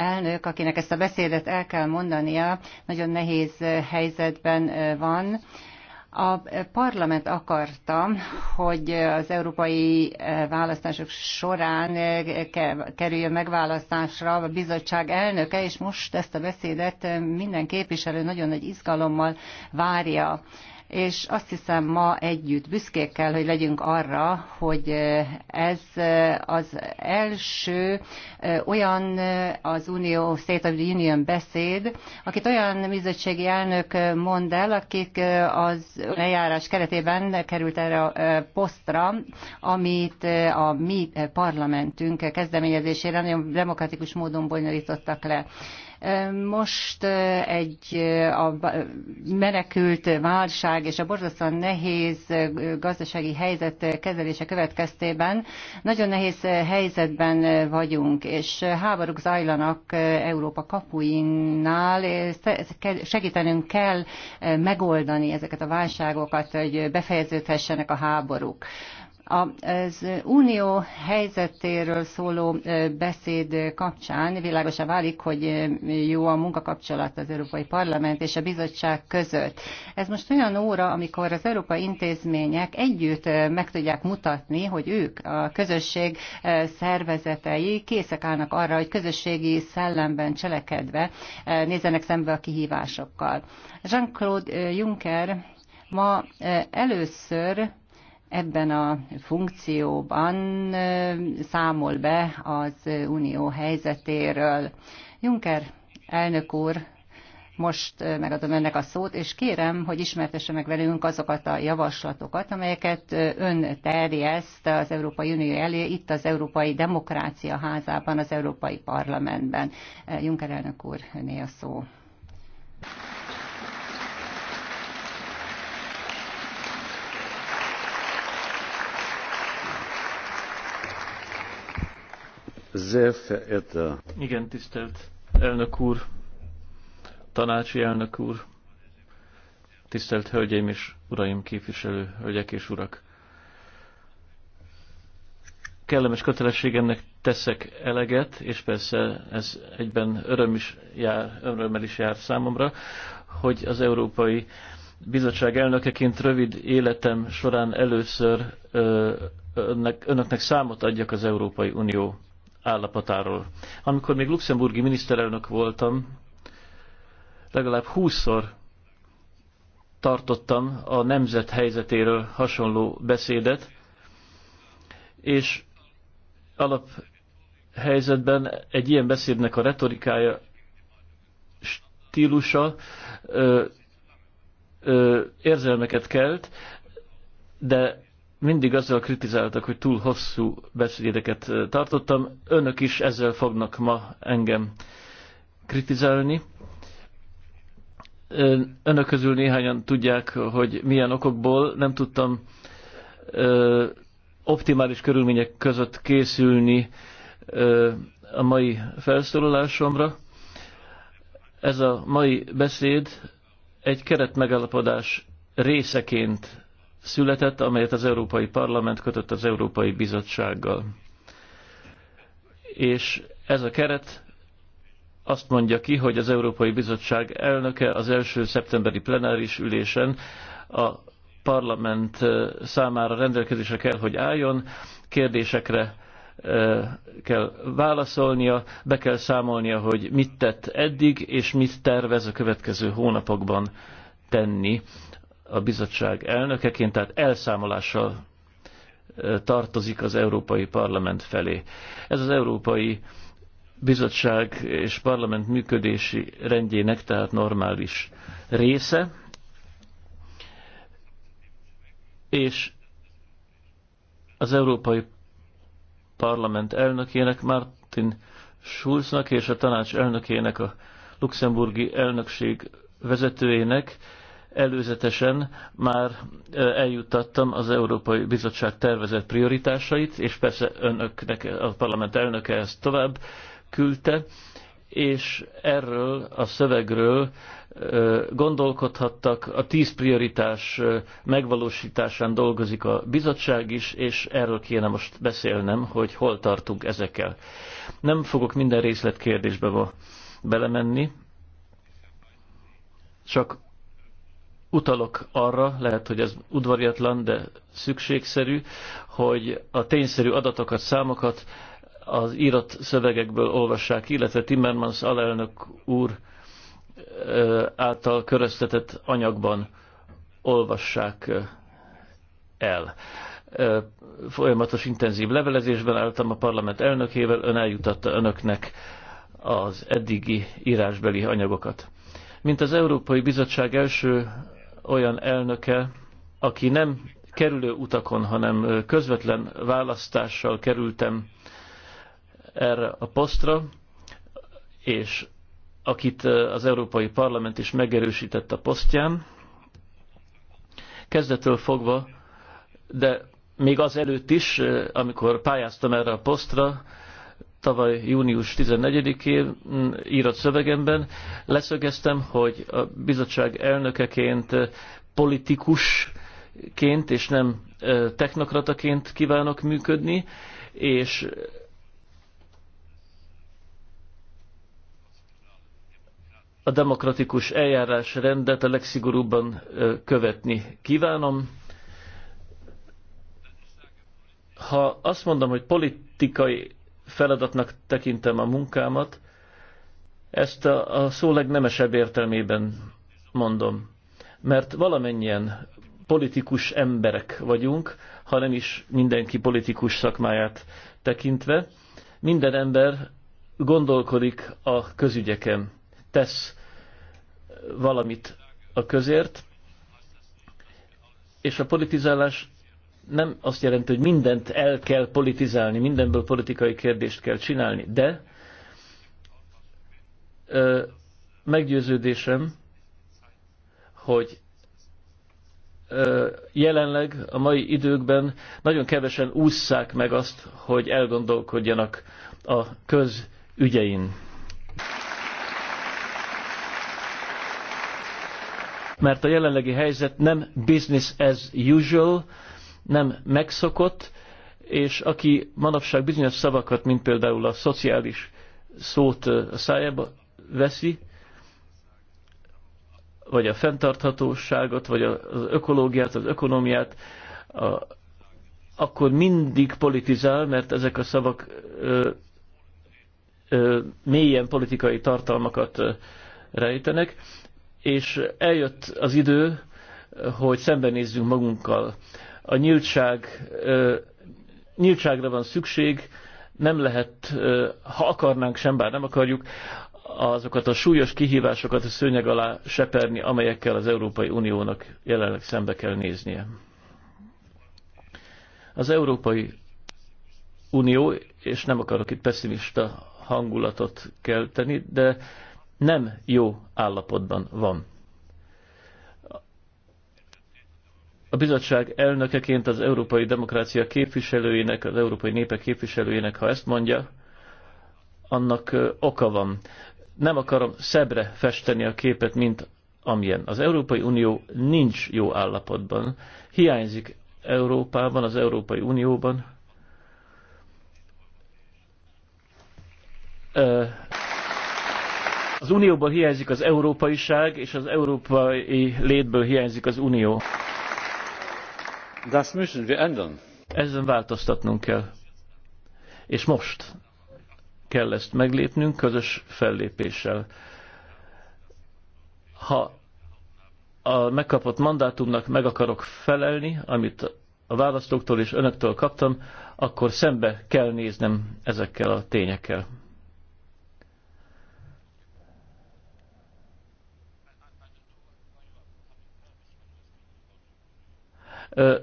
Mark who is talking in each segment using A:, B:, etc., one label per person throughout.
A: elnök, akinek ezt a beszédet el kell mondania, nagyon nehéz helyzetben van. A parlament akarta, hogy az európai választások során kerüljön megválasztásra a bizottság elnöke, és most ezt a beszédet minden képviselő nagyon nagy izgalommal várja és azt hiszem ma együtt büszkék kell, hogy legyünk arra, hogy ez az első olyan az Unió State of the Union beszéd, akit olyan bizottsági elnök mond el, akik az lejárás keretében került erre a posztra, amit a mi parlamentünk kezdeményezésére nagyon demokratikus módon bonyolítottak le. Most eh, egy eh, a menekült válság és a borzasztóan nehéz eh, gazdasági helyzet kezelése következtében nagyon nehéz helyzetben vagyunk, és háborúk zajlanak Európa kapuinál. Segítenünk kell megoldani ezeket a válságokat, hogy befejeződhessenek a háborúk. Az unió helyzetéről szóló beszéd kapcsán világosan válik, hogy jó a munkakapcsolat az Európai Parlament és a bizottság között. Ez most olyan óra, amikor az európai intézmények együtt meg tudják mutatni, hogy ők, a közösség szervezetei készek állnak arra, hogy közösségi szellemben cselekedve nézzenek szembe a kihívásokkal. Jean-Claude Juncker ma először ebben a funkcióban számol be az unió helyzetéről. Juncker elnök úr, most megadom önnek a szót, és kérem, hogy ismertesse meg velünk azokat a javaslatokat, amelyeket ön terjeszt az Európai Unió elé, itt az Európai Demokrácia Házában, az Európai Parlamentben. Juncker elnök úr, öné a szó.
B: Sehr verehrter.
C: Igen, tisztelt elnök úr, tanácsi elnök úr, tisztelt hölgyeim és uraim képviselő, hölgyek és urak. Kellemes kötelességemnek teszek eleget, és persze ez egyben öröm is jár, örömmel is jár számomra, hogy az Európai Bizottság elnökeként rövid életem során először ö, önnek, önöknek számot adjak az Európai Unió állapotáról. Amikor még luxemburgi miniszterelnök voltam, legalább húszszor tartottam a nemzet helyzetéről hasonló beszédet, és alap helyzetben egy ilyen beszédnek a retorikája, stílusa ö, ö, érzelmeket kelt, de mindig azzal kritizáltak, hogy túl hosszú beszédeket tartottam. Önök is ezzel fognak ma engem kritizálni. Önök közül néhányan tudják, hogy milyen okokból nem tudtam optimális körülmények között készülni a mai felszólalásomra. Ez a mai beszéd egy keretmegállapodás részeként született, amelyet az Európai Parlament kötött az Európai Bizottsággal. És ez a keret azt mondja ki, hogy az Európai Bizottság elnöke az első szeptemberi plenáris ülésen a parlament számára rendelkezésre kell, hogy álljon, kérdésekre kell válaszolnia, be kell számolnia, hogy mit tett eddig, és mit tervez a következő hónapokban tenni a bizottság elnökeként, tehát elszámolással tartozik az Európai Parlament felé. Ez az Európai Bizottság és Parlament működési rendjének, tehát normális része, és az Európai Parlament elnökének, Martin Schulznak és a tanács elnökének, a luxemburgi elnökség vezetőjének előzetesen már eljuttattam az Európai Bizottság tervezett prioritásait, és persze önöknek, a parlament elnöke ezt tovább küldte, és erről a szövegről gondolkodhattak, a tíz prioritás megvalósításán dolgozik a bizottság is, és erről kéne most beszélnem, hogy hol tartunk ezekkel. Nem fogok minden részletkérdésbe belemenni, csak utalok arra, lehet, hogy ez udvariatlan, de szükségszerű, hogy a tényszerű adatokat, számokat az írott szövegekből olvassák, illetve Timmermans alelnök úr által köröztetett anyagban olvassák el. Folyamatos intenzív levelezésben álltam a parlament elnökével, ön eljutatta önöknek az eddigi írásbeli anyagokat. Mint az Európai Bizottság első olyan elnöke, aki nem kerülő utakon, hanem közvetlen választással kerültem erre a posztra, és akit az Európai Parlament is megerősített a posztján. Kezdetől fogva, de még az előtt is, amikor pályáztam erre a posztra, tavaly június 14-én mm, írott szövegemben leszögeztem, hogy a bizottság elnökeként eh, politikusként és nem eh, technokrataként kívánok működni, és eh, a demokratikus eljárás rendet a legszigorúbban követni kívánom. Ha azt mondom, hogy politikai feladatnak tekintem a munkámat. Ezt a, a szó legnemesebb értelmében mondom. Mert valamennyien politikus emberek vagyunk, ha nem is mindenki politikus szakmáját tekintve. Minden ember gondolkodik a közügyeken, tesz valamit a közért, és a politizálás nem azt jelenti, hogy mindent el kell politizálni, mindenből politikai kérdést kell csinálni, de ö, meggyőződésem, hogy ö, jelenleg a mai időkben nagyon kevesen ússzák meg azt, hogy elgondolkodjanak a közügyein. Mert a jelenlegi helyzet nem business as usual, nem megszokott, és aki manapság bizonyos szavakat, mint például a szociális szót a szájába veszi, vagy a fenntarthatóságot, vagy az ökológiát, az ökonomiát, a, akkor mindig politizál, mert ezek a szavak ö, ö, mélyen politikai tartalmakat ö, rejtenek, és eljött az idő, hogy szembenézzünk magunkkal. A nyíltság, nyíltságra van szükség, nem lehet, ha akarnánk sem, bár nem akarjuk, azokat a súlyos kihívásokat a szőnyeg alá seperni, amelyekkel az Európai Uniónak jelenleg szembe kell néznie. Az Európai Unió, és nem akarok itt pessimista hangulatot kelteni, de nem jó állapotban van. a bizottság elnökeként az európai demokrácia képviselőjének, az európai népek képviselőjének, ha ezt mondja, annak oka van. Nem akarom szebbre festeni a képet, mint amilyen. Az Európai Unió nincs jó állapotban. Hiányzik Európában, az Európai Unióban. Az Unióból hiányzik az európaiság, és az európai létből hiányzik az Unió. Das müssen wir ändern. Ezen változtatnunk kell. És most kell ezt meglépnünk közös fellépéssel. Ha a megkapott mandátumnak meg akarok felelni, amit a választóktól és önöktől kaptam, akkor szembe kell néznem ezekkel a tényekkel.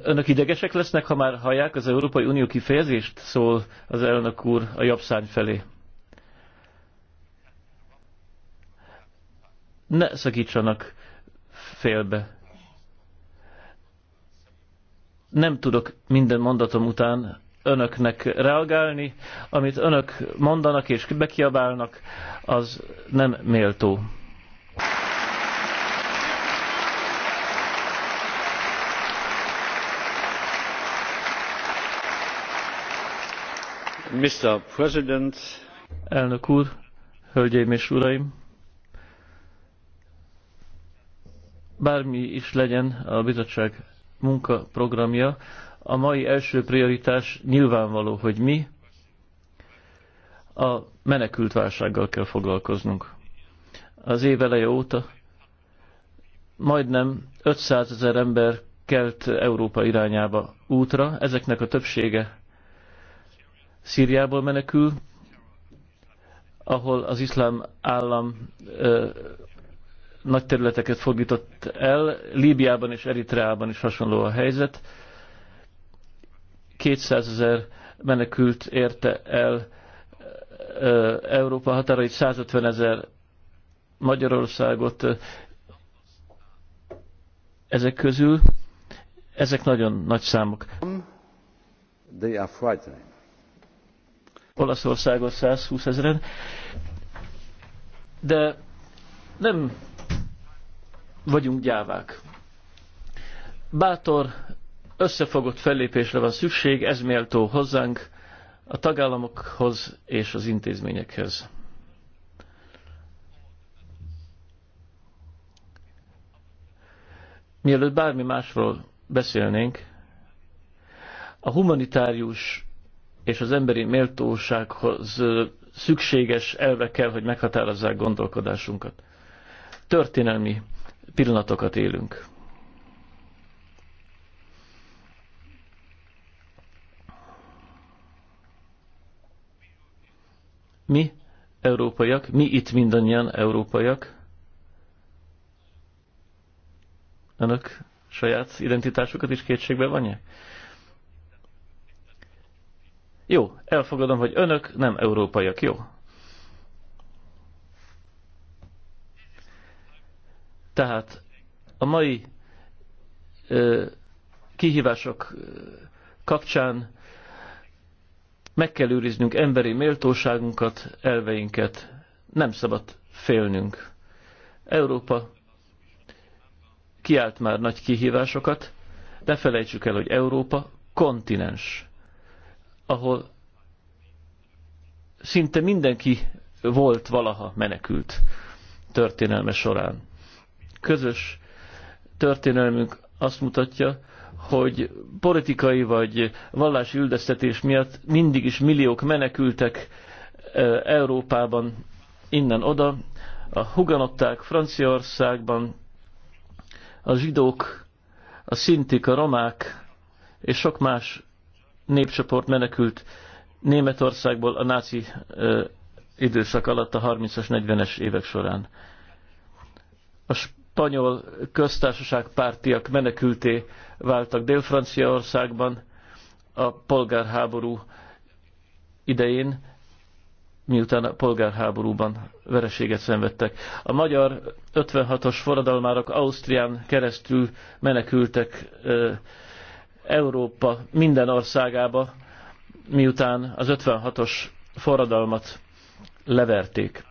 C: Önök idegesek lesznek, ha már hallják az Európai Unió kifejezést, szól az elnök úr a jobb felé. Ne szakítsanak félbe. Nem tudok minden mondatom után önöknek reagálni, amit önök mondanak és bekiabálnak, az nem méltó. Elnök úr, hölgyeim és uraim! Bármi is legyen a bizottság munkaprogramja, a mai első prioritás nyilvánvaló, hogy mi a menekült válsággal kell foglalkoznunk. Az év eleje óta majdnem 500 ezer ember kelt Európa irányába útra, ezeknek a többsége Szíriából menekül, ahol az iszlám állam ö, nagy területeket fordított el. Líbiában és Eritreában is hasonló a helyzet. 200 ezer menekült érte el ö, Európa határait, 150 ezer Magyarországot ö, ezek közül. Ezek nagyon nagy számok.
B: They are frightening.
C: Olaszországot 120 ezeren, de nem vagyunk gyávák. Bátor, összefogott fellépésre van szükség, ez méltó hozzánk, a tagállamokhoz és az intézményekhez. Mielőtt bármi másról beszélnénk, a humanitárius és az emberi méltósághoz szükséges elvekkel, hogy meghatározzák gondolkodásunkat. Történelmi pillanatokat élünk. Mi, európaiak, mi itt mindannyian európaiak, önök saját identitásukat is kétségbe vonják? -e? Jó, elfogadom, hogy önök nem európaiak, jó? Tehát a mai ö, kihívások kapcsán meg kell őriznünk emberi méltóságunkat, elveinket, nem szabad félnünk. Európa kiált már nagy kihívásokat, ne felejtsük el, hogy Európa kontinens ahol szinte mindenki volt valaha menekült történelme során. Közös történelmünk azt mutatja, hogy politikai vagy vallási üldöztetés miatt mindig is milliók menekültek Európában innen-oda, a huganották Franciaországban, a zsidók, a szintik, a romák és sok más népcsoport menekült Németországból a náci ö, időszak alatt a 30-as, 40-es évek során. A spanyol köztársaság pártiak menekülté váltak Dél-Franciaországban a polgárháború idején, miután a polgárháborúban vereséget szenvedtek. A magyar 56-os forradalmárok Ausztrián keresztül menekültek ö, Európa minden országába, miután az 56-os forradalmat leverték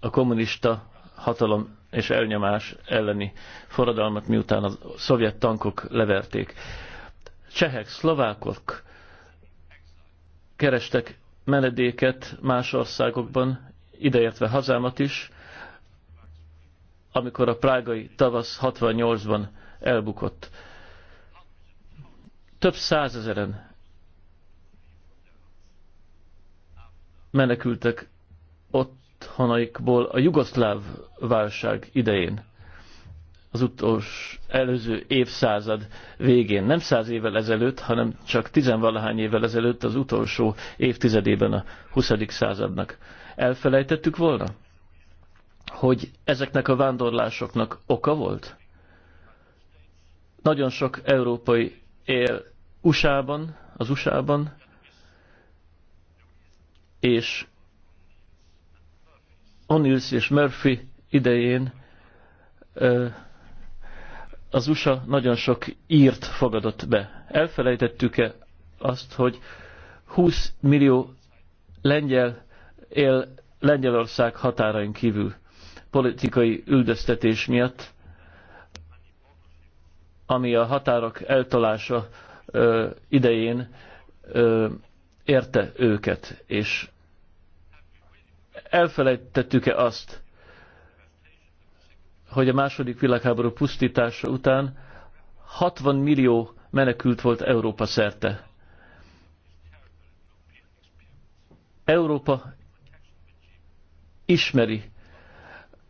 C: a kommunista hatalom és elnyomás elleni forradalmat, miután a szovjet tankok leverték. Csehek, szlovákok kerestek menedéket más országokban, ideértve hazámat is, amikor a prágai tavasz 68-ban elbukott. Több százezeren menekültek otthonaikból a jugoszláv válság idején, az utolsó előző évszázad végén, nem száz évvel ezelőtt, hanem csak tizenvalahány évvel ezelőtt az utolsó évtizedében a 20. századnak. Elfelejtettük volna, hogy ezeknek a vándorlásoknak oka volt? Nagyon sok európai él USA-ban, az USA-ban, és Onils és Murphy idején az USA nagyon sok írt fogadott be. Elfelejtettük-e azt, hogy 20 millió lengyel él Lengyelország határain kívül politikai üldöztetés miatt, ami a határok eltolása ö, idején ö, érte őket, és elfelejtettük-e azt, hogy a második világháború pusztítása után 60 millió menekült volt Európa szerte. Európa ismeri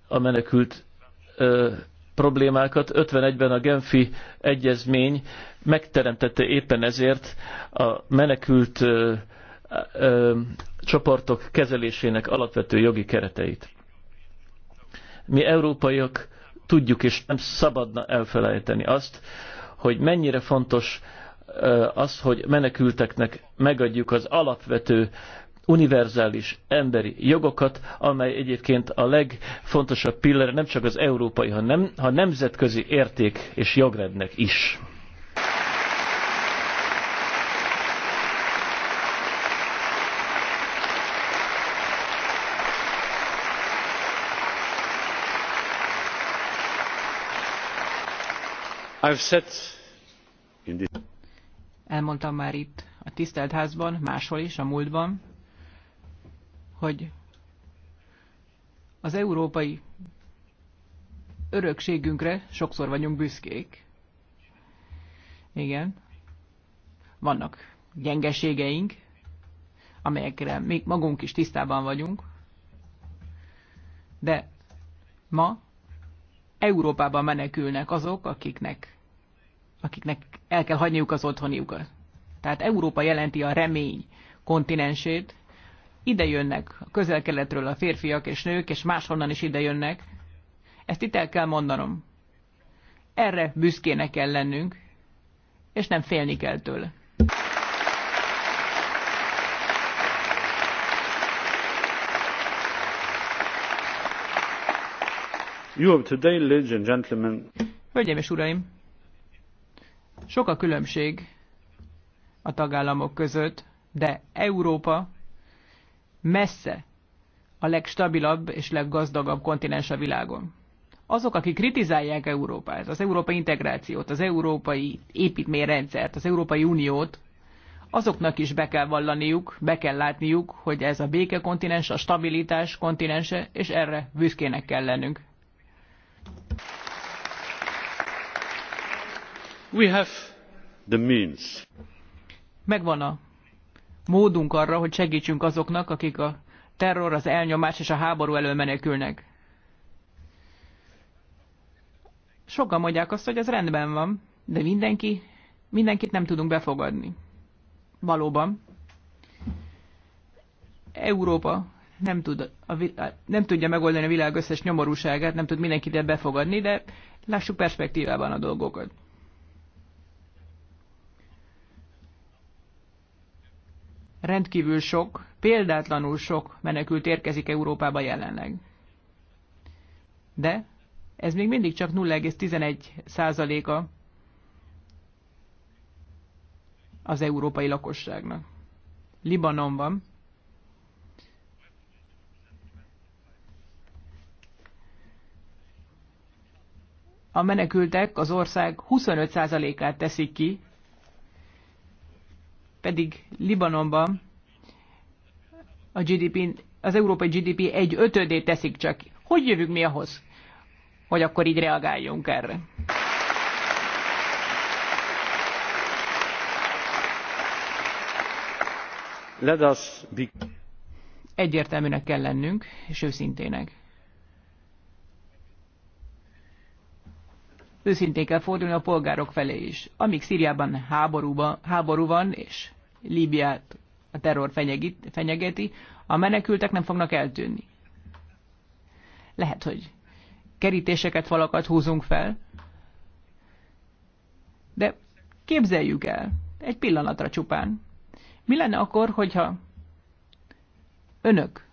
C: a menekült ö, problémákat 51-ben a Genfi egyezmény megteremtette éppen ezért a menekült ö, ö, csoportok kezelésének alapvető jogi kereteit. Mi európaiak tudjuk és nem szabadna elfelejteni azt, hogy mennyire fontos az, hogy menekülteknek megadjuk az alapvető univerzális emberi jogokat, amely egyébként a legfontosabb pillere nem csak az európai, hanem a nemzetközi érték és jogrendnek is.
D: Elmondtam már itt a tisztelt házban, máshol is, a múltban, hogy az európai örökségünkre sokszor vagyunk büszkék. Igen. Vannak gyengeségeink, amelyekre még magunk is tisztában vagyunk, de ma Európában menekülnek azok, akiknek, akiknek el kell hagyniuk az otthoniukat. Tehát Európa jelenti a remény kontinensét, ide jönnek a közel-keletről a férfiak és nők, és máshonnan is ide jönnek. Ezt itt el kell mondanom. Erre büszkének kell lennünk, és nem félni kell tőle.
B: have today, ladies and gentlemen.
D: Hölgyeim és uraim, sok a különbség a tagállamok között, de Európa messze a legstabilabb és leggazdagabb kontinens a világon. Azok, akik kritizálják Európát, az európai integrációt, az európai építményrendszert, az Európai Uniót, azoknak is be kell vallaniuk, be kell látniuk, hogy ez a béke kontinens, a stabilitás kontinense, és erre büszkének kell lennünk. We have
B: the means.
D: Megvan a módunk arra, hogy segítsünk azoknak, akik a terror, az elnyomás és a háború elől menekülnek. Sokan mondják azt, hogy ez rendben van, de mindenki, mindenkit nem tudunk befogadni. Valóban. Európa nem, tud, a, nem tudja megoldani a világ összes nyomorúságát, nem tud mindenkit befogadni, de lássuk perspektívában a dolgokat. rendkívül sok, példátlanul sok menekült érkezik Európába jelenleg. De ez még mindig csak 0,11 százaléka az európai lakosságnak. Libanonban a menekültek az ország 25 százalékát teszik ki, pedig Libanonban a GDP, az európai GDP egy ötödét teszik csak. Hogy jövünk mi ahhoz, hogy akkor így reagáljunk erre? Let us be... Egyértelműnek kell lennünk, és őszintének. őszintén kell fordulni a polgárok felé is. Amíg Szíriában háborúba, háború van, és Líbiát a terror fenyegeti, a menekültek nem fognak eltűnni. Lehet, hogy kerítéseket, falakat húzunk fel, de képzeljük el, egy pillanatra csupán. Mi lenne akkor, hogyha önök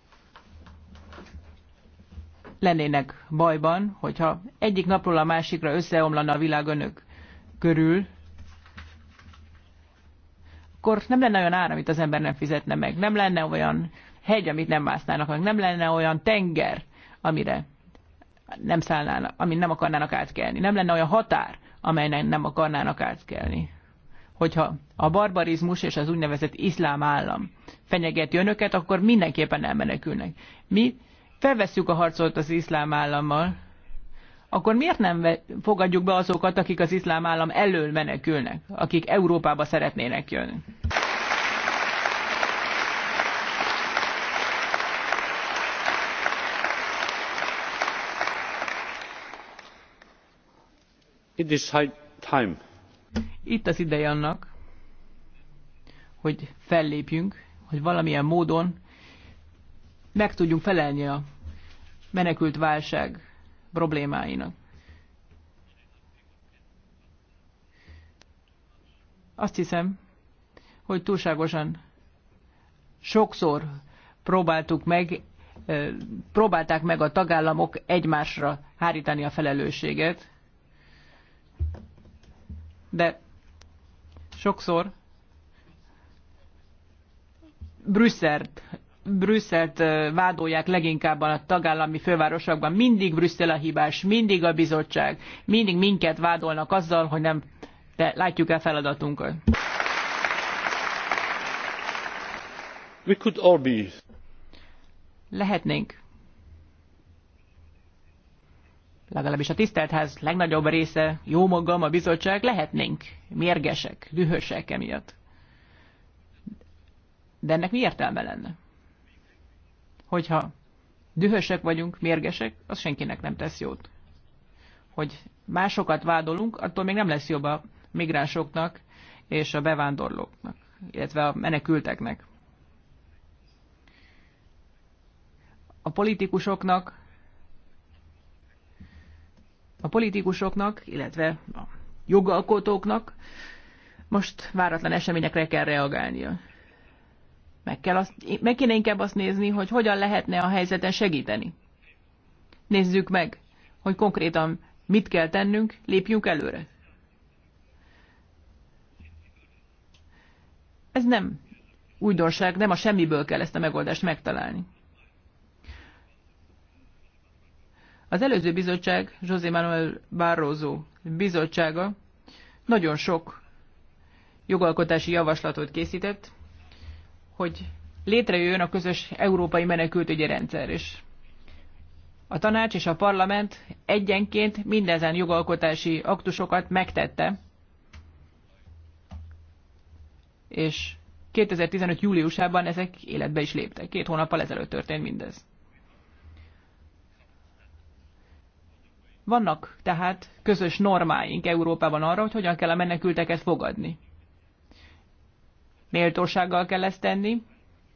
D: lennének bajban, hogyha egyik napról a másikra összeomlana a világ önök körül, akkor nem lenne olyan ára, amit az ember nem fizetne meg. Nem lenne olyan hegy, amit nem másznának meg. Nem lenne olyan tenger, amire nem szállnának, amit nem akarnának átkelni. Nem lenne olyan határ, amelyen nem akarnának átkelni. Hogyha a barbarizmus és az úgynevezett iszlám állam fenyegeti önöket, akkor mindenképpen elmenekülnek. Mi felvesszük a harcot az iszlám állammal, akkor miért nem fogadjuk be azokat, akik az iszlám állam elől menekülnek, akik Európába szeretnének jönni?
B: It is high time.
D: Itt az ideje annak, hogy fellépjünk, hogy valamilyen módon meg tudjunk felelni a menekült válság problémáinak. Azt hiszem, hogy túlságosan sokszor próbáltuk meg, próbálták meg a tagállamok egymásra hárítani a felelősséget, de sokszor Brüsszelt Brüsszelt vádolják leginkább a tagállami fővárosokban. Mindig Brüsszel a hibás, mindig a bizottság, mindig minket vádolnak azzal, hogy nem de látjuk el feladatunkat.
B: We could all be.
D: Lehetnénk. Legalábbis a tiszteltház legnagyobb része, jó magam, a bizottság, lehetnénk mérgesek, dühösek emiatt. De ennek mi értelme lenne? Hogyha dühösek vagyunk, mérgesek, az senkinek nem tesz jót. Hogy másokat vádolunk, attól még nem lesz jobb a migránsoknak és a bevándorlóknak, illetve a menekülteknek. A politikusoknak, a politikusoknak, illetve a jogalkotóknak most váratlan eseményekre kell reagálnia. Meg, kell azt, meg kéne inkább azt nézni, hogy hogyan lehetne a helyzeten segíteni. Nézzük meg, hogy konkrétan mit kell tennünk, lépjünk előre. Ez nem újdonság, nem a semmiből kell ezt a megoldást megtalálni. Az előző bizottság, José Manuel Barroso bizottsága nagyon sok jogalkotási javaslatot készített, hogy létrejön a közös európai menekültügyi rendszer. is. a tanács és a parlament egyenként mindezen jogalkotási aktusokat megtette, és 2015. júliusában ezek életbe is léptek. Két hónappal ezelőtt történt mindez. Vannak tehát közös normáink Európában arra, hogy hogyan kell a menekülteket fogadni méltósággal kell ezt tenni,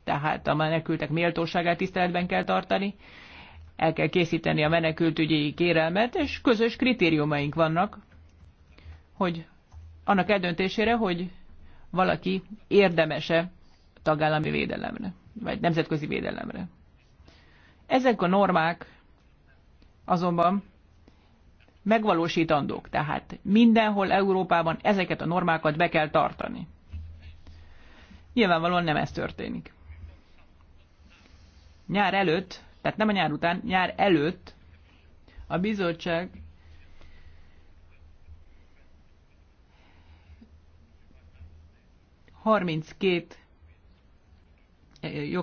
D: tehát a menekültek méltóságát tiszteletben kell tartani, el kell készíteni a menekültügyi kérelmet, és közös kritériumaink vannak, hogy annak eldöntésére, hogy valaki érdemese tagállami védelemre, vagy nemzetközi védelemre. Ezek a normák azonban megvalósítandók, tehát mindenhol Európában ezeket a normákat be kell tartani. Nyilvánvalóan nem ez történik. Nyár előtt, tehát nem a nyár után, nyár előtt a bizottság harminckét eh,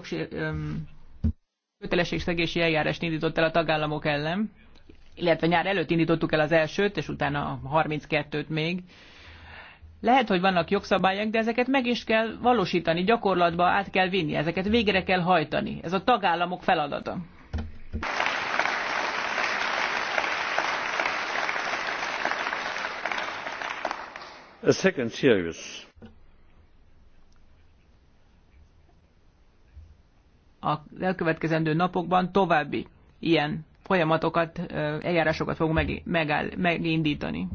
D: kötelességszegési eljárást indított el a tagállamok ellen, illetve nyár előtt indítottuk el az elsőt, és utána a 32-t még. Lehet, hogy vannak jogszabályok, de ezeket meg is kell valósítani, gyakorlatba át kell vinni, ezeket végre kell hajtani. Ez a tagállamok feladata.
B: A second serious.
D: A elkövetkezendő napokban további ilyen folyamatokat, eljárásokat fogunk megindítani.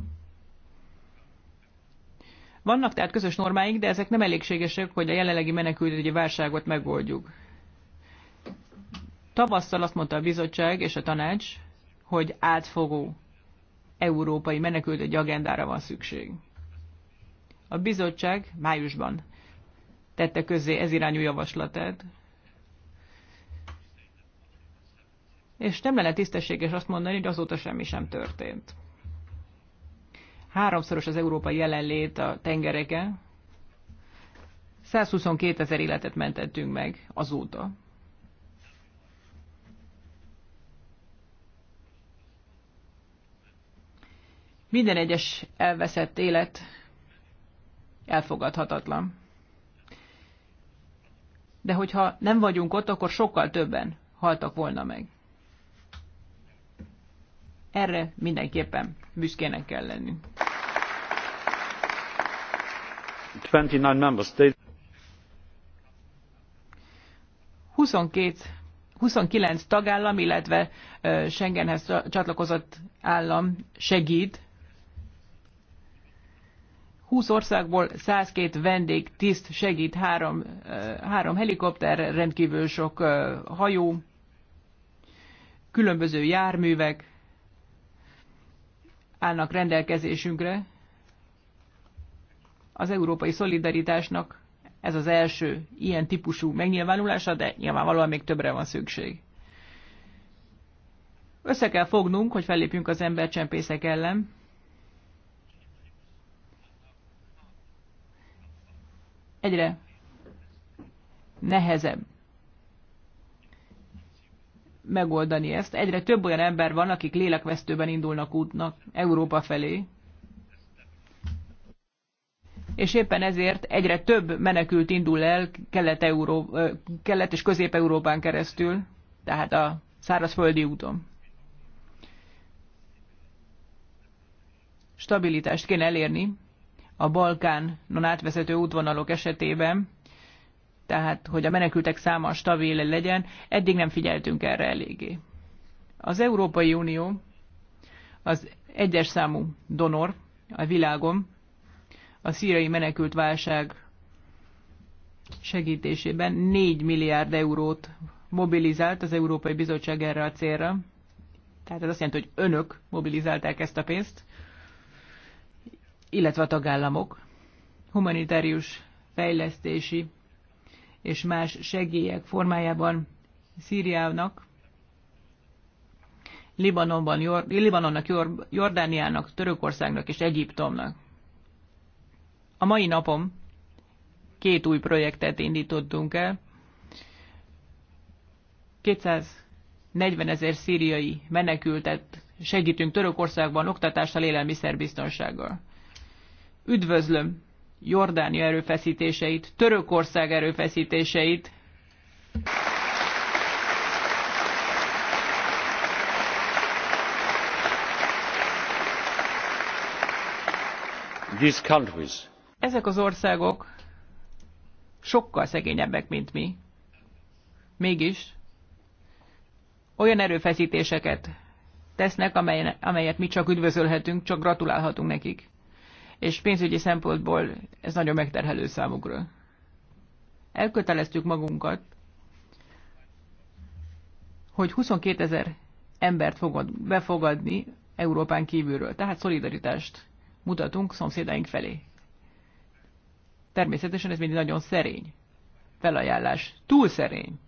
D: Vannak tehát közös normáink, de ezek nem elégségesek, hogy a jelenlegi menekültügyi válságot megoldjuk. Tavasszal azt mondta a bizottság és a tanács, hogy átfogó európai menekültügyi agendára van szükség. A bizottság májusban tette közzé ez irányú javaslatát, és nem lenne tisztességes azt mondani, hogy azóta semmi sem történt háromszoros az európai jelenlét a tengereken. 122 ezer életet mentettünk meg azóta. Minden egyes elveszett élet elfogadhatatlan. De hogyha nem vagyunk ott, akkor sokkal többen haltak volna meg. Erre mindenképpen büszkének kell lenni.
B: 29
D: 22, 29 tagállam, illetve Schengenhez csatlakozott állam segít. 20 országból 102 vendég, tiszt segít, három, három helikopter, rendkívül sok hajó, különböző járművek, állnak rendelkezésünkre. Az európai szolidaritásnak ez az első ilyen típusú megnyilvánulása, de nyilvánvalóan még többre van szükség. Össze kell fognunk, hogy fellépjünk az embercsempészek ellen. Egyre nehezebb megoldani ezt. Egyre több olyan ember van, akik lélekvesztőben indulnak útnak Európa felé. És éppen ezért egyre több menekült indul el Kelet, Euró... Kelet és Közép-Európán keresztül, tehát a szárazföldi úton. Stabilitást kéne elérni a Balkánon átvezető útvonalok esetében, tehát hogy a menekültek száma stabil legyen, eddig nem figyeltünk erre eléggé. Az Európai Unió az egyes számú donor a világon a szírai menekült válság segítésében 4 milliárd eurót mobilizált az Európai Bizottság erre a célra. Tehát ez azt jelenti, hogy önök mobilizálták ezt a pénzt, illetve a tagállamok humanitárius fejlesztési és más segélyek formájában Szíriának, Libanonban, Jor- Libanonnak, Jor- Jordániának, Törökországnak és Egyiptomnak. A mai napom két új projektet indítottunk el. 240 ezer szíriai menekültet segítünk Törökországban oktatással, élelmiszerbiztonsággal. Üdvözlöm Jordánia erőfeszítéseit, Törökország erőfeszítéseit.
B: These countries.
D: Ezek az országok sokkal szegényebbek, mint mi. Mégis olyan erőfeszítéseket tesznek, amelyet mi csak üdvözölhetünk, csak gratulálhatunk nekik és pénzügyi szempontból ez nagyon megterhelő számukra. Elköteleztük magunkat, hogy 22 ezer embert fogod befogadni Európán kívülről, tehát szolidaritást mutatunk szomszédaink felé. Természetesen ez mindig nagyon szerény felajánlás, túl szerény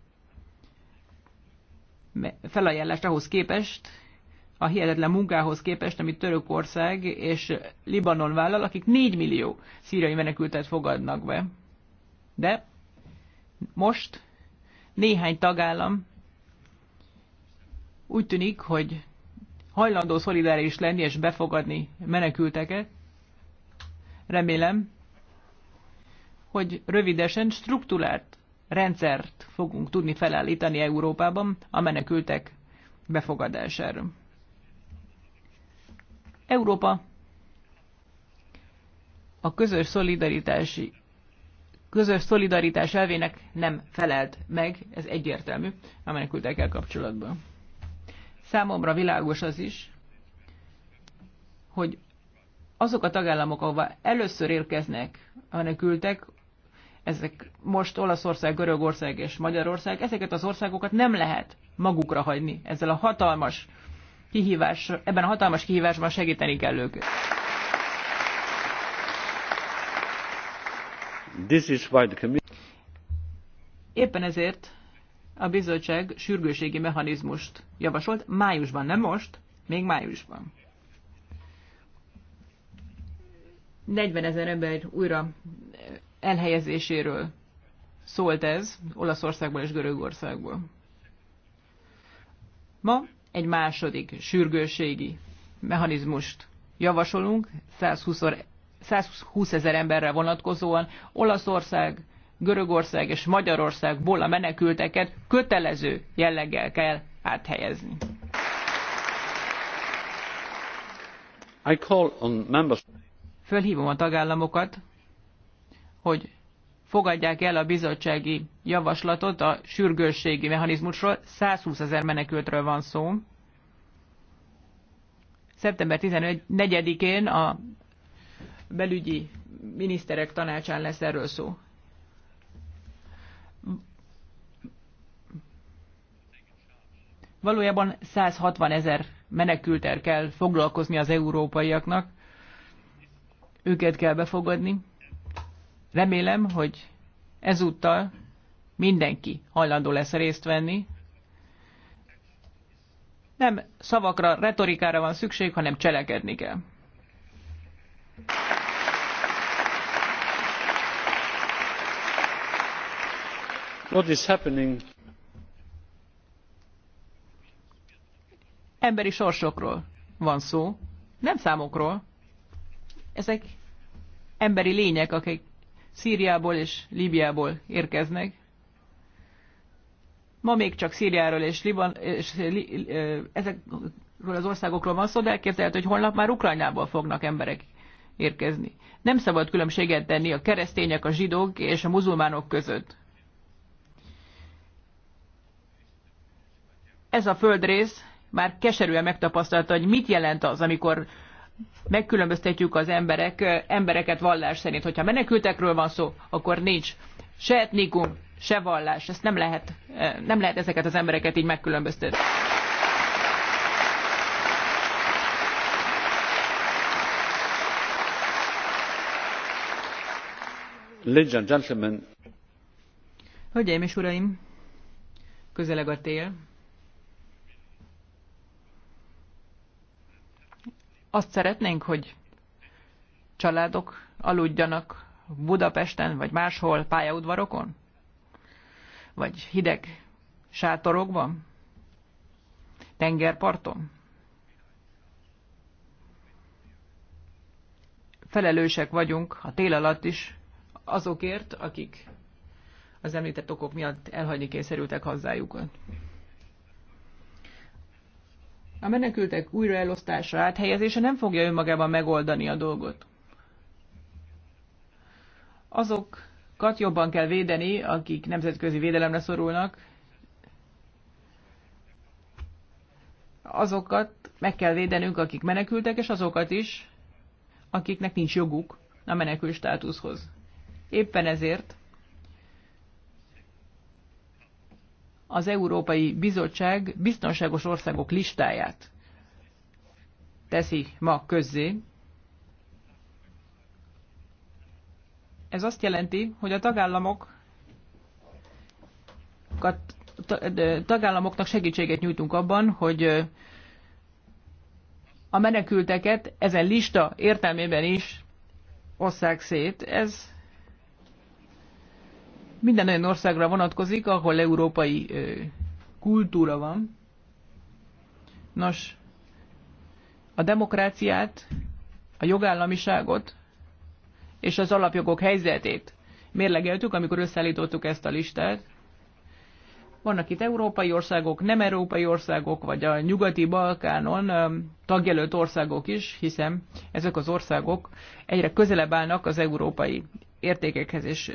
D: felajánlást ahhoz képest, a hihetetlen munkához képest, amit Törökország és Libanon vállal, akik 4 millió szíriai menekültet fogadnak be. De most néhány tagállam úgy tűnik, hogy hajlandó szolidáris lenni és befogadni menekülteket. Remélem, hogy rövidesen struktúrált rendszert fogunk tudni felállítani Európában a menekültek befogadására. Európa a közös szolidaritási közös szolidaritás elvének nem felelt meg, ez egyértelmű, a menekültekkel kapcsolatban. Számomra világos az is, hogy azok a tagállamok, ahová először érkeznek a menekültek, ezek most Olaszország, Görögország és Magyarország, ezeket az országokat nem lehet magukra hagyni ezzel a hatalmas kihívás, ebben a hatalmas kihívásban segíteni kell őket.
B: This is why the
D: Éppen ezért a bizottság sürgőségi mechanizmust javasolt májusban, nem most, még májusban. 40 ezer ember újra elhelyezéséről szólt ez Olaszországból és Görögországból. Ma egy második sürgőségi mechanizmust javasolunk, 120 ezer emberre vonatkozóan Olaszország, Görögország és Magyarországból a menekülteket kötelező jelleggel kell áthelyezni.
B: I call on members.
D: Fölhívom a tagállamokat, hogy fogadják el a bizottsági javaslatot a sürgősségi mechanizmusról. 120 ezer menekültről van szó. Szeptember 14-én a belügyi miniszterek tanácsán lesz erről szó. Valójában 160 ezer menekültel kell foglalkozni az európaiaknak, őket kell befogadni. Remélem, hogy ezúttal mindenki hajlandó lesz részt venni. Nem szavakra, retorikára van szükség, hanem cselekedni kell. What is happening? Emberi sorsokról van szó, nem számokról. Ezek emberi lények, akik Szíriából és Líbiából érkeznek. Ma még csak Szíriáról és, Liban, és li, ezekről az országokról van szó, de elképzelhető, hogy holnap már Ukrajnából fognak emberek érkezni. Nem szabad különbséget tenni a keresztények, a zsidók és a muzulmánok között. Ez a földrész már keserűen megtapasztalta, hogy mit jelent az, amikor megkülönböztetjük az emberek, embereket vallás szerint. Hogyha menekültekről van szó, akkor nincs se etnikum, se vallás. Ezt nem lehet, nem lehet ezeket az embereket így megkülönböztetni.
B: Ladies and gentlemen.
D: Hölgyeim és uraim, közeleg a tél. azt szeretnénk, hogy családok aludjanak Budapesten vagy máshol pályaudvarokon? Vagy hideg sátorokban? Tengerparton? Felelősek vagyunk a tél alatt is azokért, akik az említett okok miatt elhagyni kényszerültek hazájukat. A menekültek újraelosztása, áthelyezése nem fogja önmagában megoldani a dolgot. Azokat jobban kell védeni, akik nemzetközi védelemre szorulnak, azokat meg kell védenünk, akik menekültek, és azokat is, akiknek nincs joguk a menekül státuszhoz. Éppen ezért az Európai Bizottság biztonságos országok listáját teszi ma közzé. Ez azt jelenti, hogy a tagállamok tagállamoknak segítséget nyújtunk abban, hogy a menekülteket ezen lista értelmében is osszák szét. Ez minden olyan országra vonatkozik, ahol európai kultúra van. Nos, a demokráciát, a jogállamiságot és az alapjogok helyzetét mérlegeltük, amikor összeállítottuk ezt a listát. Vannak itt európai országok, nem európai országok, vagy a nyugati Balkánon tagjelölt országok is, hiszen ezek az országok egyre közelebb állnak az európai értékekhez és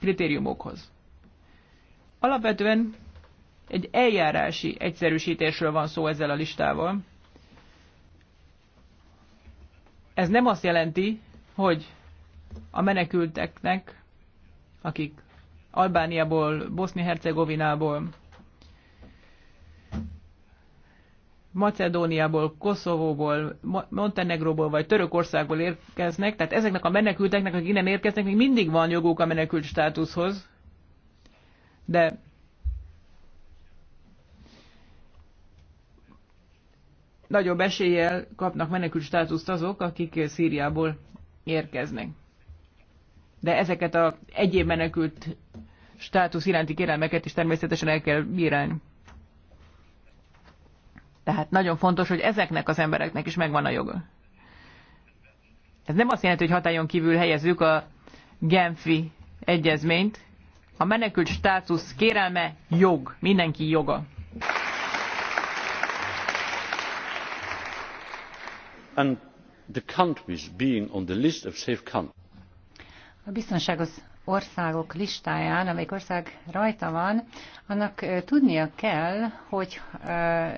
D: kritériumokhoz. Alapvetően egy eljárási egyszerűsítésről van szó ezzel a listával. Ez nem azt jelenti, hogy a menekülteknek, akik Albániából, Bosznia-Hercegovinából, Macedóniából, Koszovóból, Montenegróból vagy Törökországból érkeznek, tehát ezeknek a menekülteknek, akik innen érkeznek, még mindig van joguk a menekült státuszhoz, de nagyobb eséllyel kapnak menekült státuszt azok, akik Szíriából érkeznek. De ezeket az egyéb menekült státusz iránti kérelmeket is természetesen el kell bírálni. Tehát nagyon fontos, hogy ezeknek az embereknek is megvan a joga. Ez nem azt jelenti, hogy hatályon kívül helyezzük a Genfi egyezményt. A menekült státusz kérelme jog, mindenki joga.
B: And the countries being on the list of safe countries.
A: A biztonságos országok listáján, amelyik ország rajta van, annak tudnia kell, hogy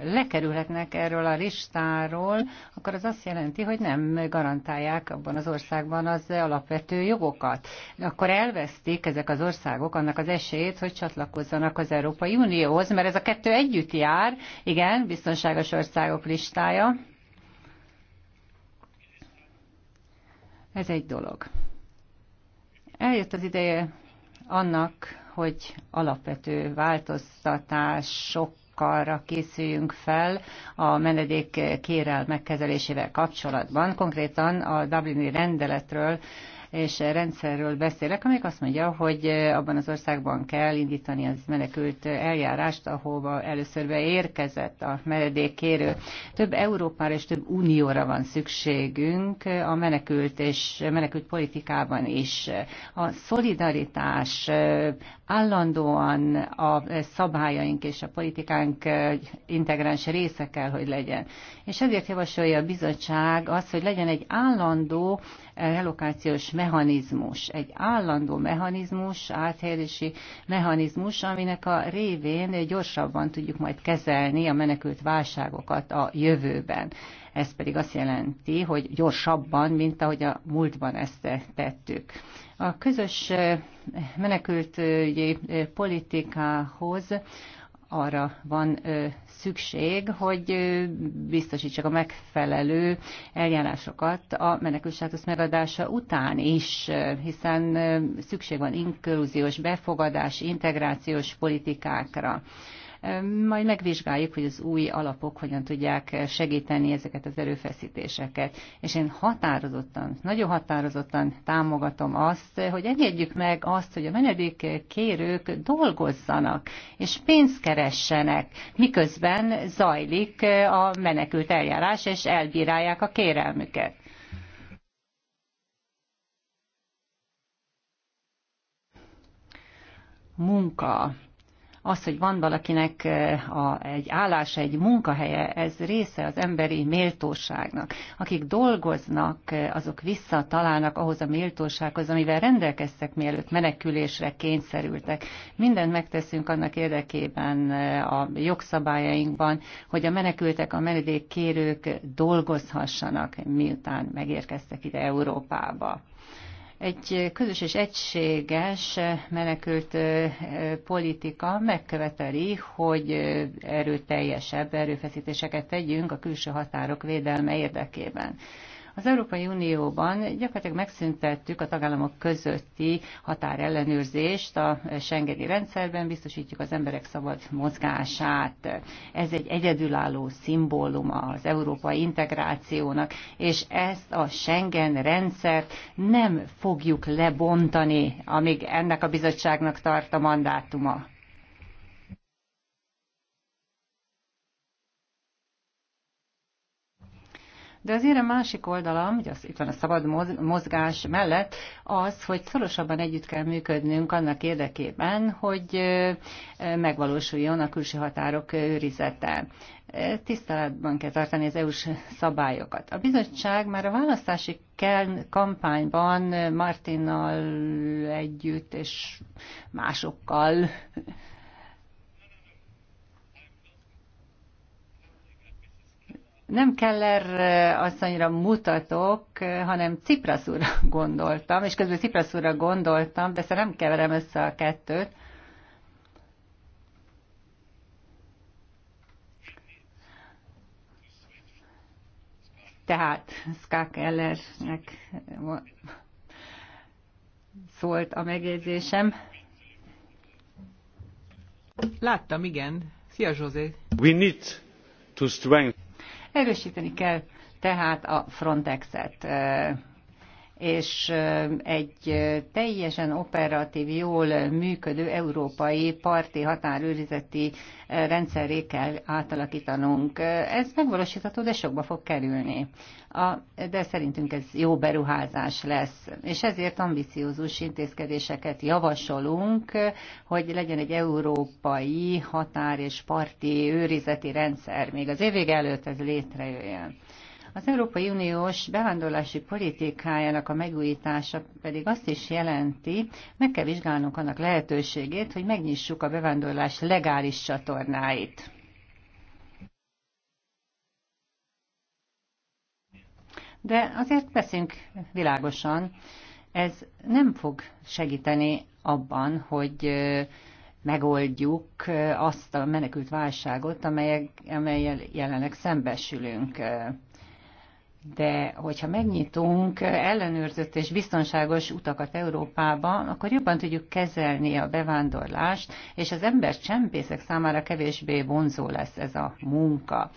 A: lekerülhetnek erről a listáról, akkor az azt jelenti, hogy nem garantálják abban az országban az alapvető jogokat. Akkor elvesztik ezek az országok annak az esélyét, hogy csatlakozzanak az Európai Unióhoz, mert ez a kettő együtt jár, igen, biztonságos országok listája. Ez egy dolog. Eljött az ideje annak, hogy alapvető változtatások arra készüljünk fel a menedék kérelmek kezelésével kapcsolatban, konkrétan a Dublini rendeletről és rendszerről beszélek, amelyik azt mondja, hogy abban az országban kell indítani az menekült eljárást, ahova először beérkezett a menedékkérő. Több Európára és több unióra van szükségünk a menekült és menekült politikában is. A szolidaritás állandóan a szabályaink és a politikánk integráns része kell, hogy legyen. És ezért javasolja a bizottság az, hogy legyen egy állandó relokációs mechanizmus, egy állandó mechanizmus, áthelyezési mechanizmus, aminek a révén gyorsabban tudjuk majd kezelni a menekült válságokat a jövőben. Ez pedig azt jelenti, hogy gyorsabban, mint ahogy a múltban ezt tettük. A közös menekültügyi politikához arra van szükség, hogy biztosítsak a megfelelő eljárásokat a menekülstátusz megadása után is, hiszen szükség van inkluziós befogadás, integrációs politikákra. Majd megvizsgáljuk, hogy az új alapok hogyan tudják segíteni ezeket az erőfeszítéseket. És én határozottan, nagyon határozottan támogatom azt, hogy engedjük meg azt, hogy a menedék kérők dolgozzanak, és pénzt keressenek, miközben zajlik a menekült eljárás, és elbírálják a kérelmüket. munka, az, hogy van valakinek eh, a, egy állása, egy munkahelye, ez része az emberi méltóságnak. Akik dolgoznak, eh, azok visszatalálnak ahhoz a méltósághoz, amivel rendelkeztek, mielőtt menekülésre kényszerültek. Mindent megteszünk annak érdekében eh, a jogszabályainkban, hogy a menekültek, a menedékkérők dolgozhassanak, miután megérkeztek ide Európába. Egy közös és egységes menekült politika megköveteli, hogy erőteljesebb erőfeszítéseket tegyünk a külső határok védelme érdekében. Az Európai Unióban gyakorlatilag megszüntettük a tagállamok közötti határellenőrzést a Schengeni rendszerben, biztosítjuk az emberek szabad mozgását. Ez egy egyedülálló szimbóluma az európai integrációnak, és ezt a Schengen rendszert nem fogjuk lebontani, amíg ennek a bizottságnak tart a mandátuma. De az a másik oldalam, hogy az, itt van a szabad mozgás mellett, az, hogy szorosabban együtt kell működnünk annak érdekében, hogy megvalósuljon a külső határok őrizete tiszteletben kell tartani az EU-s szabályokat. A bizottság már a választási kampányban Martinnal együtt és másokkal nem Keller eh, asszonyra mutatok, eh, hanem Ciprasz úrra gondoltam, és közben Ciprasz úrra gondoltam, de nem keverem össze a kettőt. Tehát Skák Ellernek szólt a megjegyzésem. Láttam,
D: igen. Szia, José!
B: We need to strengthen
A: Erősíteni kell tehát a Frontexet és egy teljesen operatív, jól működő európai parti határőrizeti rendszeré kell átalakítanunk. Ez megvalósítható, de sokba fog kerülni. A, de szerintünk ez jó beruházás lesz, és ezért ambiciózus intézkedéseket javasolunk, hogy legyen egy európai határ és parti őrizeti rendszer, még az évvége előtt ez létrejöjjön. Az Európai Uniós bevándorlási politikájának a megújítása pedig azt is jelenti, meg kell vizsgálnunk annak lehetőségét, hogy megnyissuk a bevándorlás legális csatornáit. De azért beszünk világosan, ez nem fog segíteni abban, hogy megoldjuk azt a menekült válságot, amelyek, amelyel jelenleg szembesülünk de hogyha megnyitunk ellenőrzött és biztonságos utakat Európába, akkor jobban tudjuk kezelni a bevándorlást, és az ember csempészek számára kevésbé vonzó lesz ez a munka.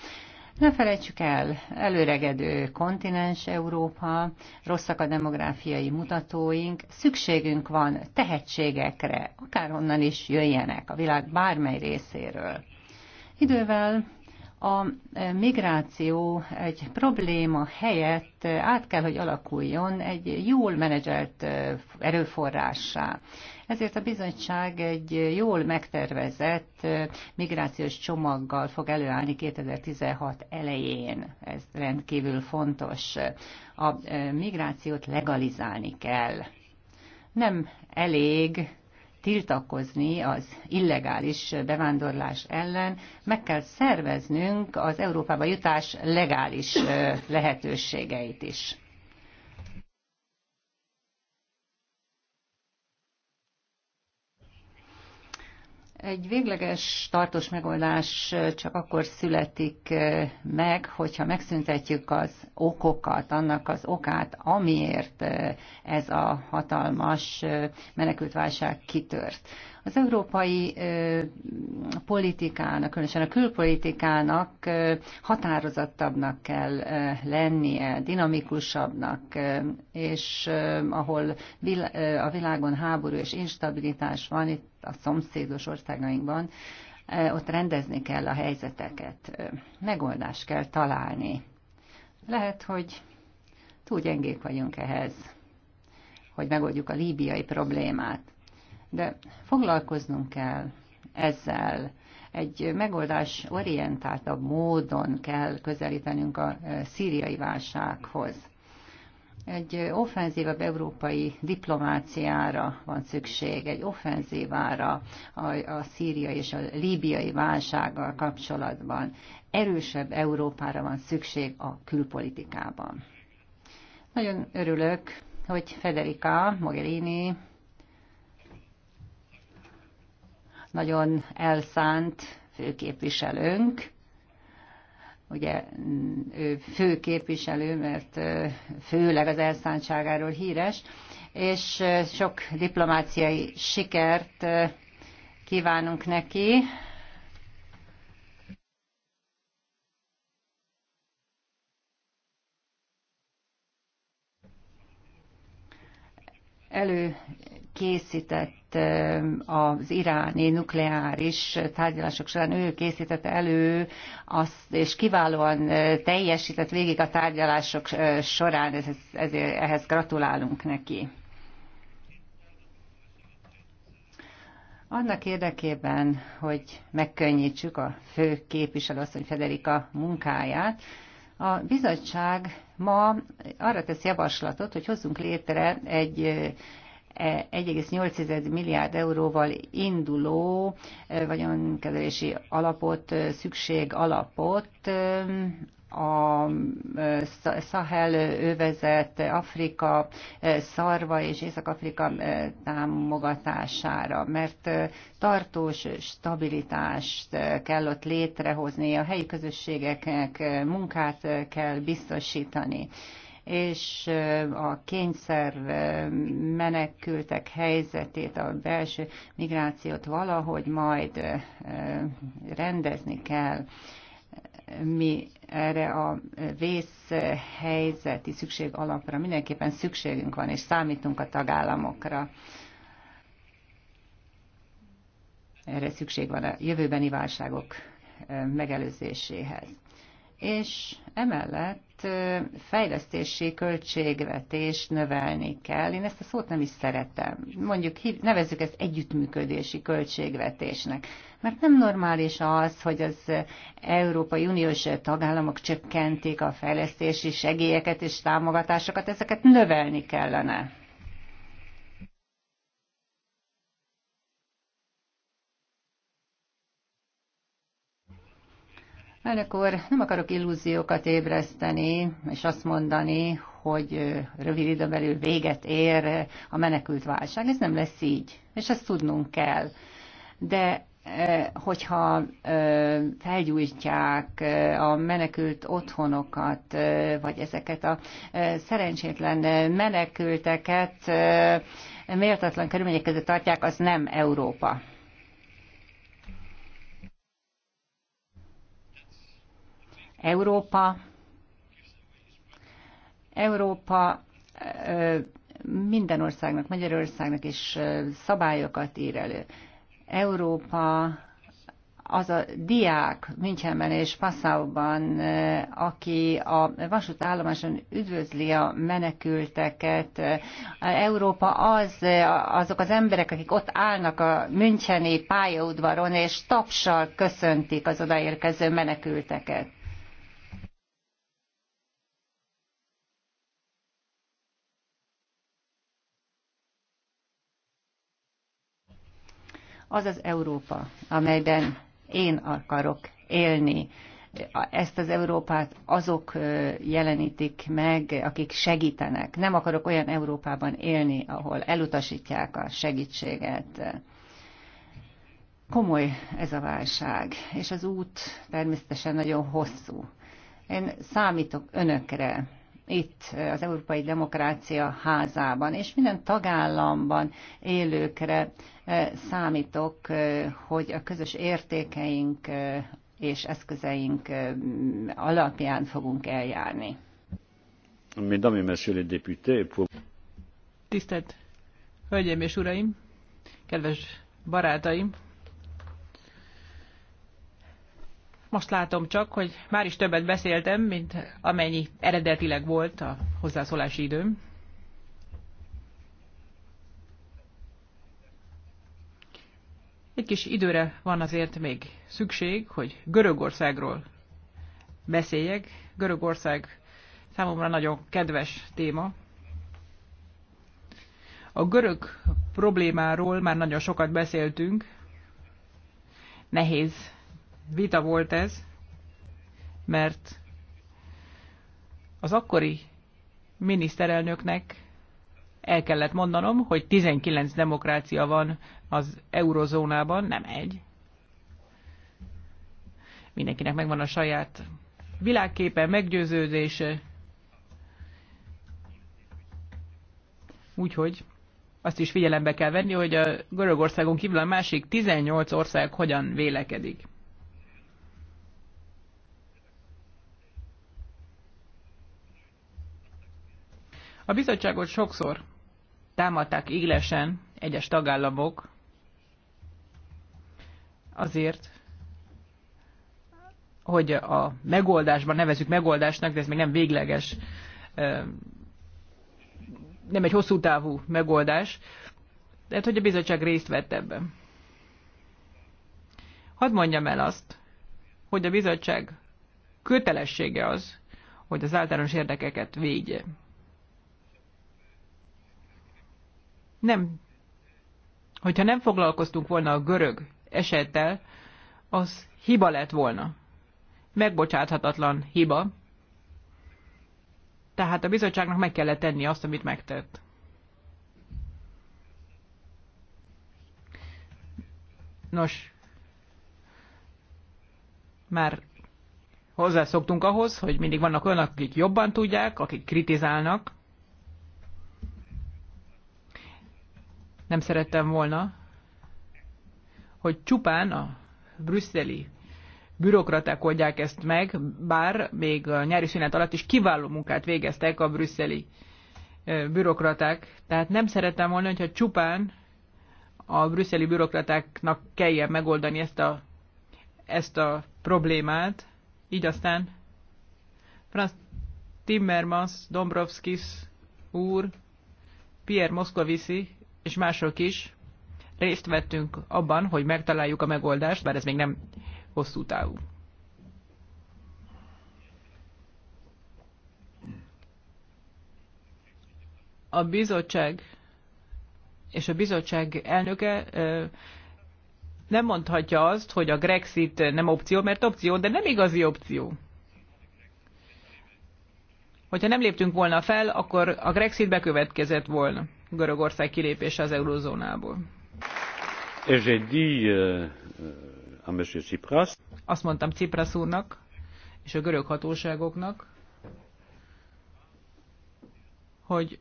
A: Ne felejtsük el, előregedő kontinens Európa, rosszak a demográfiai mutatóink, szükségünk van tehetségekre, akárhonnan is jöjjenek a világ bármely részéről. Idővel a e, migráció egy probléma helyett át kell, hogy alakuljon egy jól menedzselt e, erőforrássá. Ezért a bizottság egy jól megtervezett e, migrációs csomaggal fog előállni 2016 elején. Ez rendkívül fontos. A migrációt legalizálni kell. Nem elég tiltakozni az illegális bevándorlás ellen, meg kell szerveznünk az Európába jutás legális lehetőségeit is. Egy végleges tartós megoldás csak akkor születik eh, meg, hogyha megszüntetjük az okokat, annak az okát, amiért eh, ez a hatalmas eh, menekültválság kitört. Az európai politikának, különösen a külpolitikának határozottabbnak kell lennie, dinamikusabbnak, és ahol a világon háború és instabilitás van, itt a szomszédos országainkban, ott rendezni kell a helyzeteket, megoldást kell találni. Lehet, hogy túl gyengék vagyunk ehhez, hogy megoldjuk a líbiai problémát. De foglalkoznunk kell ezzel. Egy megoldás orientáltabb módon kell közelítenünk a e, szíriai válsághoz. Egy offenzívabb európai diplomáciára van szükség, egy offenzívára a, a szíriai és a líbiai válsággal kapcsolatban. Erősebb Európára van szükség a külpolitikában. Nagyon örülök, hogy Federica Mogherini nagyon elszánt főképviselőnk, ugye ő főképviselő, mert főleg az elszántságáról híres, és sok diplomáciai sikert kívánunk neki. Elő készített az iráni nukleáris tárgyalások során, ő készítette elő azt, és kiválóan teljesített végig a tárgyalások során, ez, ez, ehhez gratulálunk neki. Annak érdekében, hogy megkönnyítsük a fő képviselőasszony Federika munkáját, a bizottság ma arra tesz javaslatot, hogy hozzunk létre egy 1,8 milliárd euróval induló vagyonkezelési alapot, szükség alapot a Sahel övezet, Afrika, Szarva és Észak-Afrika támogatására, mert tartós stabilitást kell ott létrehozni, a helyi közösségeknek munkát kell biztosítani és a kényszer menekültek helyzetét, a belső migrációt valahogy majd rendezni kell mi erre a vészhelyzeti szükség alapra mindenképpen szükségünk van, és számítunk a tagállamokra. Erre szükség van a jövőbeni válságok megelőzéséhez. És emellett fejlesztési költségvetést növelni kell. Én ezt a szót nem is szeretem. Mondjuk nevezzük ezt együttműködési költségvetésnek. Mert nem normális az, hogy az Európai Uniós tagállamok csökkentik a fejlesztési segélyeket és támogatásokat, ezeket növelni kellene. Elnök úr, nem akarok illúziókat ébreszteni, és azt mondani, hogy rövid időn belül véget ér a menekült válság. Ez nem lesz így, és ezt tudnunk kell. De hogyha felgyújtják a menekült otthonokat, vagy ezeket a szerencsétlen menekülteket méltatlan körülmények között tartják, az nem Európa. Európa, Európa minden országnak, Magyarországnak is szabályokat ír elő. Európa az a diák Münchenben és Passauban, aki a vasútállomáson üdvözli a menekülteket. Európa az, azok az emberek, akik ott állnak a Müncheni pályaudvaron, és tapsal köszöntik az odaérkező menekülteket. az az Európa, amelyben én akarok élni. Ezt az Európát azok jelenítik meg, akik segítenek. Nem akarok olyan Európában élni, ahol elutasítják a segítséget. Komoly ez a válság, és az út természetesen nagyon hosszú. Én számítok önökre, itt az Európai Demokrácia házában, és minden tagállamban élőkre eh, számítok, eh, hogy a közös értékeink eh, és eszközeink
D: alapján fogunk eljárni.
B: Mesdames et messieurs les députés, pour...
D: Tisztelt Hölgyeim és Uraim, kedves barátaim, Most látom csak, hogy már is többet beszéltem, mint amennyi eredetileg volt a hozzászólási időm. Egy kis időre van azért még szükség, hogy Görögországról beszéljek. Görögország számomra nagyon kedves téma. A görög problémáról már nagyon sokat beszéltünk. Nehéz vita volt ez, mert az akkori miniszterelnöknek el kellett mondanom, hogy 19 demokrácia van az eurozónában, nem egy. Mindenkinek megvan a saját világképe, meggyőződése. Úgyhogy azt is figyelembe kell venni, hogy a Görögországon kívül a másik 18 ország hogyan vélekedik. A bizottságot sokszor támadták élesen egyes tagállamok azért, hogy a megoldásban nevezük megoldásnak, de ez még nem végleges, nem egy hosszú távú megoldás, de hogy a bizottság részt vett ebben. Hadd mondjam el azt, hogy a bizottság kötelessége az, hogy az általános érdekeket védje. nem, hogyha nem foglalkoztunk volna a görög esettel, az hiba lett volna. Megbocsáthatatlan hiba. Tehát a bizottságnak meg kellett tenni azt, amit megtett. Nos, már hozzászoktunk ahhoz, hogy mindig vannak olyanok, akik jobban tudják, akik kritizálnak, nem szerettem volna, hogy csupán a brüsszeli bürokraták oldják ezt meg, bár még a nyári szünet alatt is kiváló munkát végeztek a brüsszeli bürokraták. Tehát nem szerettem volna, hogyha csupán a brüsszeli bürokratáknak kelljen megoldani ezt a, ezt a problémát. Így aztán Franz Timmermans, Dombrovskis úr, Pierre Moscovici és mások is részt vettünk abban, hogy megtaláljuk a megoldást, bár ez még nem hosszú távú. A bizottság és a bizottság elnöke nem mondhatja azt, hogy a Grexit nem opció, mert opció, de nem igazi opció. Hogyha nem léptünk volna fel, akkor a Grexit bekövetkezett volna. Görögország kilépése az eurozónából.
B: Euh, euh,
D: azt mondtam Cipras úrnak és a görög hatóságoknak, hogy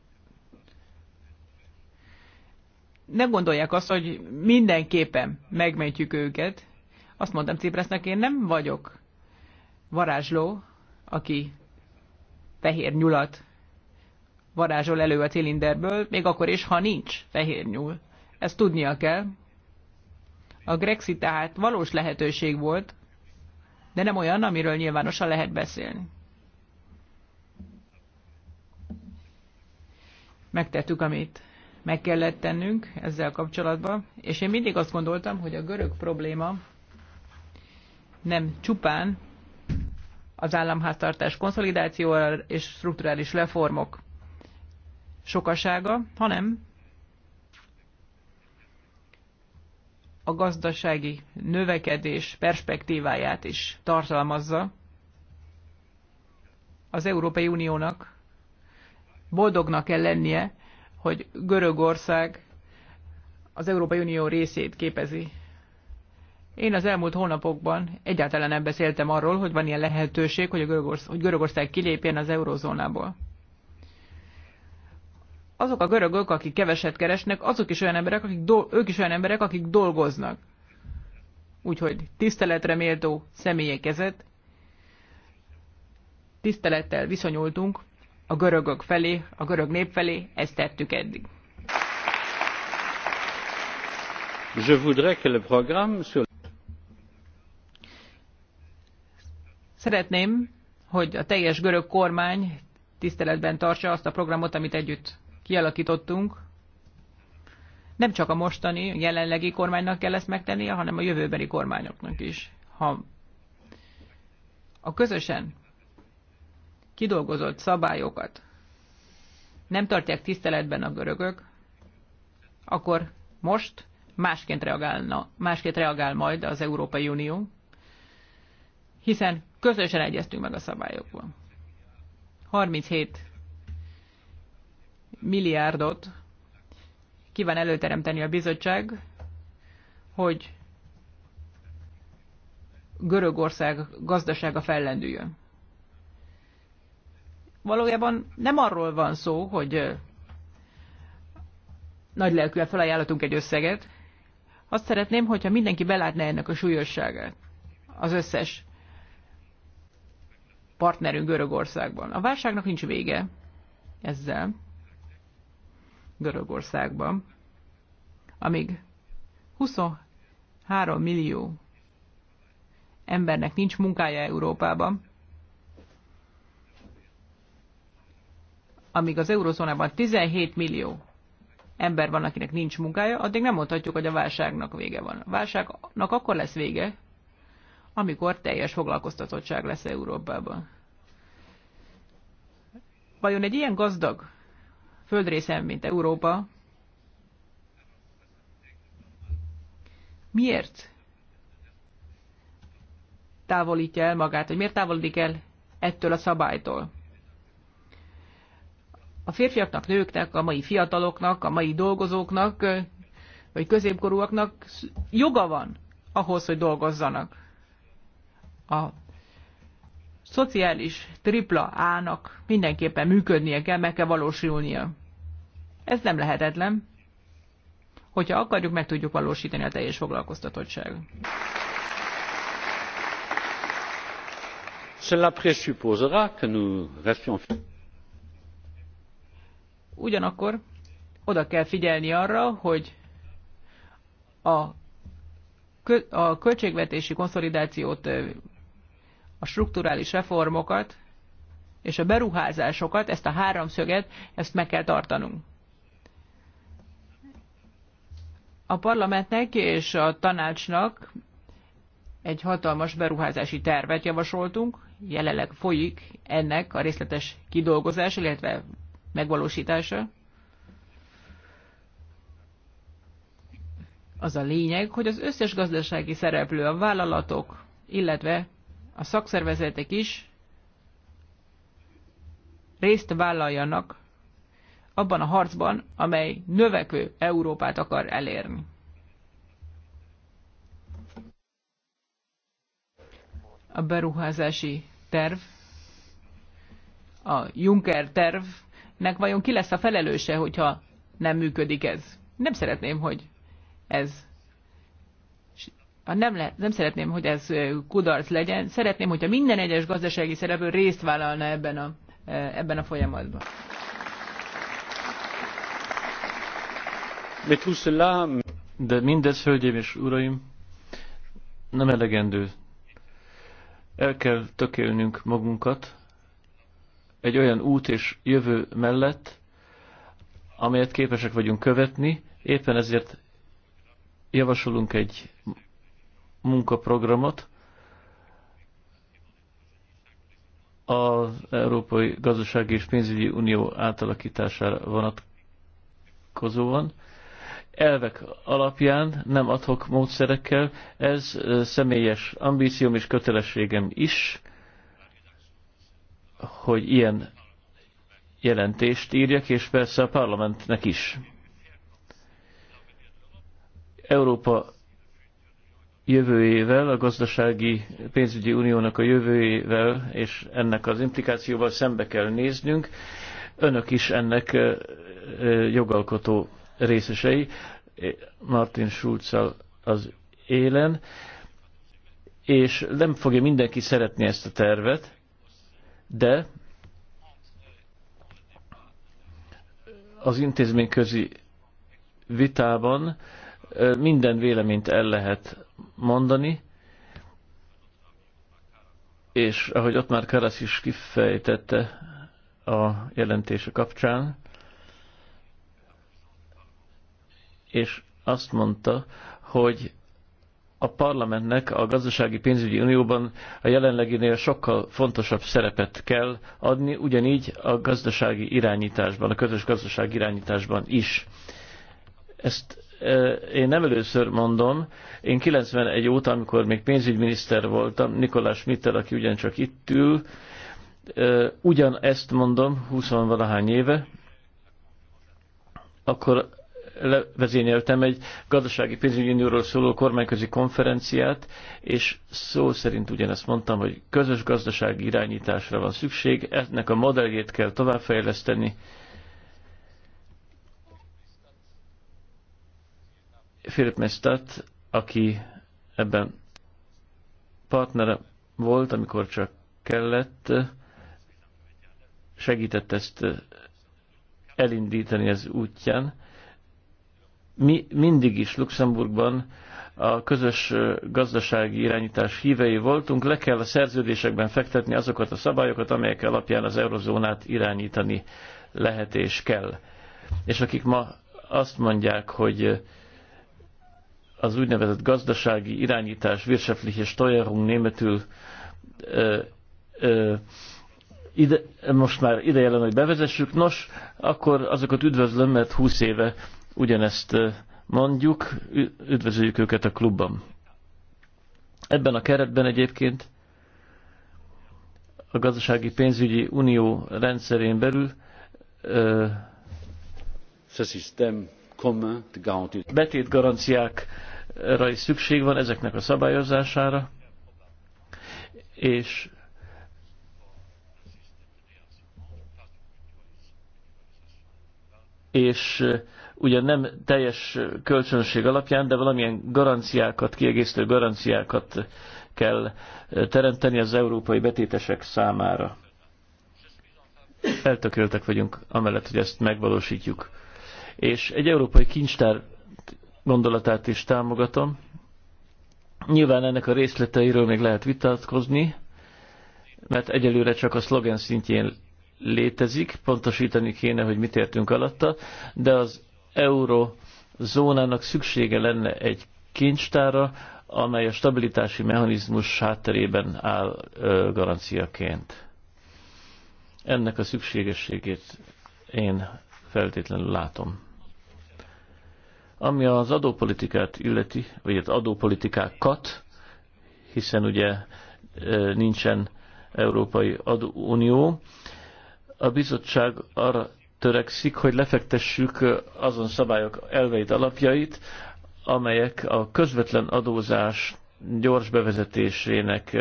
D: ne gondolják azt, hogy mindenképpen megmentjük őket. Azt mondtam Ciprasznak, én nem vagyok varázsló, aki fehér nyulat varázsol elő a cilinderből, még akkor is, ha nincs fehér nyúl. Ezt tudnia kell. A Grexit tehát valós lehetőség volt, de nem olyan, amiről nyilvánosan lehet beszélni. Megtettük, amit meg kellett tennünk ezzel kapcsolatban, és én mindig azt gondoltam, hogy a görög probléma nem csupán az államháztartás konszolidációra és strukturális reformok sokasága, hanem a gazdasági növekedés perspektíváját is tartalmazza. Az Európai Uniónak boldognak kell lennie, hogy Görögország az Európai Unió részét képezi. Én az elmúlt hónapokban egyáltalán nem beszéltem arról, hogy van ilyen lehetőség, hogy, a Görögország, hogy Görögország kilépjen az eurozónából azok a görögök, akik keveset keresnek, azok is olyan emberek, akik do- ők is olyan emberek, akik dolgoznak. Úgyhogy tiszteletre méltó személyekezet, tisztelettel viszonyultunk a görögök felé, a görög nép felé, ezt tettük eddig.
B: Je voudrais que le programme sur...
D: Szeretném, hogy a teljes görög kormány tiszteletben tartsa azt a programot, amit együtt kialakítottunk, nem csak a mostani, a jelenlegi kormánynak kell ezt megtennie, hanem a jövőbeli kormányoknak is. Ha a közösen kidolgozott szabályokat nem tartják tiszteletben a görögök, akkor most másként, reagálna, másként reagál majd az Európai Unió, hiszen közösen egyeztünk meg a szabályokban. 37 milliárdot kíván előteremteni a bizottság, hogy Görögország gazdasága fellendüljön. Valójában nem arról van szó, hogy nagy lelkűen felajánlatunk egy összeget. Azt szeretném, hogyha mindenki belátná ennek a súlyosságát. Az összes partnerünk Görögországban. A válságnak nincs vége ezzel. Görögországban. Amíg 23 millió embernek nincs munkája Európában, amíg az eurozónában 17 millió ember van, akinek nincs munkája, addig nem mondhatjuk, hogy a válságnak vége van. A válságnak akkor lesz vége, amikor teljes foglalkoztatottság lesz Európában. Vajon egy ilyen gazdag földrészen, mint Európa. Miért távolítja el magát, hogy miért távolodik el ettől a szabálytól? A férfiaknak, nőknek, a mai fiataloknak, a mai dolgozóknak, vagy középkorúaknak joga van ahhoz, hogy dolgozzanak. A szociális tripla A-nak mindenképpen működnie kell, meg kell valósulnia. Ez nem lehetetlen. Hogyha akarjuk, meg tudjuk valósítani a teljes foglalkoztatottságot.
B: Cela présupposera que nous restions...
D: Ugyanakkor oda kell figyelni arra, hogy a, kö, a költségvetési konszolidációt, a strukturális reformokat és a beruházásokat, ezt a háromszöget, ezt meg kell tartanunk. a parlamentnek és a tanácsnak egy hatalmas beruházási tervet javasoltunk, jelenleg folyik ennek a részletes kidolgozása, illetve megvalósítása. Az a lényeg, hogy az összes gazdasági szereplő, a vállalatok, illetve a szakszervezetek is részt vállaljanak abban a harcban, amely növekvő Európát akar elérni. A beruházási terv, a Juncker tervnek vajon ki lesz a felelőse, hogyha nem működik ez? Nem szeretném, hogy ez nem, le, nem szeretném, hogy ez kudarc legyen, szeretném, hogyha minden egyes gazdasági szereplő részt vállalna ebben a, ebben a folyamatban.
C: De mindez, hölgyeim és uraim, nem elegendő. El kell tökélnünk magunkat egy olyan út és jövő mellett, amelyet képesek vagyunk követni, éppen ezért javasolunk egy munkaprogramot az Európai Gazdasági és Pénzügyi Unió átalakítására vonatkozóan, elvek alapján, nem adhok módszerekkel, ez személyes ambícióm és kötelességem is, hogy ilyen jelentést írjak, és persze a parlamentnek is. Európa jövőjével, a gazdasági pénzügyi uniónak a jövőjével és ennek az implikációval szembe kell néznünk. Önök is ennek jogalkotó részesei, Martin schulz az élen, és nem fogja mindenki szeretni ezt a tervet, de az intézményközi vitában minden véleményt el lehet mondani, és ahogy ott már Karasz is kifejtette a jelentése kapcsán, és azt mondta, hogy a parlamentnek a gazdasági pénzügyi unióban a jelenleginél sokkal fontosabb szerepet kell adni, ugyanígy a gazdasági irányításban, a közös gazdasági irányításban is. Ezt e, én nem először mondom, én 91 óta, amikor még pénzügyminiszter voltam, Nikolás Mitter, aki ugyancsak itt ül, e, ugyanezt mondom 20 valahány éve, akkor levezényeltem egy gazdasági pénzügyi unióról szóló kormányközi konferenciát, és szó szerint ugyanezt mondtam, hogy közös gazdasági irányításra van szükség, ennek a modelljét kell továbbfejleszteni, Philip Mestat, aki ebben partnere volt, amikor csak kellett, segített ezt elindítani az útján. Mi mindig is Luxemburgban a közös gazdasági irányítás hívei voltunk, le kell a szerződésekben fektetni azokat a szabályokat, amelyek alapján az eurozónát irányítani lehet és kell. És akik ma azt mondják, hogy az úgynevezett gazdasági irányítás, wirtschaftliche Steuerung németül ö, ö, ide, most már ideje lenne, hogy bevezessük. Nos, akkor azokat üdvözlöm, mert 20 éve ugyanezt mondjuk, üdvözöljük őket a klubban. Ebben a keretben egyébként a gazdasági pénzügyi unió rendszerén belül ö, betét garanciákra is szükség van ezeknek a szabályozására, és és Ugye nem teljes kölcsönség alapján, de valamilyen garanciákat, kiegészítő garanciákat kell teremteni az európai betétesek számára. Eltökéltek vagyunk amellett, hogy ezt megvalósítjuk. És egy európai kincstár gondolatát is támogatom. Nyilván ennek a részleteiről még lehet vitatkozni, mert egyelőre csak a szlogen szintjén létezik, pontosítani kéne, hogy mit értünk alatta, de az eurózónának szüksége lenne egy kincstára, amely a stabilitási mechanizmus hátterében áll garanciaként. Ennek a szükségességét én feltétlenül látom. Ami az adópolitikát illeti, vagy az adópolitikákat, hiszen ugye nincsen Európai Adóunió, a bizottság arra törekszik, hogy lefektessük azon szabályok elveit, alapjait, amelyek a közvetlen adózás gyors bevezetésének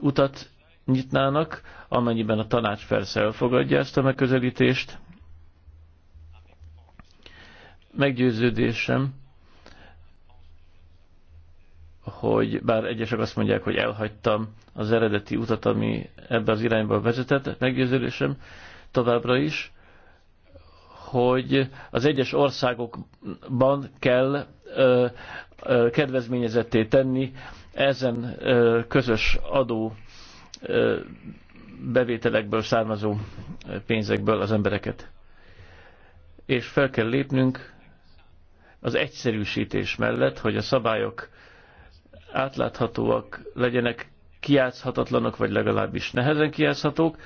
C: utat nyitnának, amennyiben a tanács persze elfogadja ezt a megközelítést. Meggyőződésem, hogy bár egyesek azt mondják, hogy elhagytam az eredeti utat, ami ebbe az irányba vezetett, meggyőződésem továbbra is, hogy az egyes országokban kell ö, ö, kedvezményezetté tenni ezen ö, közös adó ö, bevételekből származó pénzekből az embereket. És fel kell lépnünk az egyszerűsítés mellett, hogy a szabályok átláthatóak legyenek, kiátszhatatlanok, vagy legalábbis nehezen kiátszhatók,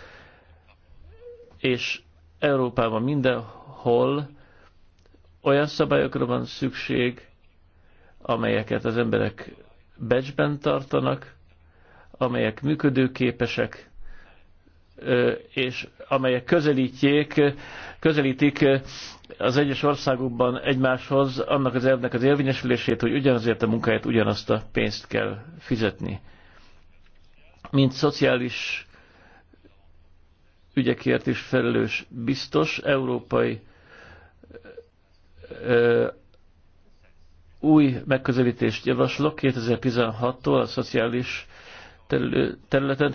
C: és Európában mindenhol olyan szabályokra van szükség, amelyeket az emberek becsben tartanak, amelyek működőképesek, és amelyek közelítjék, közelítik az egyes országokban egymáshoz annak az elvnek az érvényesülését, hogy ugyanazért a munkáját ugyanazt a pénzt kell fizetni. Mint szociális ügyekért is felelős biztos, európai ö, új megközelítést javaslok 2016-tól a szociális területen.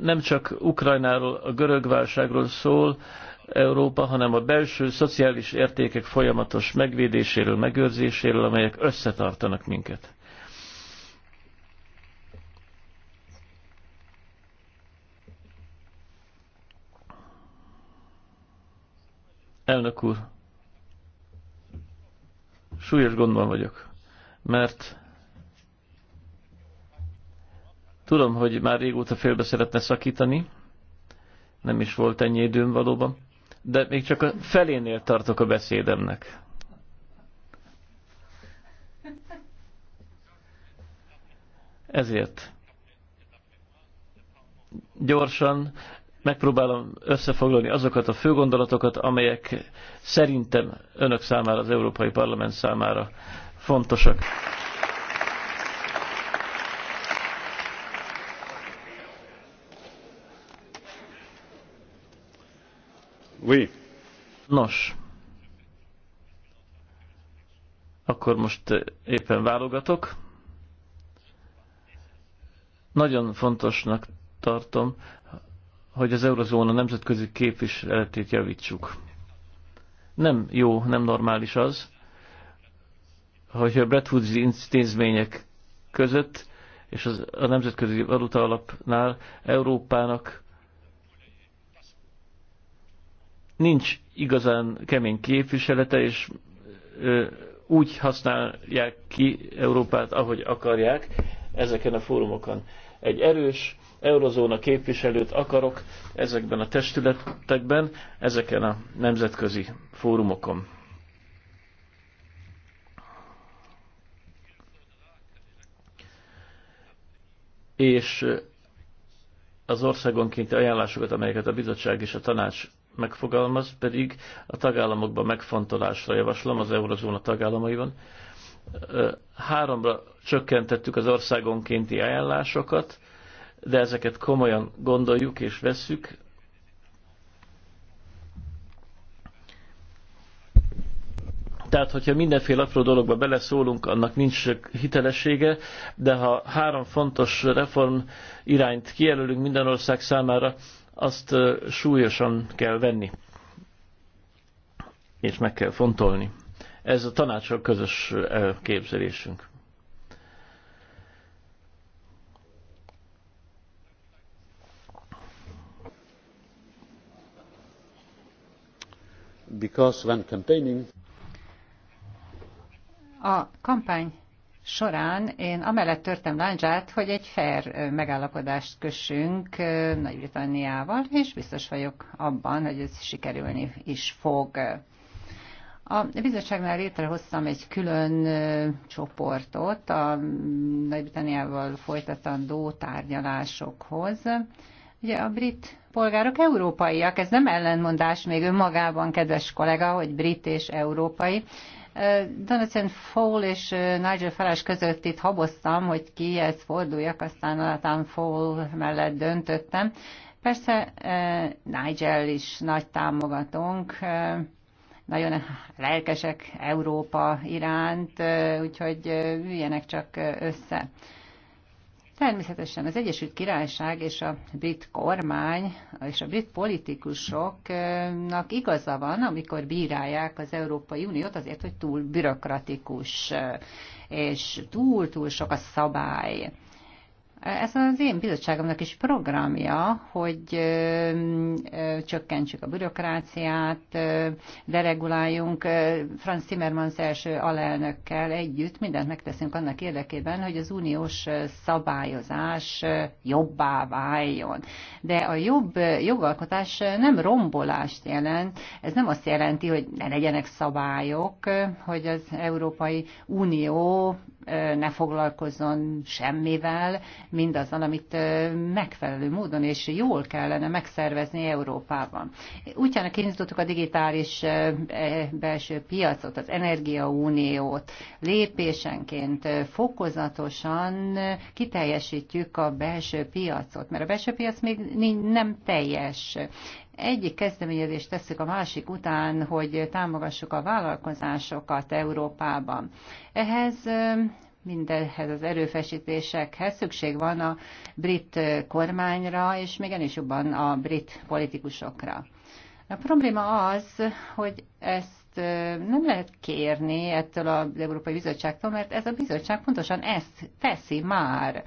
C: Nem csak Ukrajnáról, a görög válságról szól Európa, hanem a belső szociális értékek folyamatos megvédéséről, megőrzéséről, amelyek összetartanak minket. Elnök úr, súlyos gondban vagyok, mert tudom, hogy már régóta félbe szeretne szakítani, nem is volt ennyi időm valóban, de még csak a felénél tartok a beszédemnek. Ezért gyorsan megpróbálom összefoglalni azokat a fő gondolatokat, amelyek szerintem önök számára, az Európai Parlament számára fontosak.
B: Oui. Nos,
C: akkor most éppen válogatok. Nagyon fontosnak tartom, hogy az eurozóna nemzetközi képviseletét javítsuk. Nem jó, nem normális az, hogy a Bretton Woods intézmények között és az, a nemzetközi valuta alapnál Európának nincs igazán kemény képviselete, és ö, úgy használják ki Európát, ahogy akarják ezeken a fórumokon. Egy erős eurozóna képviselőt akarok ezekben a testületekben, ezeken a nemzetközi fórumokon. És az országonkénti ajánlásokat, amelyeket a bizottság és a tanács megfogalmaz, pedig a tagállamokban megfontolásra javaslom, az eurozóna tagállamaiban. Háromra csökkentettük az országonkénti ajánlásokat, de ezeket komolyan gondoljuk és vesszük. Tehát, hogyha mindenféle apró dologba beleszólunk, annak nincs hitelessége, de ha három fontos reform irányt kijelölünk minden ország számára, azt súlyosan kell venni, és meg kell fontolni. Ez a tanácsok közös elképzelésünk.
B: because when campaigning
A: a kampány során én amellett törtem láncsát, hogy egy fair megállapodást kössünk Nagy-Britanniával, és biztos vagyok abban, hogy ez sikerülni is fog. A bizottságnál létrehoztam egy külön csoportot a Nagy-Britanniával folytatandó tárgyalásokhoz. Ugye a brit polgárok európaiak. Ez nem ellenmondás még önmagában, kedves kollega, hogy brit és európai. Donatian Fall és Nigel Farage között itt haboztam, hogy kihez forduljak, aztán Nathan Fall mellett döntöttem. Persze Nigel is nagy támogatónk, nagyon lelkesek Európa iránt, úgyhogy üljenek csak össze. Természetesen az Egyesült Királyság és a brit kormány és a brit politikusoknak igaza van, amikor bírálják az Európai Uniót azért, hogy túl bürokratikus és túl-túl sok a szabály ez az én bizottságomnak is programja, hogy csökkentsük a bürokráciát, dereguláljunk. Franz Timmermans első alelnökkel együtt mindent megteszünk annak érdekében, hogy az uniós szabályozás jobbá váljon. De a jobb jogalkotás nem rombolást jelent, ez nem azt jelenti, hogy ne legyenek szabályok, hogy az Európai Unió ne foglalkozzon semmivel, mindazzal, amit megfelelő módon és jól kellene megszervezni Európában. Úgyjának indítottuk a digitális e, belső piacot, az energiauniót, lépésenként fokozatosan kiteljesítjük a belső piacot, mert a belső piac még nem teljes, egyik kezdeményezést tesszük a másik után, hogy támogassuk a vállalkozásokat Európában. Ehhez mindenhez az erőfeszítésekhez szükség van a brit kormányra, és még ennél jobban a brit politikusokra. A probléma az, hogy ezt nem lehet kérni ettől az Európai Bizottságtól, mert ez a bizottság pontosan ezt teszi már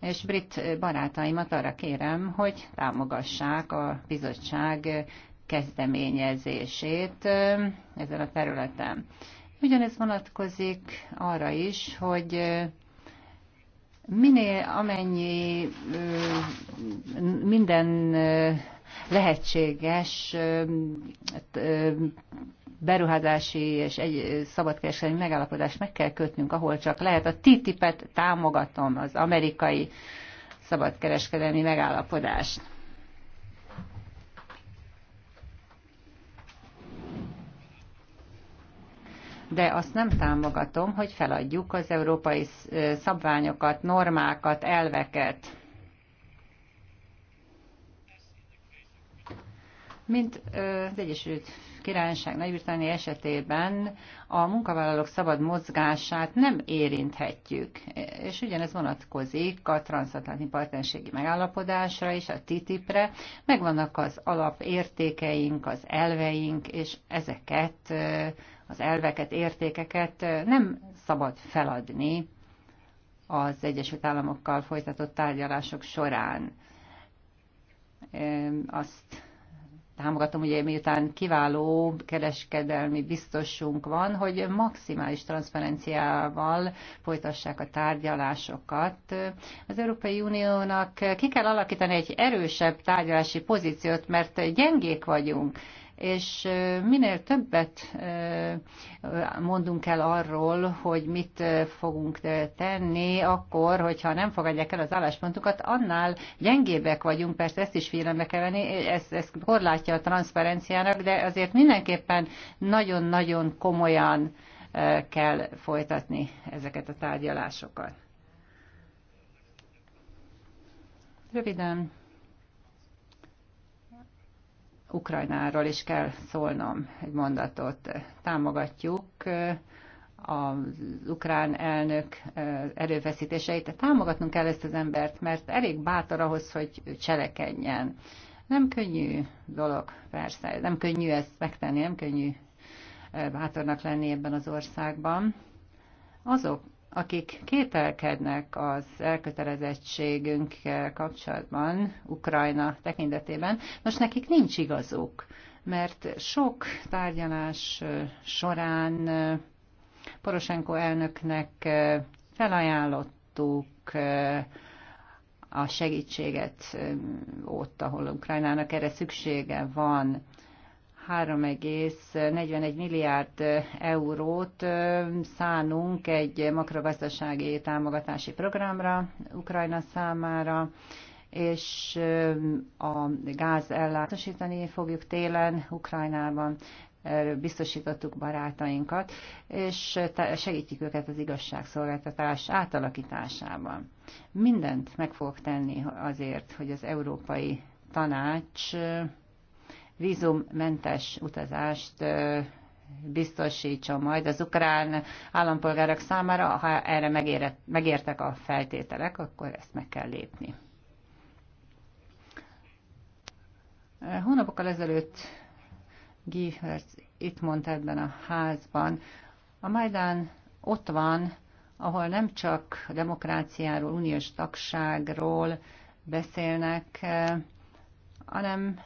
A: és brit barátaimat arra kérem, hogy támogassák a bizottság kezdeményezését ezen a területen. Ugyanez vonatkozik arra is, hogy minél amennyi minden lehetséges beruházási és egy szabadkereskedelmi megállapodást meg kell kötnünk, ahol csak lehet. A TTIP-et támogatom, az amerikai szabadkereskedelmi megállapodást. de azt nem támogatom, hogy feladjuk az európai szabványokat, normákat, elveket. Mint az Egyesült Királyság nagy esetében a munkavállalók szabad mozgását nem érinthetjük, és ugyanez vonatkozik a transatlanti partnerségi megállapodásra és a TTIP-re. Megvannak az alapértékeink, az elveink, és ezeket, az elveket, értékeket nem szabad feladni az Egyesült Államokkal folytatott tárgyalások során. Azt támogatom, ugye miután kiváló kereskedelmi biztosunk van, hogy maximális transzparenciával folytassák a tárgyalásokat. Az Európai Uniónak ki kell alakítani egy erősebb tárgyalási pozíciót, mert gyengék vagyunk és minél többet mondunk el arról, hogy mit fogunk tenni akkor, hogyha nem fogadják el az álláspontokat, annál gyengébbek vagyunk, persze ezt is figyelembe kell venni, ez, ez korlátja a transzparenciának, de azért mindenképpen nagyon-nagyon komolyan kell folytatni ezeket a tárgyalásokat. Röviden Ukrajnáról is kell szólnom egy mondatot. Támogatjuk eh, az ukrán elnök eh, erőfeszítéseit. Támogatnunk kell ezt az embert, mert elég bátor ahhoz, hogy cselekedjen. Nem könnyű dolog, persze, nem könnyű ezt megtenni, nem könnyű eh, bátornak lenni ebben az országban. Azok akik kételkednek az elkötelezettségünkkel kapcsolatban Ukrajna tekintetében, most nekik nincs igazuk, mert sok tárgyalás során Poroshenko elnöknek felajánlottuk a segítséget ott, ahol Ukrajnának erre szüksége van. 3,41 milliárd eurót szánunk egy makrogazdasági támogatási programra Ukrajna számára, és a gáz ellátásítani fogjuk télen Ukrajnában. Erről biztosítottuk barátainkat, és segítjük őket az igazságszolgáltatás átalakításában. Mindent meg fogok tenni azért, hogy az Európai Tanács vízummentes utazást biztosítsa majd az ukrán állampolgárok számára, ha erre megérett, megértek a feltételek, akkor ezt meg kell lépni. Hónapokkal ezelőtt Gihörc itt mondta ebben a házban, a Majdán ott van, ahol nem csak a demokráciáról, uniós tagságról beszélnek, hanem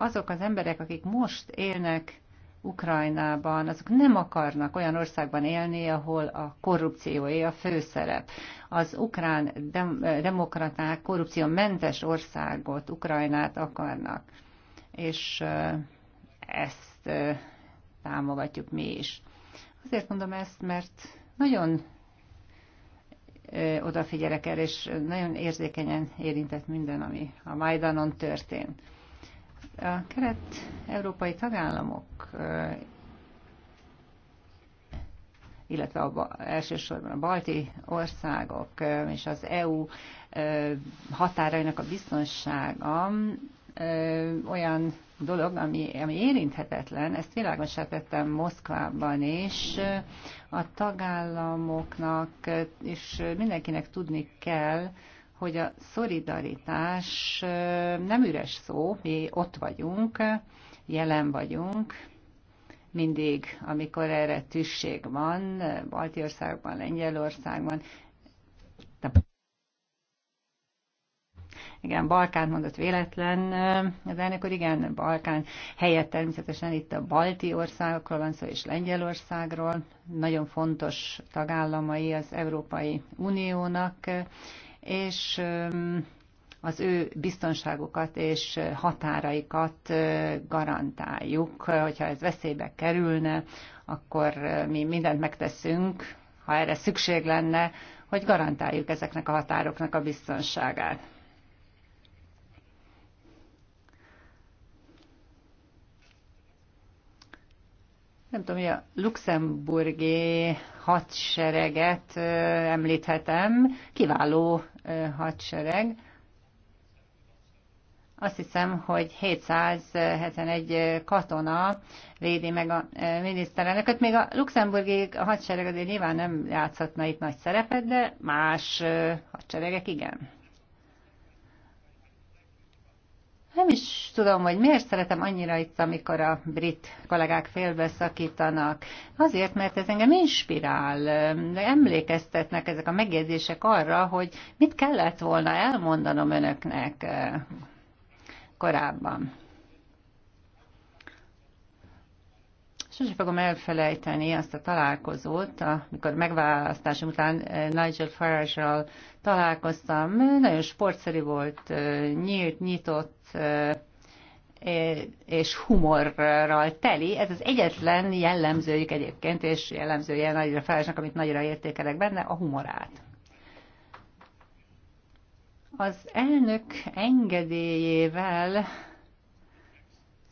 A: azok az emberek, akik most élnek Ukrajnában, azok nem akarnak olyan országban élni, ahol a korrupcióé a főszerep. Az ukrán dem- demokraták korrupciómentes országot, Ukrajnát akarnak. És ezt támogatjuk mi is. Azért mondom ezt, mert nagyon odafigyelek erre, és nagyon érzékenyen érintett minden, ami a Majdanon történt. A kelet-európai tagállamok, illetve a, elsősorban a balti országok és az EU határainak a biztonsága olyan dolog, ami, ami érinthetetlen, ezt világosá tettem Moszkvában is, a tagállamoknak és mindenkinek tudni kell, hogy a szolidaritás nem üres szó, mi ott vagyunk, jelen vagyunk, mindig, amikor erre tüsség van, Baltiországban, Lengyelországban, Igen, Balkán mondott véletlen az elnök, hogy igen, Balkán helyett természetesen itt a balti országokról van szó, és Lengyelországról, nagyon fontos tagállamai az Európai Uniónak, és az ő biztonságukat és határaikat garantáljuk. Hogyha ez veszélybe kerülne, akkor mi mindent megteszünk, ha erre szükség lenne, hogy garantáljuk ezeknek a határoknak a biztonságát. nem tudom, hogy a luxemburgi hadsereget említhetem, kiváló hadsereg. Azt hiszem, hogy 771 katona védi meg a miniszterelnököt. Még a luxemburgi hadsereg azért nyilván nem játszhatna itt nagy szerepet, de más hadseregek igen. Nem is tudom, hogy miért szeretem annyira itt, amikor a brit kollégák félbeszakítanak. Azért, mert ez engem inspirál, emlékeztetnek ezek a megjegyzések arra, hogy mit kellett volna elmondanom önöknek eh, korábban. Sose fogom elfelejteni azt a találkozót, amikor megválasztásom után eh, Nigel farage találkoztam. Nagyon sportszerű volt, eh, nyílt, nyitott, eh, és humorral teli. Ez az egyetlen jellemzőjük egyébként, és jellemzője nagyra felesnek, amit nagyra értékelek benne, a humorát. Az elnök engedélyével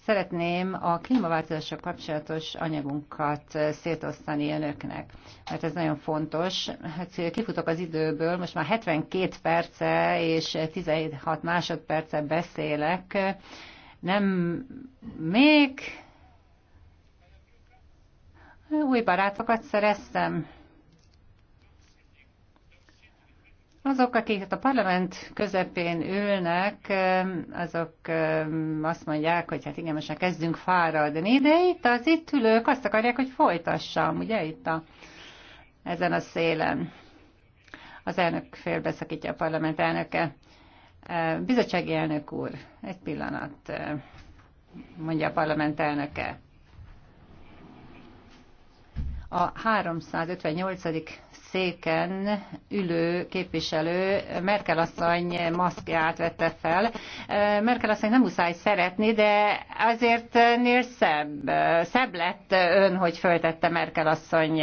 A: Szeretném a klímaváltozással kapcsolatos anyagunkat szétosztani önöknek, mert ez nagyon fontos. Hát kifutok az időből, most már 72 perce és 16 másodperce beszélek. Nem még új barátokat szereztem. Azok, akik a parlament közepén ülnek, azok azt mondják, hogy hát igen, most már kezdünk fáradni, de itt az itt ülők azt akarják, hogy folytassam, ugye itt a, ezen a szélen. Az elnök félbeszakítja a parlament elnöke. Bizottsági elnök úr, egy pillanat, mondja a parlament elnöke a 358. széken ülő képviselő Merkel asszony maszkját vette fel. Merkel asszony nem muszáj szeretni, de azért nél szebb, szebb lett ön, hogy föltette Merkel asszony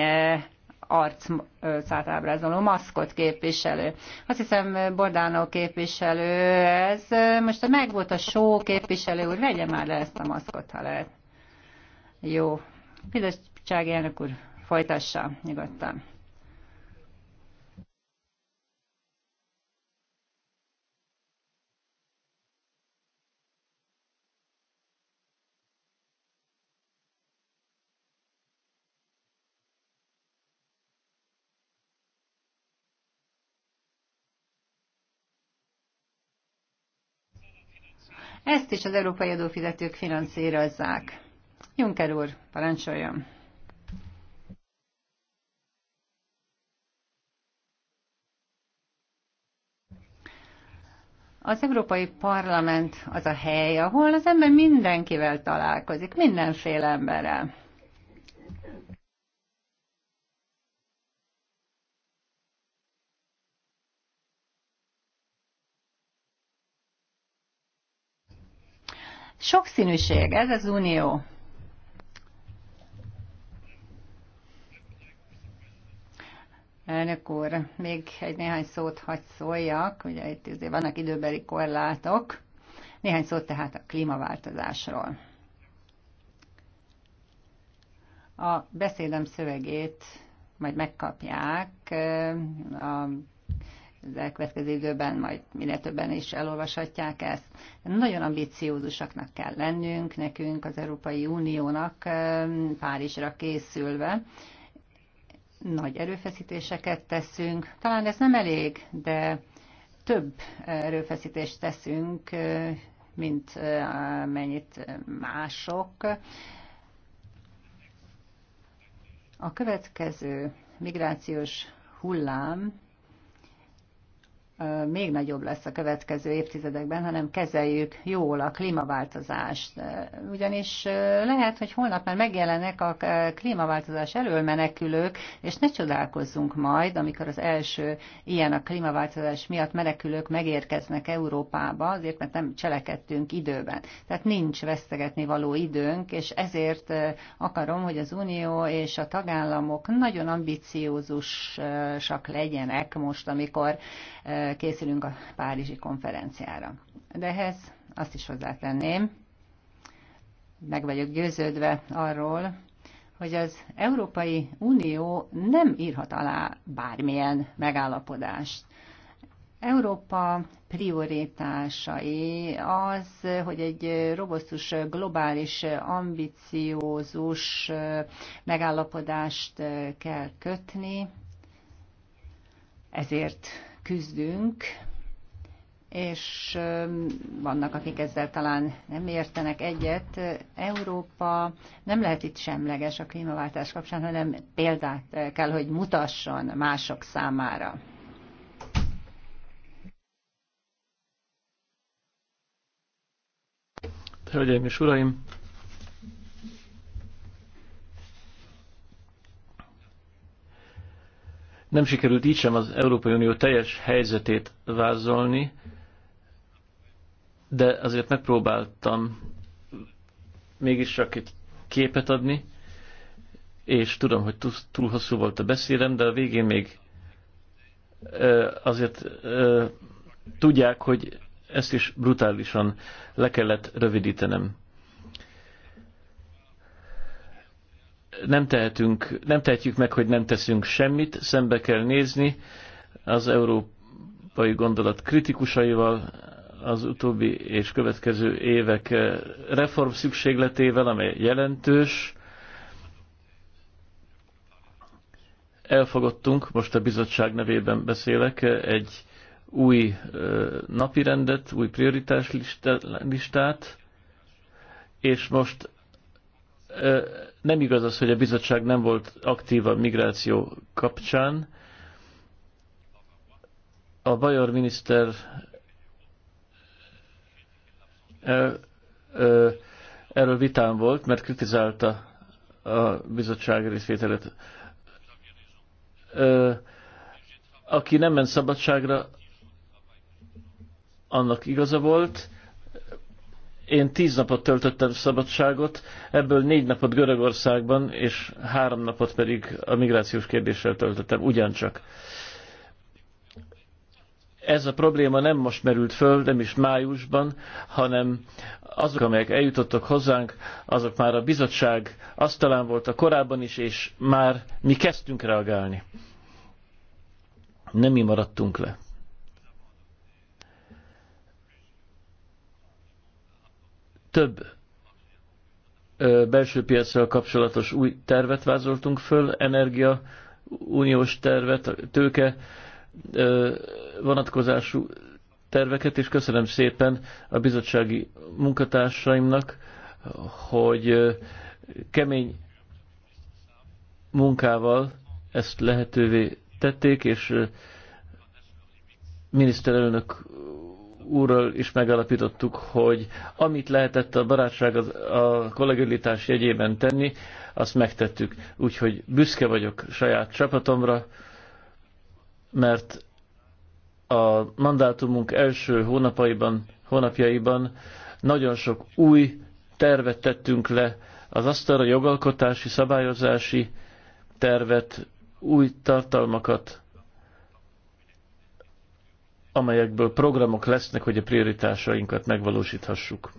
A: arcát ábrázoló maszkot képviselő. Azt hiszem Bordánó képviselő ez. Most meg volt a só képviselő úr, vegye már le ezt a maszkot, ha lehet. Jó. Bizottság elnök úr, Folytassa nyugodtan. Ezt is az európai adófizetők finanszírozzák. Juncker úr, parancsoljon! Az Európai Parlament az a hely, ahol az ember mindenkivel találkozik, mindenféle emberrel. Sokszínűség, ez az unió. Elnök úr, még egy néhány szót hagy szóljak, ugye itt azért vannak időbeli korlátok. Néhány szót tehát a klímaváltozásról. A beszédem szövegét majd megkapják a az elkövetkező időben majd minél többen is elolvashatják ezt. Nagyon ambiciózusaknak kell lennünk, nekünk, az Európai Uniónak Párizsra készülve, nagy erőfeszítéseket teszünk. Talán ez nem elég, de több erőfeszítést teszünk, mint mennyit mások. A következő migrációs hullám még nagyobb lesz a következő évtizedekben, hanem kezeljük jól a klímaváltozást. Ugyanis lehet, hogy holnap már megjelennek a klímaváltozás elől menekülők, és ne csodálkozzunk majd, amikor az első ilyen a klímaváltozás miatt menekülők megérkeznek Európába, azért mert nem cselekedtünk időben. Tehát nincs vesztegetni való időnk, és ezért akarom, hogy az Unió és a tagállamok nagyon ambiciózusak legyenek most, amikor készülünk a Párizsi konferenciára. De ehhez azt is hozzátenném, meg vagyok győződve arról, hogy az Európai Unió nem írhat alá bármilyen megállapodást. Európa prioritásai az, hogy egy robosztus, globális, ambiciózus megállapodást kell kötni, ezért küzdünk, és vannak, akik ezzel talán nem értenek egyet. Európa nem lehet itt semleges a klímaváltás kapcsán, hanem példát kell, hogy mutasson mások számára.
C: Hölgyeim és Uraim! Nem sikerült így sem az Európai Unió teljes helyzetét vázolni, de azért megpróbáltam mégis csak egy képet adni, és tudom, hogy túl hosszú volt a beszélem, de a végén még azért tudják, hogy ezt is brutálisan le kellett rövidítenem. nem, tehetünk, nem tehetjük meg, hogy nem teszünk semmit, szembe kell nézni az európai gondolat kritikusaival, az utóbbi és következő évek eh, reform szükségletével, amely jelentős. Elfogadtunk, most a bizottság nevében beszélek, eh, egy új eh, napirendet, új prioritás listát, és most nem igaz az, hogy a bizottság nem volt aktív a migráció kapcsán. A Bajor miniszter erről vitán volt, mert kritizálta a bizottság részvételét. Aki nem ment szabadságra, annak igaza volt, én tíz napot töltöttem szabadságot, ebből négy napot Görögországban, és három napot pedig a migrációs kérdéssel töltöttem, ugyancsak. Ez a probléma nem most merült föl, nem is májusban, hanem azok, amelyek eljutottak hozzánk, azok már a bizottság asztalán voltak korábban is, és már mi kezdtünk reagálni. Nem mi maradtunk le. Több belső piacsal kapcsolatos új tervet vázoltunk föl, energia, uniós tervet, tőke vonatkozású terveket, és köszönöm szépen a bizottsági munkatársaimnak, hogy kemény munkával ezt lehetővé tették, és miniszterelnök úrral is megalapítottuk, hogy amit lehetett a barátság a kollegialitás jegyében tenni, azt megtettük. Úgyhogy büszke vagyok saját csapatomra, mert a mandátumunk első hónapaiban, hónapjaiban nagyon sok új tervet tettünk le, az asztalra jogalkotási, szabályozási tervet, új tartalmakat amelyekből programok lesznek, hogy a prioritásainkat megvalósíthassuk.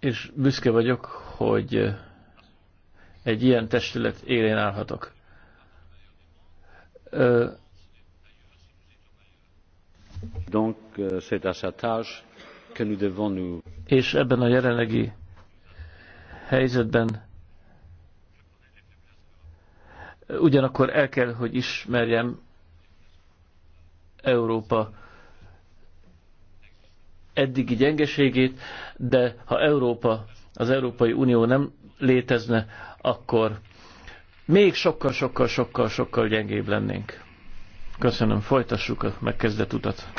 C: És büszke vagyok, hogy egy ilyen testület élén állhatok.
B: Euh, és ebben a jelenlegi helyzetben Ugyanakkor
C: el kell, hogy ismerjem Európa eddigi gyengeségét, de ha Európa, az Európai Unió nem létezne, akkor még sokkal, sokkal, sokkal, sokkal gyengébb lennénk. Köszönöm, folytassuk a megkezdett utat.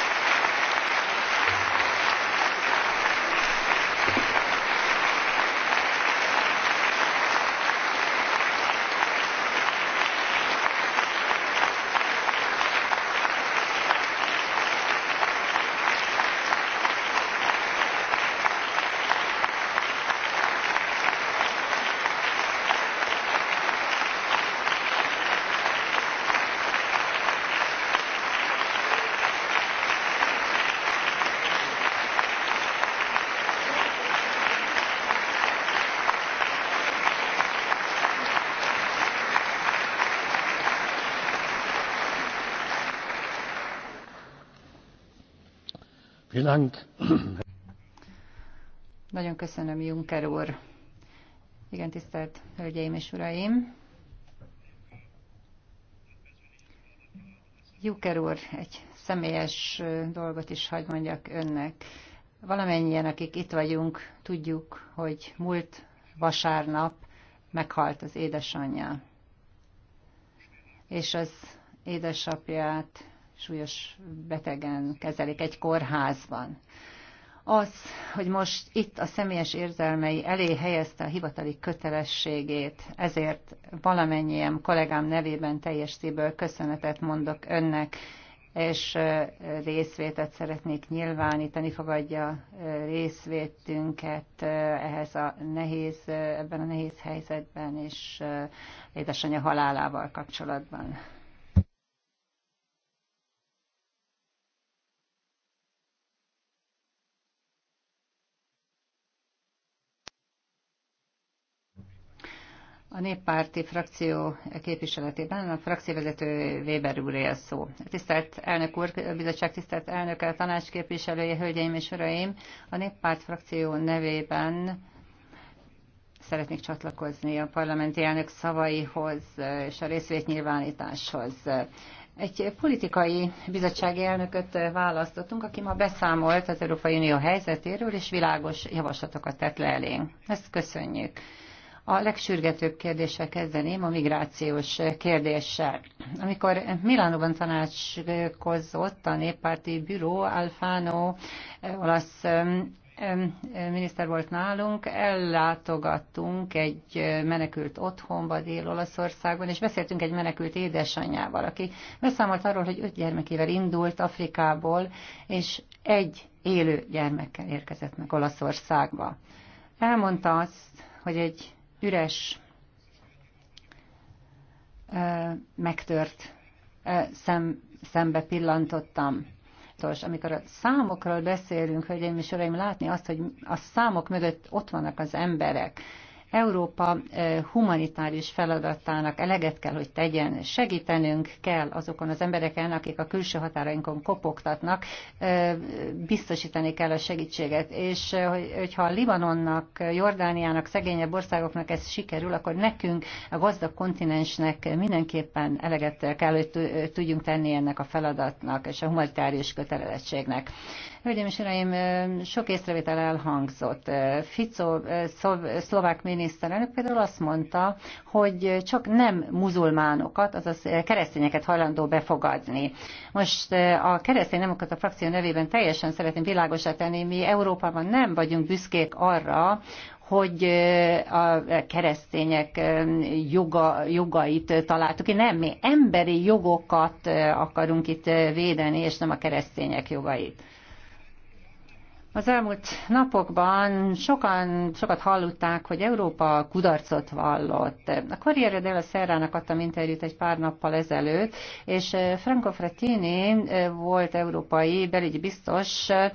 B: Dank.
A: Nagyon köszönöm, Juncker úr. Igen, tisztelt Hölgyeim és Uraim! Juncker úr, egy személyes dolgot is hagy mondjak önnek. Valamennyien, akik itt vagyunk, tudjuk, hogy múlt vasárnap meghalt az édesanyja, és az édesapját súlyos betegen kezelik egy kórházban. Az, hogy most itt a személyes érzelmei elé helyezte a hivatali kötelességét, ezért valamennyien kollégám nevében teljes szívből köszönetet mondok önnek, és részvétet szeretnék nyilvánítani, fogadja részvétünket ehhez a nehéz, ebben a nehéz helyzetben, és édesanyja halálával kapcsolatban. A néppárti frakció képviseletében a frakcióvezető Weber úr él szó. Tisztelt elnök úr, bizottság tisztelt elnöke, tanácsképviselője, hölgyeim és uraim! A néppárt frakció nevében szeretnék csatlakozni a parlamenti elnök szavaihoz és a részvétnyilvánításhoz. Egy politikai bizottsági elnököt választottunk, aki ma beszámolt az Európai Unió helyzetéről, és világos javaslatokat tett le elénk. Ezt köszönjük. A legsürgetőbb kérdéssel kezdeném, a migrációs kérdéssel. Amikor Milánóban tanácskozott a néppárti büró, Alfano olasz miniszter volt nálunk, ellátogattunk egy menekült otthonba Dél-Olaszországban, és beszéltünk egy menekült édesanyjával, aki beszámolt arról, hogy öt gyermekével indult Afrikából, és egy élő gyermekkel érkezett meg Olaszországba. Elmondta azt, hogy egy üres, megtört szem, szembe pillantottam. Szóval, amikor a számokról beszélünk, hölgyeim és uraim, látni azt, hogy a számok mögött ott vannak az emberek, Európa eh, humanitárius feladatának eleget kell, hogy tegyen. Segítenünk kell azokon az embereken, akik a külső határainkon kopogtatnak, eh, biztosítani kell a segítséget. És eh, hogyha Libanonnak, Jordániának, szegényebb országoknak ez sikerül, akkor nekünk, a gazdag kontinensnek mindenképpen eleget kell, hogy tudjunk tenni ennek a feladatnak és a humanitárius kötelezettségnek. Hölgyeim és Uraim, sok észrevétel elhangzott. Fico, szlovák miniszterelnök például azt mondta, hogy csak nem muzulmánokat, azaz keresztényeket hajlandó befogadni. Most a keresztény nemokat a frakció nevében teljesen szeretném világosra tenni, mi Európában nem vagyunk büszkék arra, hogy a keresztények joga, jogait találtuk. Nem, mi emberi jogokat akarunk itt védeni, és nem a keresztények jogait. Az elmúlt napokban sokan sokat hallották, hogy Európa kudarcot vallott. A Corriere della Serra-nak adtam interjút egy pár nappal ezelőtt, és eh, Franco Frattini eh, volt európai belügyi biztos, eh,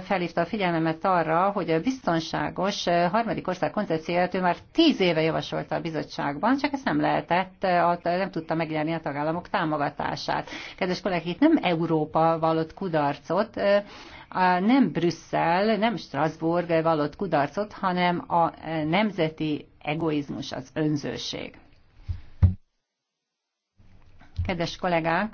A: felhívta a figyelmemet arra, hogy a biztonságos harmadik ország koncepcióját ő már tíz éve javasolta a bizottságban, csak ezt nem lehetett, nem tudta megnyerni a tagállamok támogatását. Kedves kollégák, itt nem Európa vallott kudarcot, nem Brüsszel, nem Strasbourg vallott kudarcot, hanem a e, nemzeti egoizmus, az önzőség. Kedves kollégák!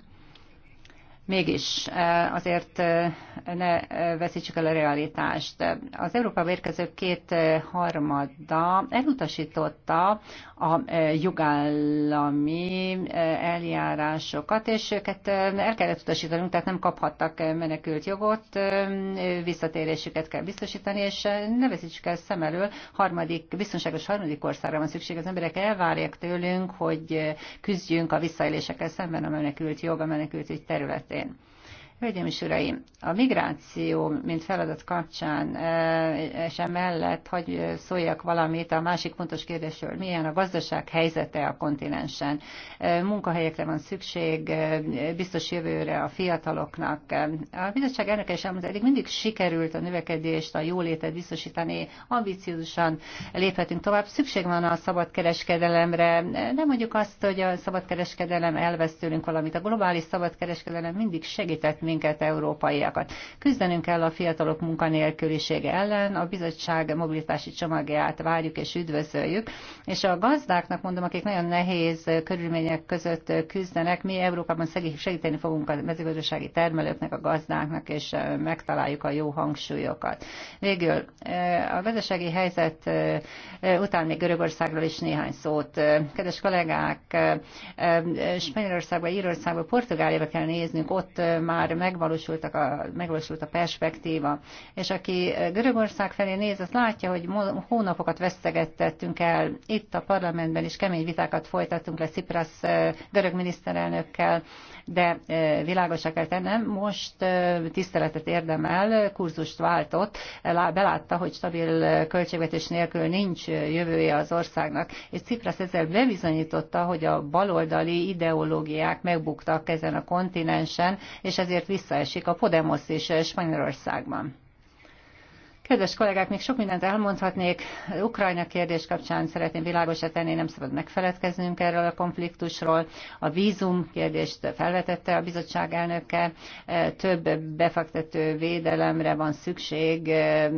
A: mégis e, azért e, ne e, veszítsük el a realitást. Az Európába érkező két harmada elutasította a jogállami eljárásokat, és őket el kellett utasítanunk, tehát nem kaphattak menekült jogot, visszatérésüket kell biztosítani, és ne veszítsük el szem elől, harmadik, biztonságos harmadik országra van szükség. Az emberek elvárják tőlünk, hogy küzdjünk a visszaélésekkel szemben a menekült jog, a menekült terület területén. Hölgyeim és Uraim, a migráció, mint feladat kapcsán e, és emellett, hogy szóljak valamit a másik fontos kérdésről, milyen a gazdaság helyzete a kontinensen. E, munkahelyekre van szükség, e, biztos jövőre a fiataloknak. A bizottság elnöke is elmondta, eddig mindig sikerült a növekedést, a jólétet biztosítani, ambiciózusan léphetünk tovább. Szükség van a szabadkereskedelemre, nem mondjuk azt, hogy a szabadkereskedelem elvesztőlünk valamit. A globális szabadkereskedelem mindig segített minket minket, európaiakat. Küzdenünk kell a fiatalok munkanélkülisége ellen, a bizottság mobilitási csomagját várjuk és üdvözöljük, és a gazdáknak mondom, akik nagyon nehéz körülmények között küzdenek, mi Európában segíteni fogunk a mezőgazdasági termelőknek, a gazdáknak, és megtaláljuk a jó hangsúlyokat. Végül a gazdasági helyzet után még Görögországról is néhány szót. Kedves kollégák, Spanyolországban, Írországban, Portugáliában kell néznünk, ott már megvalósultak a, megvalósult a perspektíva. És aki Görögország felé néz, az látja, hogy hónapokat vesztegettünk el. Itt a parlamentben is kemény vitákat folytattunk le Sziprász görög miniszterelnökkel de világosá kell tennem, most tiszteletet érdemel, kurzust váltott, belátta, hogy stabil költségvetés nélkül nincs jövője az országnak, és Cipras ezzel bebizonyította, hogy a baloldali ideológiák megbuktak ezen a kontinensen, és ezért visszaesik a Podemos és Spanyolországban. Kedves kollégák, még sok mindent elmondhatnék. Ukrajna kérdés kapcsán szeretném világosat tenni, nem szabad megfeledkeznünk erről a konfliktusról. A vízum kérdést felvetette a bizottság elnöke. E, több befektető védelemre van szükség, e,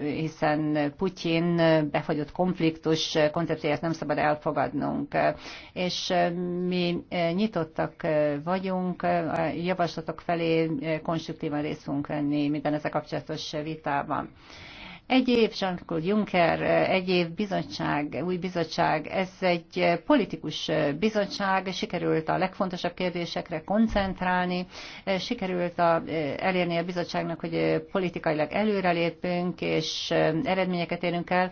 A: hiszen Putyin befagyott konfliktus koncepcióját nem szabad elfogadnunk. És e, mi nyitottak vagyunk, a javaslatok felé konstruktívan részt fogunk venni minden ezzel kapcsolatos vitában van. Egy év Jean-Claude Juncker, egy év bizottság, új bizottság, ez egy politikus bizottság, sikerült a legfontosabb kérdésekre koncentrálni, sikerült a, elérni a bizottságnak, hogy politikailag előrelépünk és eredményeket érünk el.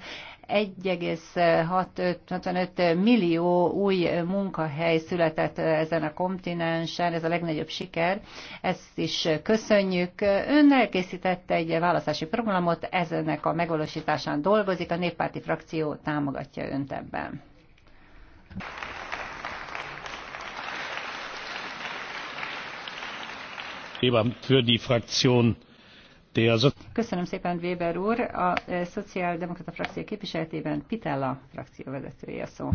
A: 1,65 millió új munkahely született ezen a kontinensen, ez a legnagyobb siker, ezt is köszönjük. Ön elkészítette egy választási programot, ezenek a megvalósításán dolgozik, a néppárti frakció támogatja önt ebben.
B: für die fraktion
A: Köszönöm szépen, Weber úr. A e, Szociáldemokrata frakció képviseletében
D: Pitella frakció vezetője szó.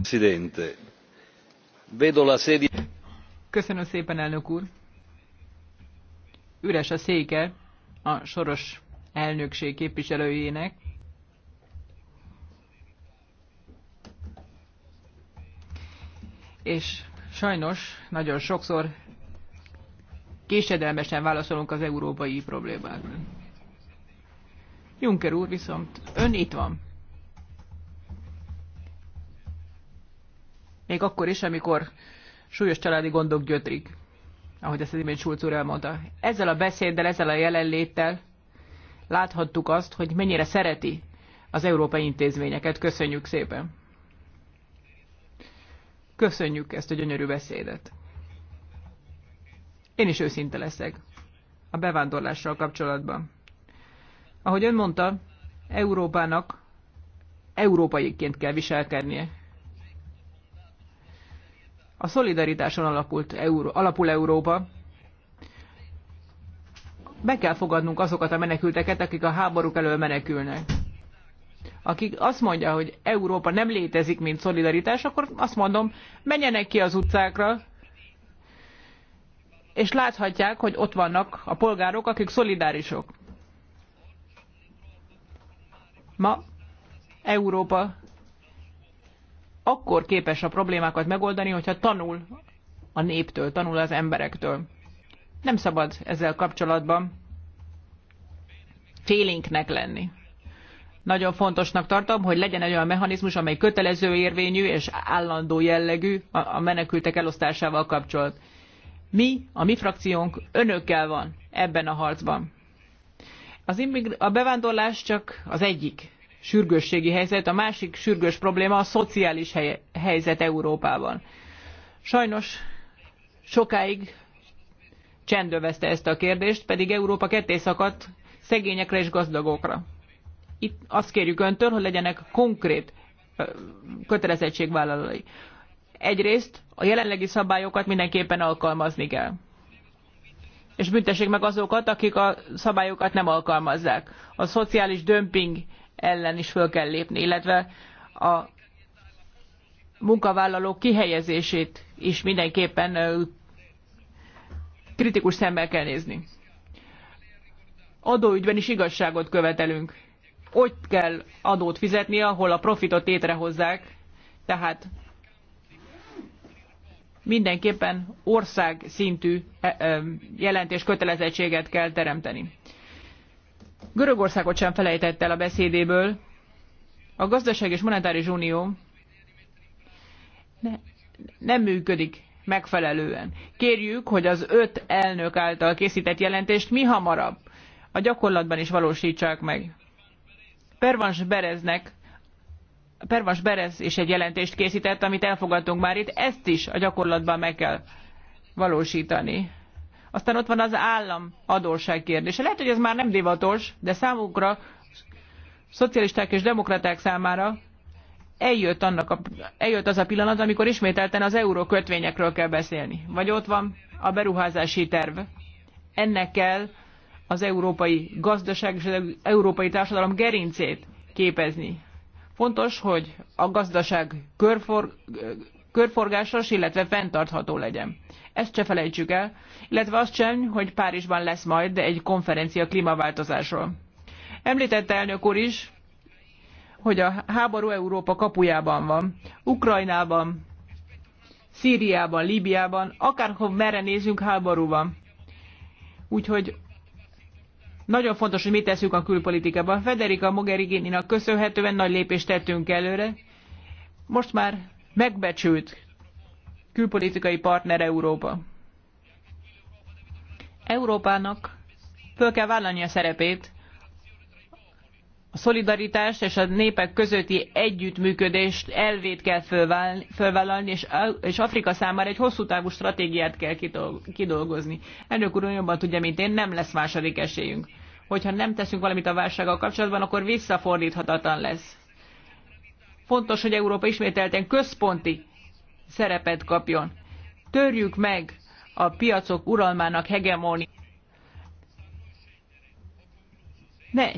D: Köszönöm szépen, elnök úr. Üres a széke a soros elnökség képviselőjének. És sajnos nagyon sokszor késedelmesen válaszolunk az európai problémákra. Juncker úr viszont ön itt van. Még akkor is, amikor súlyos családi gondok gyötrik, ahogy ezt az imént Schulz úr elmondta. Ezzel a beszéddel, ezzel a jelenléttel láthattuk azt, hogy mennyire szereti az európai intézményeket. Köszönjük szépen! Köszönjük ezt a gyönyörű beszédet. Én is őszinte leszek a bevándorlással kapcsolatban. Ahogy ön mondta, Európának európaiként kell viselkednie. A szolidaritáson alapult Euró, alapul Európa. Be kell fogadnunk azokat a menekülteket, akik a háborúk elől menekülnek. Akik azt mondja, hogy Európa nem létezik, mint szolidaritás, akkor azt mondom, menjenek ki az utcákra, és láthatják, hogy ott vannak a polgárok, akik szolidárisok. Ma Európa akkor képes a problémákat megoldani, hogyha tanul a néptől, tanul az emberektől. Nem szabad ezzel kapcsolatban félénknek lenni. Nagyon fontosnak tartom, hogy legyen egy olyan mechanizmus, amely kötelező érvényű és állandó jellegű a menekültek elosztásával kapcsolat. Mi, a mi frakciónk önökkel van ebben a harcban. Az a bevándorlás csak az egyik sürgősségi helyzet, a másik sürgős probléma a szociális hely- helyzet Európában. Sajnos sokáig csendövezte ezt a kérdést, pedig Európa ketté szakadt szegényekre és gazdagokra. Itt azt kérjük öntől, hogy legyenek konkrét kötelezettségvállalói. Egyrészt a jelenlegi szabályokat mindenképpen alkalmazni kell és büntessék meg azokat, akik a szabályokat nem alkalmazzák. A szociális dömping ellen is föl kell lépni, illetve a munkavállalók kihelyezését is mindenképpen kritikus szemmel kell nézni. Adóügyben is igazságot követelünk. Ott kell adót fizetni, ahol a profitot létrehozzák, tehát mindenképpen ország szintű e, e, jelentés kötelezettséget kell teremteni. Görögországot sem felejtett el a beszédéből. A gazdaság és monetáris unió ne, nem működik megfelelően. Kérjük, hogy az öt elnök által készített jelentést mi hamarabb a gyakorlatban is valósítsák meg. Pervans Bereznek Pervas Berez is egy jelentést készített, amit elfogadtunk már itt, ezt is a gyakorlatban meg kell valósítani. Aztán ott van az állam adósság kérdése. Lehet, hogy ez már nem divatos, de számukra, szocialisták és demokraták számára eljött, annak a, eljött az a pillanat, amikor ismételten az euró kötvényekről kell beszélni. Vagy ott van a beruházási terv. Ennek kell az európai gazdaság és az európai társadalom gerincét képezni. Fontos, hogy a gazdaság körfor, körforgásos, illetve fenntartható legyen. Ezt se felejtsük el, illetve azt sem, hogy Párizsban lesz majd egy konferencia klímaváltozásról. Említette elnök úr is, hogy a háború Európa kapujában van. Ukrajnában, Szíriában, Líbiában, akárhol merre nézünk, háború van. Úgyhogy nagyon fontos, hogy mit teszünk a külpolitikában. Federica mogherini köszönhetően nagy lépést tettünk előre. Most már megbecsült külpolitikai partner Európa. Európának föl kell vállalni a szerepét, a szolidaritás és a népek közötti együttműködést elvét kell fölvállalni, és, és Afrika számára egy hosszú távú stratégiát kell kidolgozni. Elnök úr jobban tudja, mint én, nem lesz második esélyünk. Hogyha nem teszünk valamit a válsággal kapcsolatban, akkor visszafordíthatatlan lesz. Fontos, hogy Európa ismételten központi szerepet kapjon. Törjük meg a piacok uralmának hegemóniát. Ne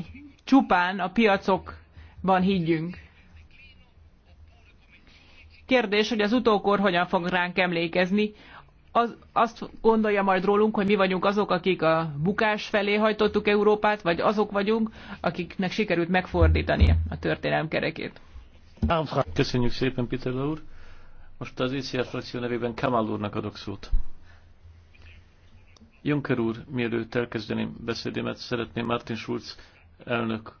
D: csupán a piacokban higgyünk. Kérdés, hogy az utókor hogyan fog ránk emlékezni. Az, azt gondolja majd rólunk, hogy mi vagyunk azok, akik a bukás felé hajtottuk Európát, vagy azok vagyunk, akiknek sikerült megfordítani a történelem kerekét.
C: Köszönjük szépen, Peter úr. Most az ICR e frakció nevében Kamal úrnak adok szót. Juncker úr, mielőtt elkezdeném beszédémet, szeretném Martin Schulz elnök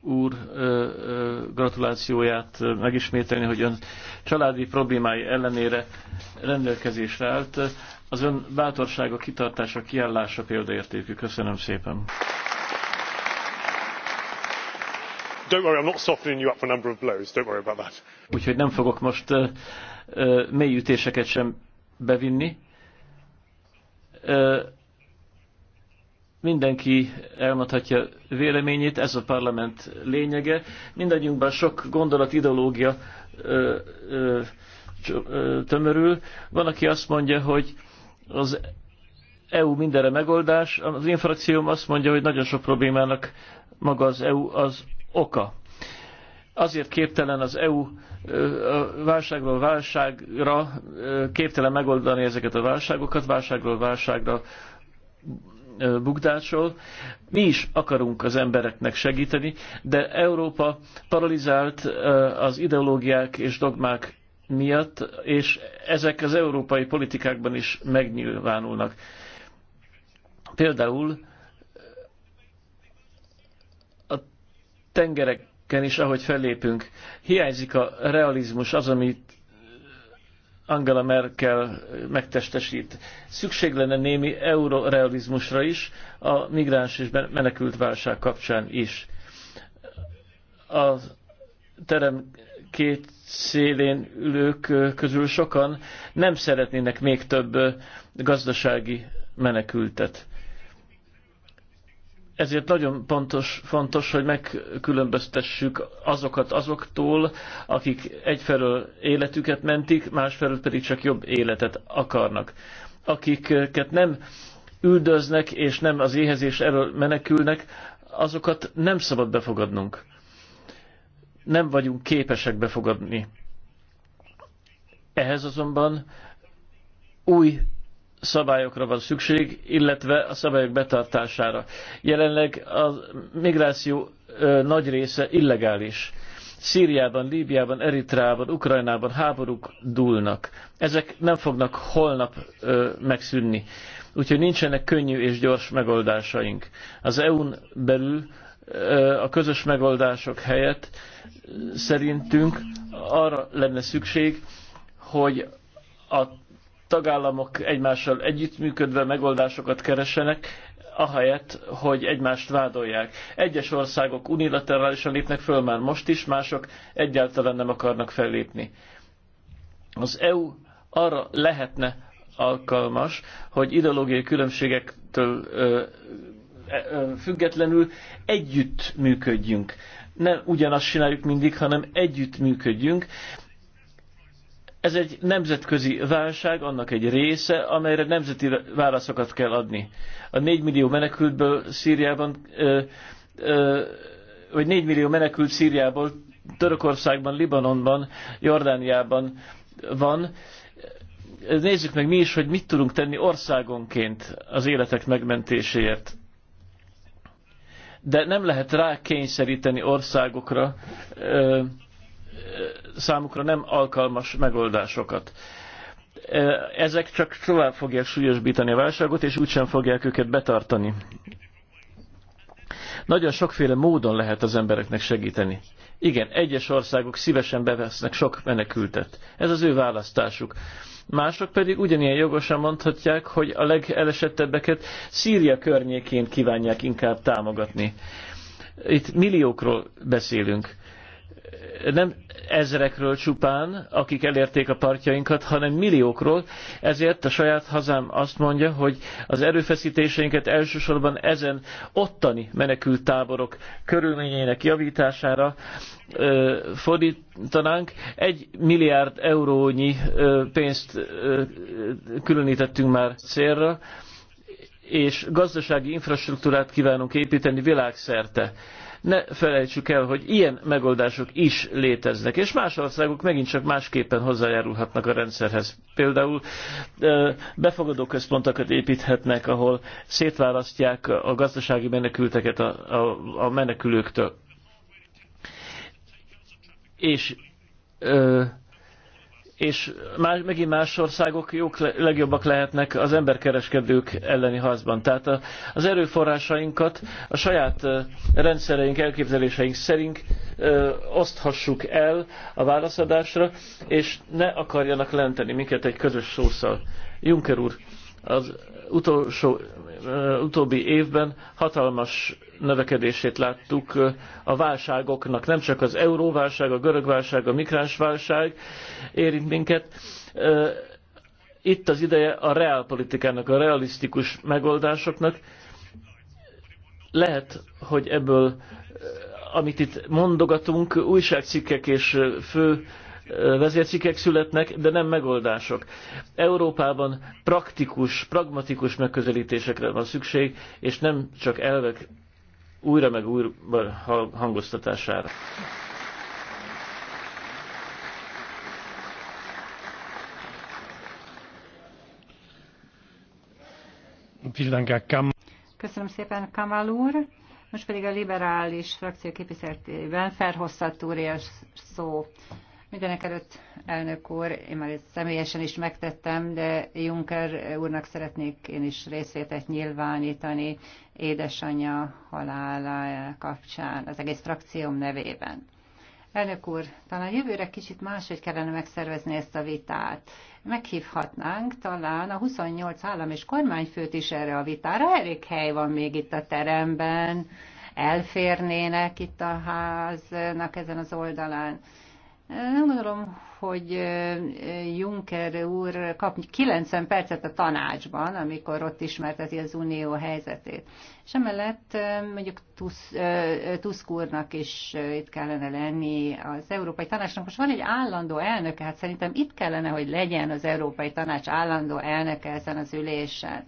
C: úr ö, ö, gratulációját megismételni, hogy ön családi problémái ellenére rendelkezésre állt. Az ön bátorsága, kitartása, kiállása példaértékű. Köszönöm szépen.
B: Don't worry, I'm not softening you up for a number of blows. Don't worry about that.
C: Úgyhogy nem fogok most uh, uh, mély ütéseket sem bevinni. Uh, mindenki elmondhatja véleményét, ez a parlament lényege. Mindannyiunkban sok gondolat, ideológia ö, ö, tömörül. Van, aki azt mondja, hogy az EU mindenre megoldás, az infrakcióm azt mondja, hogy nagyon sok problémának maga az EU az oka. Azért képtelen az EU a válságról válságra, képtelen megoldani ezeket a válságokat, válságról válságra bukdácsol. Mi is akarunk az embereknek segíteni, de Európa paralizált az ideológiák és dogmák miatt, és ezek az európai politikákban is megnyilvánulnak. Például a tengereken is, ahogy fellépünk, hiányzik a realizmus, az, amit Angela Merkel megtestesít. Szükség lenne némi eurorealizmusra is, a migráns és menekült válság kapcsán is. A terem két szélén ülők közül sokan nem szeretnének még több gazdasági menekültet ezért nagyon pontos, fontos, hogy megkülönböztessük azokat azoktól, akik egyfelől életüket mentik, másfelől pedig csak jobb életet akarnak. Akiket nem üldöznek és nem az éhezés elől menekülnek, azokat nem szabad befogadnunk. Nem vagyunk képesek befogadni. Ehhez azonban új szabályokra van szükség, illetve a szabályok betartására. Jelenleg a migráció nagy része illegális. Szíriában, Líbiában, Eritreában, Ukrajnában háborúk dúlnak. Ezek nem fognak holnap ö, megszűnni. Úgyhogy nincsenek könnyű és gyors megoldásaink. Az EU-n belül ö, a közös megoldások helyett szerintünk arra lenne szükség, hogy a tagállamok egymással együttműködve megoldásokat keresenek, ahelyett, hogy egymást vádolják. Egyes országok unilaterálisan lépnek föl már most is, mások egyáltalán nem akarnak fellépni. Az EU arra lehetne alkalmas, hogy ideológiai különbségektől ö, e, ö, függetlenül együtt működjünk. Nem ugyanazt csináljuk mindig, hanem együtt működjünk ez egy nemzetközi válság, annak egy része, amelyre nemzeti válaszokat kell adni. A 4 millió menekültből Szíriában, ö, ö, vagy 4 millió menekült Szíriából, Törökországban, Libanonban, Jordániában van. Nézzük meg mi is, hogy mit tudunk tenni országonként az életek megmentéséért de nem lehet rákényszeríteni országokra számukra nem alkalmas megoldásokat. Ezek csak tovább fogják súlyosbítani a válságot, és úgysem fogják őket betartani. Nagyon sokféle módon lehet az embereknek segíteni. Igen, egyes országok szívesen bevesznek sok menekültet. Ez az ő választásuk. Mások pedig ugyanilyen jogosan mondhatják, hogy a legelesettebbeket Szíria környékén kívánják inkább támogatni. Itt milliókról beszélünk. Nem ezrekről csupán, akik elérték a partjainkat, hanem milliókról. Ezért a saját hazám azt mondja, hogy az erőfeszítéseinket elsősorban ezen ottani menekült táborok körülményeinek javítására ö, fordítanánk. Egy milliárd eurónyi ö, pénzt ö, különítettünk már célra, és gazdasági infrastruktúrát kívánunk építeni világszerte ne felejtsük el, hogy ilyen megoldások is léteznek, és más országok megint csak másképpen hozzájárulhatnak a rendszerhez. Például befogadó központokat építhetnek, ahol szétválasztják a gazdasági menekülteket a, a, a menekülőktől. És ö, és más, megint más országok jók, legjobbak lehetnek az emberkereskedők elleni harcban. Tehát a, az erőforrásainkat a saját rendszereink, elképzeléseink szerint ö, oszthassuk el a válaszadásra, és ne akarjanak lenteni minket egy közös szószal. Juncker úr, az utolsó utóbbi évben hatalmas növekedését láttuk a válságoknak, nem csak az euróválság, a görögválság, a migránsválság érint minket. Itt az ideje a reálpolitikának, a realisztikus megoldásoknak. Lehet, hogy ebből, amit itt mondogatunk, újságcikkek és fő vezércikek születnek, de nem megoldások. Európában praktikus, pragmatikus megközelítésekre van szükség, és nem csak elvek újra meg újra hangoztatására.
A: Köszönöm szépen, Kamal úr. Most pedig a liberális frakció képviseletében Ferhosszat úr szó. Mindenek előtt, elnök úr, én már ezt személyesen is megtettem, de Juncker úrnak szeretnék én is részvétet nyilvánítani édesanyja halála kapcsán, az egész frakcióm nevében. Elnök úr, talán jövőre kicsit máshogy kellene megszervezni ezt a vitát. Meghívhatnánk talán a 28 állam és kormányfőt is erre a vitára. Elég hely van még itt a teremben, elférnének itt a háznak ezen az oldalán. Nem gondolom, hogy Juncker úr kap 90 percet a tanácsban, amikor ott ismerteti az unió helyzetét. És emellett mondjuk Tusk, úrnak is itt kellene lenni az Európai Tanácsnak. Most van egy állandó elnöke, hát szerintem itt kellene, hogy legyen az Európai Tanács állandó elnöke ezen az ülésen.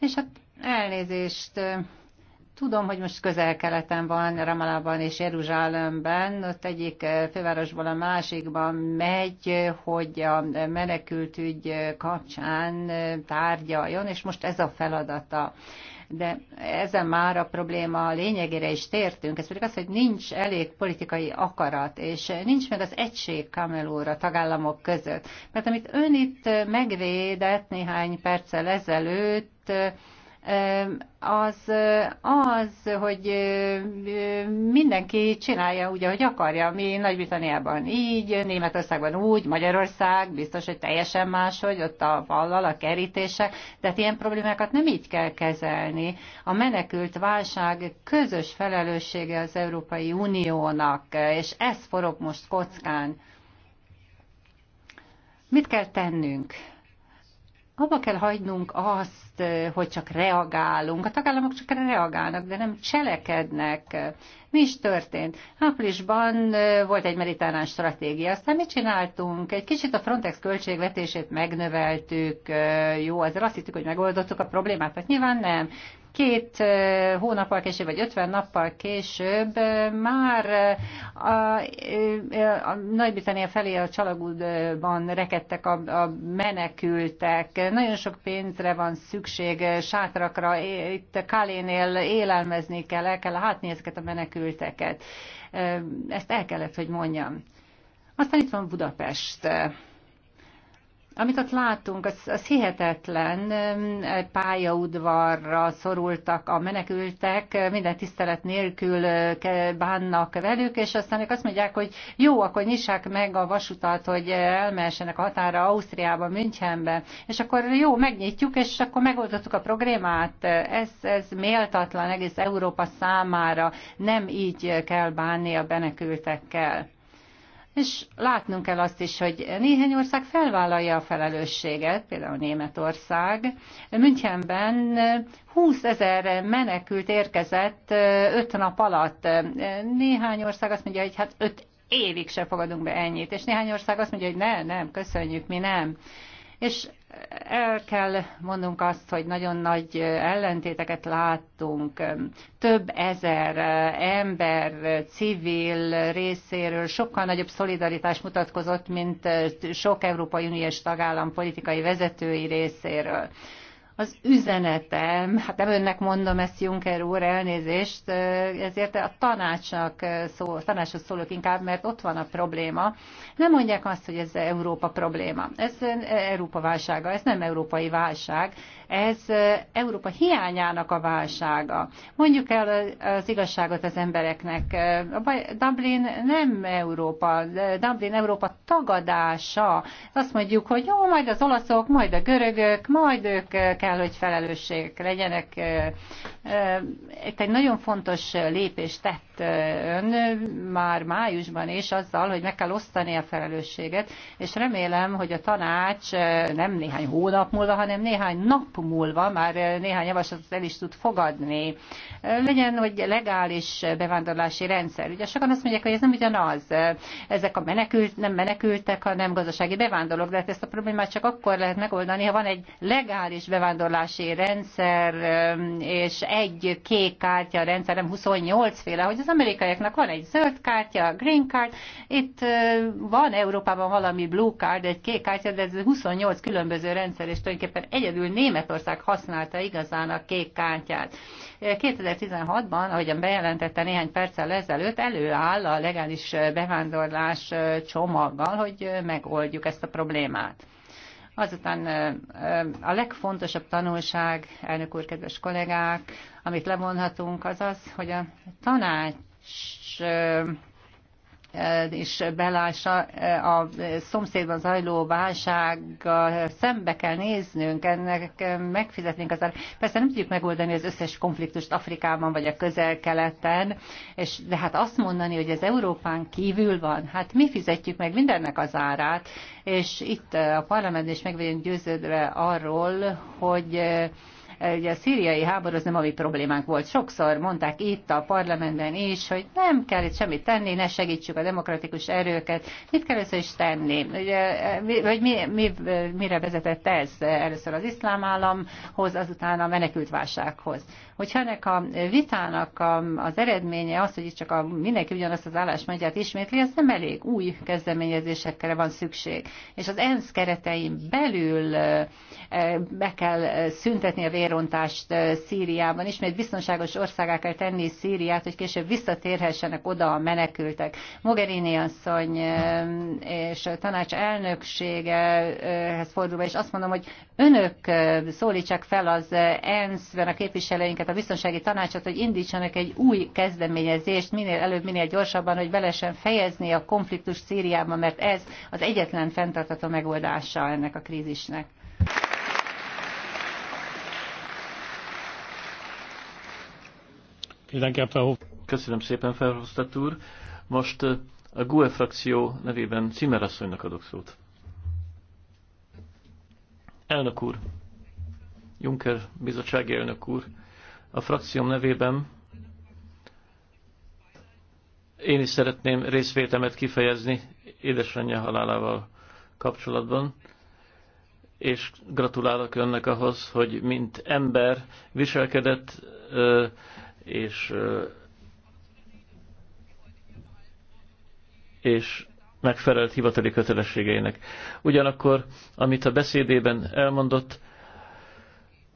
A: És hát elnézést, Tudom, hogy most közel-keleten van, Ramalában és Jeruzsálemben, ott egyik eh, fővárosból a másikban megy, hogy a ügy eh, kapcsán eh, tárgyaljon, és most ez a feladata de ezen már a probléma lényegére is tértünk, ez pedig az, hogy nincs elég politikai akarat, és nincs meg az egység Kamelúr tagállamok között. Mert amit ön itt megvédett néhány perccel ezelőtt, az az, hogy mindenki csinálja úgy, ahogy akarja. Mi Nagy-Britanniában így, Németországban úgy, Magyarország biztos, hogy teljesen más, hogy ott a vallal, a kerítések, tehát ilyen problémákat nem így kell kezelni. A menekült válság közös felelőssége az Európai Uniónak, és ez forog most kockán. Mit kell tennünk? abba kell hagynunk azt, eh, hogy csak reagálunk. A tagállamok csak reagálnak, de nem cselekednek. Mi is történt? Áprilisban eh, volt egy mediterrán stratégia, aztán mit csináltunk? Egy kicsit a Frontex költségvetését megnöveltük, eh, jó, ezzel azt hittük, hogy megoldottuk a problémát, hát nyilván nem két hónappal később, vagy 50 nappal később már a, a Nagy-Britannia felé a csalagúdban rekedtek a, a menekültek. Nagyon sok pénzre van szükség sátrakra, itt Kalénél élelmezni kell, el kell látni ezeket a menekülteket. Ezt el kellett, hogy mondjam. Aztán itt van Budapest. Amit ott látunk, az, az hihetetlen pályaudvarra szorultak a menekültek, minden tisztelet nélkül bánnak velük, és aztán ők azt mondják, hogy jó, akkor nyissák meg a vasutat, hogy elmehessenek a határa Ausztriába, Münchenbe, és akkor jó, megnyitjuk, és akkor megoldottuk a problémát. Ez, ez méltatlan egész Európa számára, nem így kell bánni a menekültekkel és látnunk kell azt is, hogy néhány ország felvállalja a felelősséget, például Németország. Münchenben 20 ezer menekült érkezett 5 nap alatt. Néhány ország azt mondja, hogy hát 5 évig se fogadunk be ennyit, és néhány ország azt mondja, hogy ne, nem, köszönjük, mi nem. És el kell mondunk azt, hogy nagyon nagy ellentéteket láttunk. Több ezer ember civil részéről sokkal nagyobb szolidaritás mutatkozott, mint sok Európai Uniós tagállam politikai vezetői részéről az üzenetem, hát nem önnek mondom ezt Juncker úr, elnézést, ezért a tanácsnak szól, tanácshoz szólok inkább, mert ott van a probléma. Nem mondják azt, hogy ez Európa probléma. Ez Európa válsága, ez nem európai válság, ez Európa hiányának a válsága. Mondjuk el az igazságot az embereknek. A baj, Dublin nem Európa, Dublin Európa tagadása. Azt mondjuk, hogy jó, majd az olaszok, majd a görögök, majd ők kell, hogy felelősségek legyenek, itt egy nagyon fontos lépést tett ön már májusban is azzal, hogy meg kell osztani a felelősséget, és remélem, hogy a tanács nem néhány hónap múlva, hanem néhány nap múlva már néhány javaslatot el is tud fogadni. Legyen, hogy legális bevándorlási rendszer. Ugye sokan azt mondják, hogy ez nem ugyanaz. Ezek a menekült, nem menekültek, hanem gazdasági bevándorlók, de hát ezt a problémát csak akkor lehet megoldani, ha van egy legális bevándorlási rendszer, és egy kék kártya rendszer, nem 28 féle, hogy az amerikaiaknak van egy zöld kártya, a green card, itt van Európában valami blue card, egy kék kártya, de ez 28 különböző rendszer, és tulajdonképpen egyedül Németország használta igazán a kék kártyát. 2016-ban, ahogyan bejelentette néhány perccel ezelőtt, előáll a legális bevándorlás csomaggal, hogy megoldjuk ezt a problémát. Azután a legfontosabb tanulság, elnök úr, kedves kollégák, amit levonhatunk, az az, hogy a tanács és belássa a szomszédban zajló válság szembe kell néznünk, ennek megfizetnénk az Persze nem tudjuk megoldani az összes konfliktust Afrikában vagy a közel-keleten, és de hát azt mondani, hogy ez Európán kívül van, hát mi fizetjük meg mindennek az árát, és itt a parlament is meg vagyunk győződve arról, hogy Ugye a szíriai háború az nem a mi problémánk volt. Sokszor mondták itt a parlamentben is, hogy nem kell itt semmit tenni, ne segítsük a demokratikus erőket. Mit kell először is tenni? Ugye, vagy mi, mi, mire vezetett ez először az iszlám államhoz, azután a menekült válsághoz? Hogyha ennek a vitának az eredménye az, hogy itt csak a, mindenki ugyanazt az állásmegyet ismétli, ez nem elég. Új kezdeményezésekre van szükség. És az ENSZ keretein belül eh, be kell szüntetni a vér vérontást Szíriában. Ismét biztonságos országá kell tenni Szíriát, hogy később visszatérhessenek oda a menekültek. Mogherini asszony és a tanács elnökségehez fordulva, és azt mondom, hogy önök szólítsák fel az ENSZ-ben a képviselőinket, a biztonsági tanácsot, hogy indítsanak egy új kezdeményezést, minél előbb, minél gyorsabban, hogy belesen fejezni a konfliktus Szíriában, mert ez az egyetlen fenntartható megoldása ennek a krízisnek.
C: Köszönöm szépen, Felhoztat úr. Most a GUE frakció nevében asszonynak adok szót. Elnök úr, Juncker bizottsági elnök úr, a frakcióm nevében én is szeretném részvétemet kifejezni édesanyja halálával kapcsolatban, és gratulálok önnek ahhoz, hogy mint ember viselkedett, és, és megfelelt hivatali kötelességeinek. Ugyanakkor, amit a beszédében elmondott,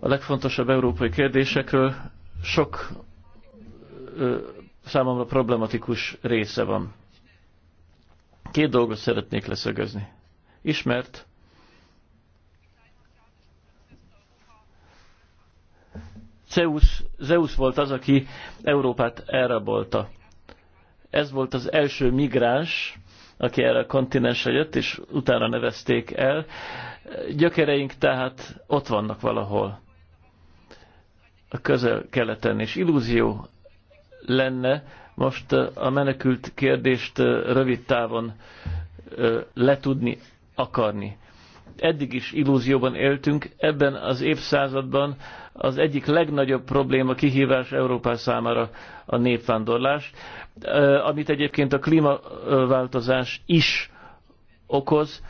C: a legfontosabb európai kérdésekről sok ö, számomra problematikus része van. Két dolgot szeretnék leszögezni. Ismert Zeus, Zeus volt az, aki Európát elrabolta. Ez volt az első migráns, aki erre a kontinensre jött, és utána nevezték el. Gyökereink tehát ott vannak valahol, a közel-keleten, és illúzió lenne most a menekült kérdést rövid távon letudni, akarni eddig is illúzióban éltünk, ebben az évszázadban az egyik legnagyobb probléma, kihívás Európá számára a népvándorlás, eh, amit egyébként a klímaváltozás is okoz,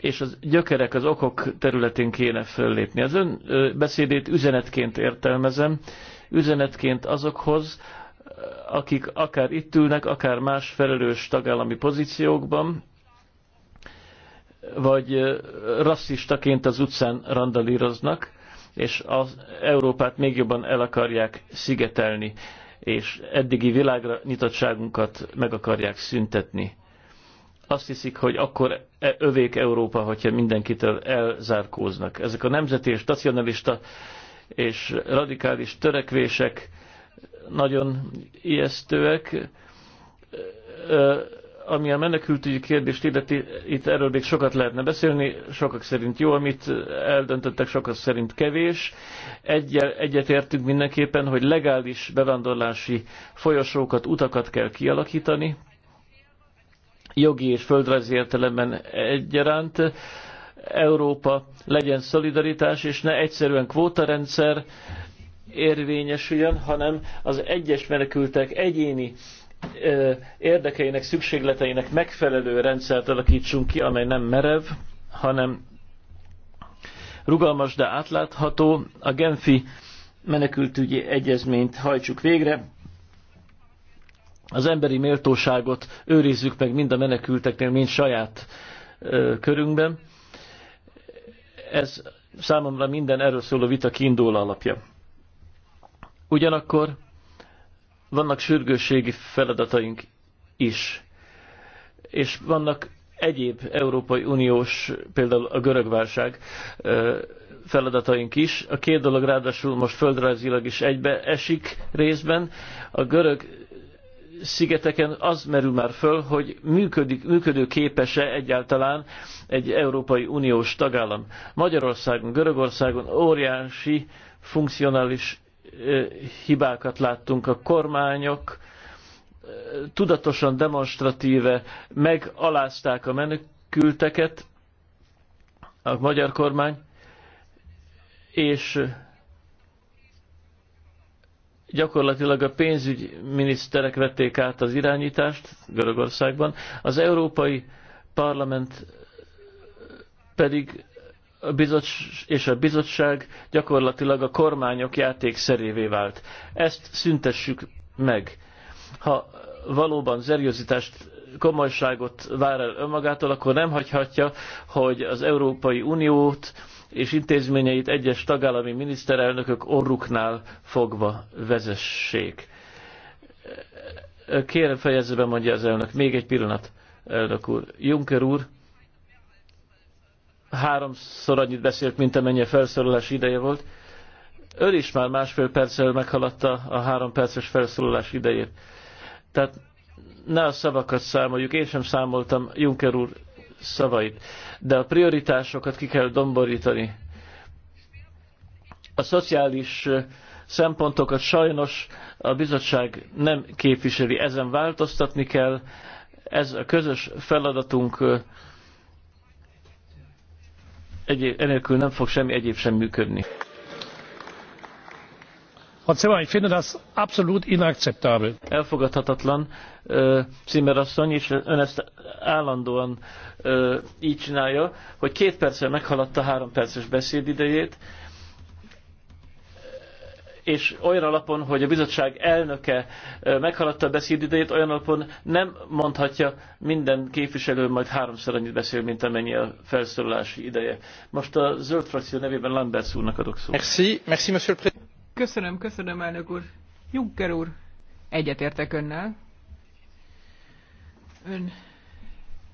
C: és az gyökerek, az okok területén kéne föllépni. Az ön eh, beszédét üzenetként értelmezem, üzenetként azokhoz, eh, akik akár itt ülnek, akár más felelős tagállami pozíciókban, vagy rasszistaként az utcán randalíroznak, és az Európát még jobban el akarják szigetelni, és eddigi világra nyitottságunkat meg akarják szüntetni. Azt hiszik, hogy akkor e övék Európa, hogyha mindenkitől elzárkóznak. Ezek a nemzeti és nacionalista és radikális törekvések nagyon ijesztőek ami a menekültügyi kérdést illeti, itt erről még sokat lehetne beszélni, sokak szerint jó, amit eldöntöttek, sokak szerint kevés. Egyet egyetértünk mindenképpen, hogy legális bevándorlási folyosókat, utakat kell kialakítani, jogi és földrajzi értelemben egyaránt. Európa legyen szolidaritás, és ne egyszerűen kvótarendszer érvényesüljön, hanem az egyes menekültek egyéni érdekeinek, szükségleteinek megfelelő rendszert alakítsunk ki, amely nem merev, hanem rugalmas, de átlátható. A Genfi menekültügyi egyezményt hajtsuk végre. Az emberi méltóságot őrizzük meg mind a menekülteknél, mind saját ö, körünkben. Ez számomra minden erről szóló vita kiinduló alapja. Ugyanakkor vannak sürgősségi feladataink is. És vannak egyéb Európai Uniós, például a görög válság feladataink is. A két dolog ráadásul most földrajzilag is egybe esik részben. A görög szigeteken az merül már föl, hogy működik, működő képes-e egyáltalán egy Európai Uniós tagállam. Magyarországon, Görögországon óriási funkcionális hibákat láttunk a kormányok, tudatosan demonstratíve megalázták a menekülteket, a magyar kormány, és gyakorlatilag a pénzügyminiszterek vették át az irányítást Görögországban, az Európai Parlament pedig a bizottság, és a bizottság gyakorlatilag a kormányok játékszerévé vált. Ezt szüntessük meg. Ha valóban szeriózitást, komolyságot vár el önmagától, akkor nem hagyhatja, hogy az Európai Uniót és intézményeit egyes tagállami miniszterelnökök orruknál fogva vezessék. Kérem fejezze be, mondja az elnök. Még egy pillanat, elnök úr. Juncker úr, háromszor annyit beszélt, mint amennyi a felszólalás ideje volt. Ő is már másfél perccel meghaladta a három perces felszólalás idejét. Tehát ne a szavakat számoljuk, én sem számoltam Juncker úr szavait, de a prioritásokat ki kell domborítani. A szociális szempontokat sajnos a bizottság nem képviseli, ezen változtatni kell, ez a közös feladatunk, egyéb, enélkül nem fog semmi egyéb sem működni. Frau Zimmer, ich finde das absolut inakzeptabel. Elfogadhatatlan, Zimmer asszony, és ön ezt állandóan így csinálja, hogy két perccel meghaladta három perces beszédidejét, és olyan alapon, hogy a bizottság elnöke meghaladta a beszédidejét, olyan alapon nem mondhatja minden képviselő majd háromszor annyit beszél, mint amennyi a felszólalási ideje. Most a zöld frakció nevében Lambert úrnak adok szót.
B: Merci,
D: merci, monsieur le Köszönöm, köszönöm, elnök úr. Juncker úr, egyetértek önnel. Ön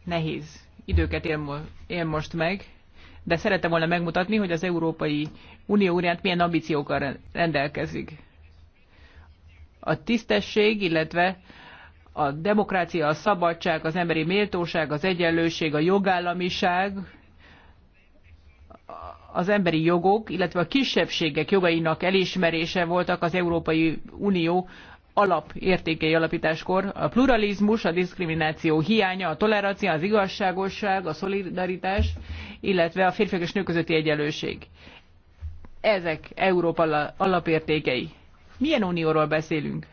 D: nehéz időket él, él most meg, de szeretem volna megmutatni, hogy az Európai Unió iránt milyen ambíciókkal rendelkezik. A tisztesség, illetve a demokrácia, a szabadság, az emberi méltóság, az egyenlőség, a jogállamiság, az emberi jogok, illetve a kisebbségek jogainak elismerése voltak az Európai Unió alapértékei alapításkor a pluralizmus, a diszkrimináció hiánya, a tolerancia, az igazságosság, a szolidaritás, illetve a férfiak és nők közötti egyenlőség. Ezek Európa alapértékei. Milyen unióról beszélünk?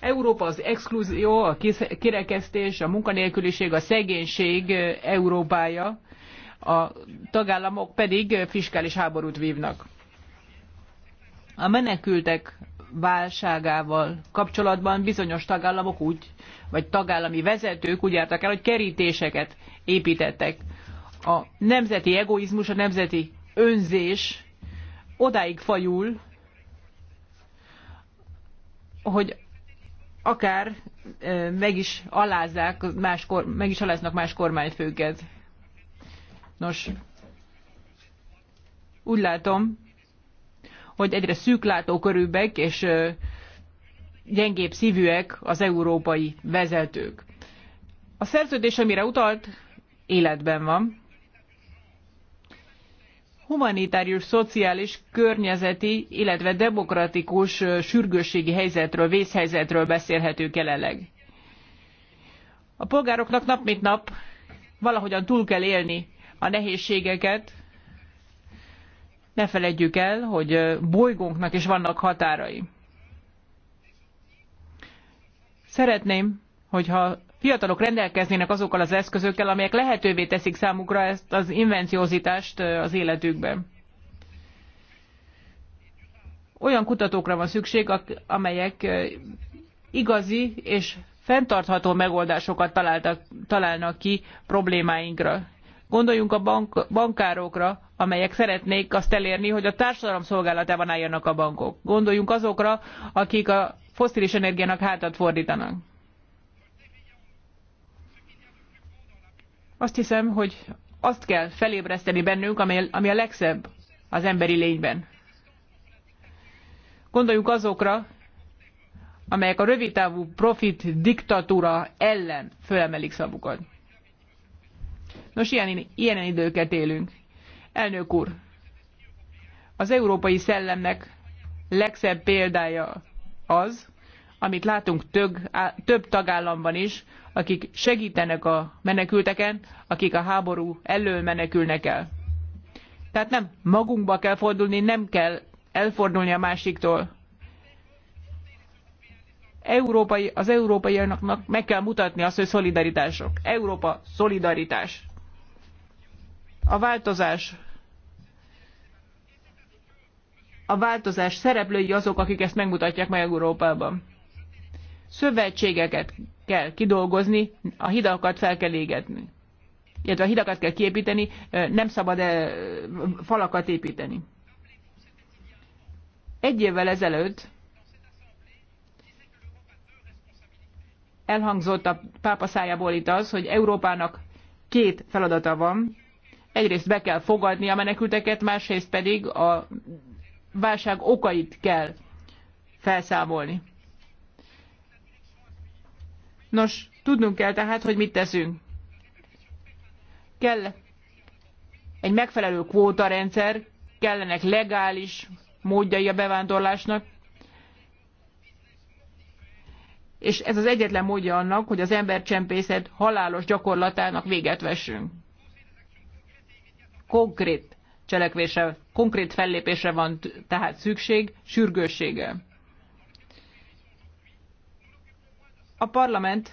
D: Európa az exkluzió, a kirekesztés, a munkanélküliség, a szegénység eh, Európája, a tagállamok pedig fiskális háborút vívnak. A menekültek válságával kapcsolatban bizonyos tagállamok úgy, vagy tagállami vezetők úgy jártak el, hogy kerítéseket építettek. A nemzeti egoizmus, a nemzeti önzés odáig fajul, hogy akár e, meg is alázzák, más, kor, meg is aláznak más kormányfőket. Nos, úgy látom, hogy egyre szűklátókörűbbek és gyengébb szívűek az európai vezetők. A szerződés, amire utalt, életben van. Humanitárius, szociális, környezeti, illetve demokratikus sürgősségi helyzetről, vészhelyzetről beszélhetünk jelenleg. A polgároknak nap mint nap valahogyan túl kell élni a nehézségeket, ne felejtjük el, hogy bolygónknak is vannak határai. Szeretném, hogyha fiatalok rendelkeznének azokkal az eszközökkel, amelyek lehetővé teszik számukra ezt az invenciózitást az életükben. Olyan kutatókra van szükség, amelyek igazi és fenntartható megoldásokat találtak, találnak ki problémáinkra. Gondoljunk a bank, bankárokra, amelyek szeretnék azt elérni, hogy a társadalom szolgálatában álljanak a bankok. Gondoljunk azokra, akik a fosszilis energiának hátat fordítanak. Azt hiszem, hogy azt kell felébreszteni bennünk, ami, a legszebb az emberi lényben. Gondoljunk azokra, amelyek a rövidtávú profit diktatúra ellen fölemelik szavukat. Nos, ilyen, ilyen időket élünk. Elnök úr, az európai szellemnek legszebb példája az, amit látunk több, több tagállamban is, akik segítenek a menekülteken, akik a háború elől menekülnek el. Tehát nem magunkba kell fordulni, nem kell elfordulni a másiktól. Európai, az európaiaknak meg kell mutatni azt, hogy szolidaritások. Európa szolidaritás a változás a változás szereplői azok, akik ezt megmutatják meg Európában. Szövetségeket kell kidolgozni, a hidakat fel kell égetni. Illetve a hidakat kell kiépíteni, nem szabad -e falakat építeni. Egy évvel ezelőtt elhangzott a pápa szájából itt az, hogy Európának két feladata van, egyrészt be kell fogadni a menekülteket, másrészt pedig a válság okait kell felszámolni. Nos, tudnunk kell tehát, hogy mit teszünk. Kell egy megfelelő kvótarendszer, kellenek legális módjai a bevándorlásnak, és ez az egyetlen módja annak, hogy az embercsempészet halálos gyakorlatának véget vessünk konkrét cselekvése, konkrét fellépésre van tehát szükség, sürgőssége. A parlament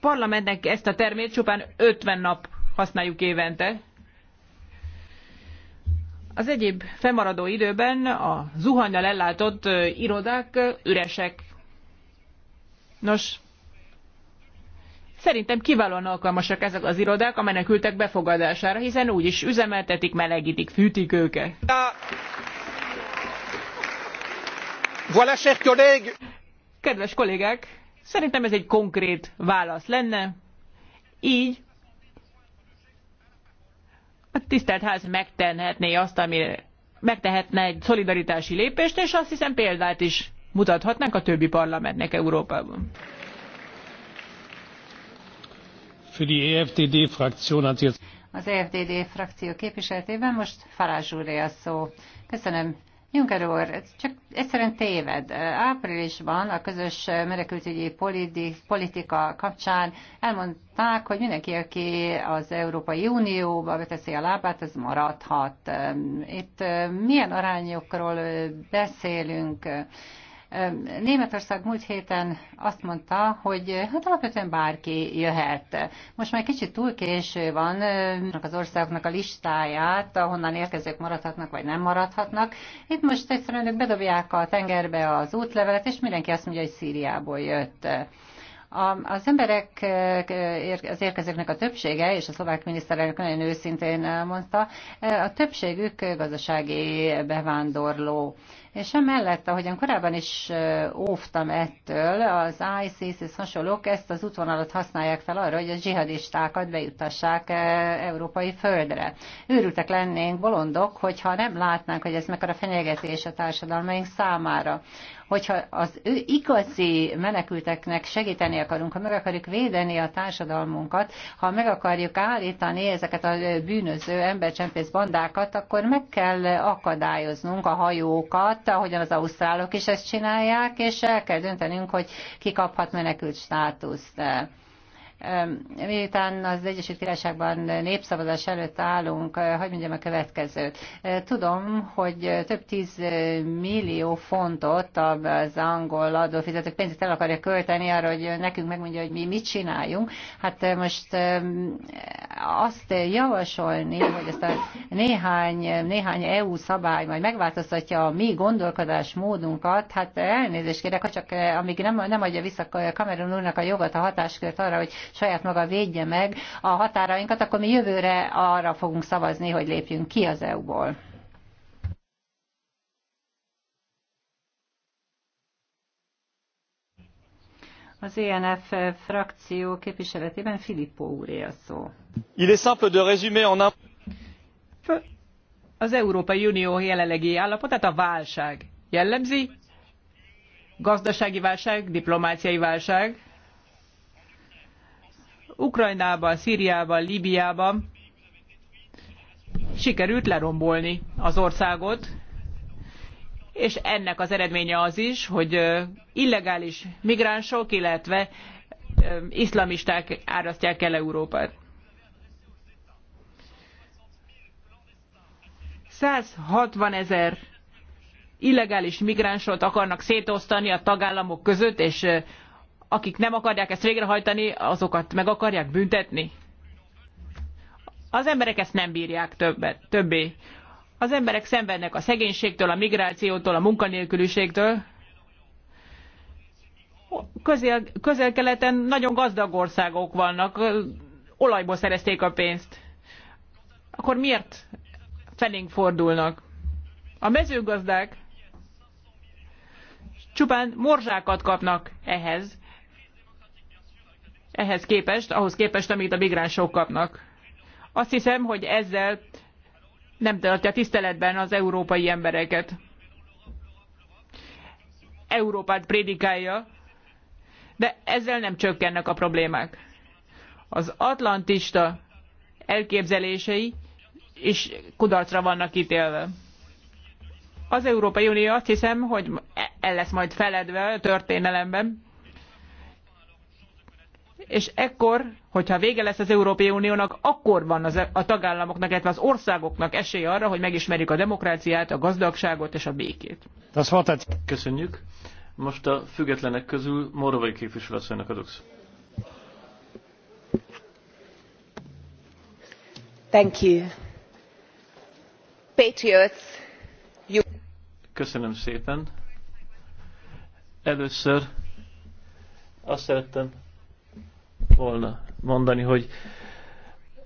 D: parlamentnek ezt a termét csupán 50 nap használjuk évente. Az egyéb fennmaradó időben a zuhanyal ellátott irodák üresek. Nos, Szerintem kiválóan alkalmasak ezek az irodák a menekültek befogadására, hiszen úgyis üzemeltetik, melegítik, fűtik őket. Voilà, chers Kedves kollégák, szerintem ez egy konkrét válasz lenne. Így a tisztelt ház megtehetné azt, ami megtehetne egy szolidaritási lépést, és azt hiszem példát is mutathatnánk a többi parlamentnek Európában.
B: E
A: az EFDD frakció képviseletében most Farázs úré a szó. Köszönöm. Juncker úr, csak egyszerűen téved. Áprilisban a közös menekültügyi politika kapcsán elmondták, hogy mindenki, aki az Európai Unióba beteszi a lábát, az maradhat. Itt milyen arányokról beszélünk? Németország múlt héten azt mondta, hogy hát alapvetően bárki jöhet. Most már kicsit túl késő van az országoknak a listáját, ahonnan érkezők maradhatnak vagy nem maradhatnak. Itt most egyszerűen ők bedobják a tengerbe az útlevelet, és mindenki azt mondja, hogy Szíriából jött. Az emberek, az érkezőknek a többsége, és a szlovák miniszterelnök nagyon őszintén mondta, a többségük gazdasági bevándorló. És emellett, ahogyan korábban is óvtam ettől, az ISIS és hasonlók ezt az útvonalat használják fel arra, hogy a zsihadistákat bejutassák európai földre. Őrültek lennénk bolondok, hogyha nem látnánk, hogy ez mekkora fenyegetés a társadalmaink számára. Hogyha az ő igazi menekülteknek segíteni akarunk, ha meg akarjuk védeni a társadalmunkat, ha meg akarjuk állítani ezeket a bűnöző embercsempész bandákat, akkor meg kell akadályoznunk a hajókat, ahogyan az ausztrálok is ezt csinálják, és el kell döntenünk, hogy ki kaphat menekült státuszt. Miután az Egyesült Királyságban népszavazás előtt állunk, Hogy eh, mondjam a következőt. Eh, tudom, hogy több tíz millió fontot az angol adófizetők pénzét el akarja költeni arra, hogy nekünk megmondja, hogy mi mit csináljunk. Hát eh, most azt javasolni, hogy ezt a néhány, néhány EU szabály majd megváltoztatja a mi gondolkodásmódunkat, hát elnézést kérek, ha csak amíg nem, nem adja vissza Kamerun úrnak a jogot, a hatáskört arra, hogy saját maga védje meg a határainkat, akkor mi jövőre arra fogunk szavazni, hogy lépjünk ki az EU-ból. Az ENF frakció képviseletében Filippo úré a szó.
D: Il est simple
E: de résumer en un...
D: Az Európai Unió jelenlegi állapotát a válság jellemzi, gazdasági válság, diplomáciai válság, Ukrajnában, Szíriában, Líbiában sikerült lerombolni az országot, és ennek az eredménye az is, hogy illegális migránsok, illetve iszlamisták árasztják el Európát. 160 ezer illegális migránsot akarnak szétosztani a tagállamok között, és akik nem akarják ezt végrehajtani, azokat meg akarják büntetni? Az emberek ezt nem bírják többet, többé. Az emberek szenvednek a szegénységtől, a migrációtól, a munkanélküliségtől. Közel, közel-keleten nagyon gazdag országok vannak, olajból szerezték a pénzt. Akkor miért felénk fordulnak? A mezőgazdák csupán morzsákat kapnak ehhez ehhez képest, ahhoz képest, amit a migránsok kapnak. Azt hiszem, hogy ezzel nem tartja tiszteletben az európai embereket. Európát prédikálja, de ezzel nem csökkennek a problémák. Az atlantista elképzelései is kudarcra vannak ítélve. Az Európai Unió azt hiszem, hogy el lesz majd feledve a történelemben, és ekkor, hogyha vége lesz az Európai Uniónak, akkor van az, e- a tagállamoknak, illetve az országoknak esélye arra, hogy megismerjük a demokráciát, a gazdagságot és a békét.
C: Köszönjük. Most a függetlenek közül Morovai képviselőasszonynak adok
F: Thank you.
A: Patriots. You...
C: Köszönöm szépen. Először azt szerettem volna mondani, hogy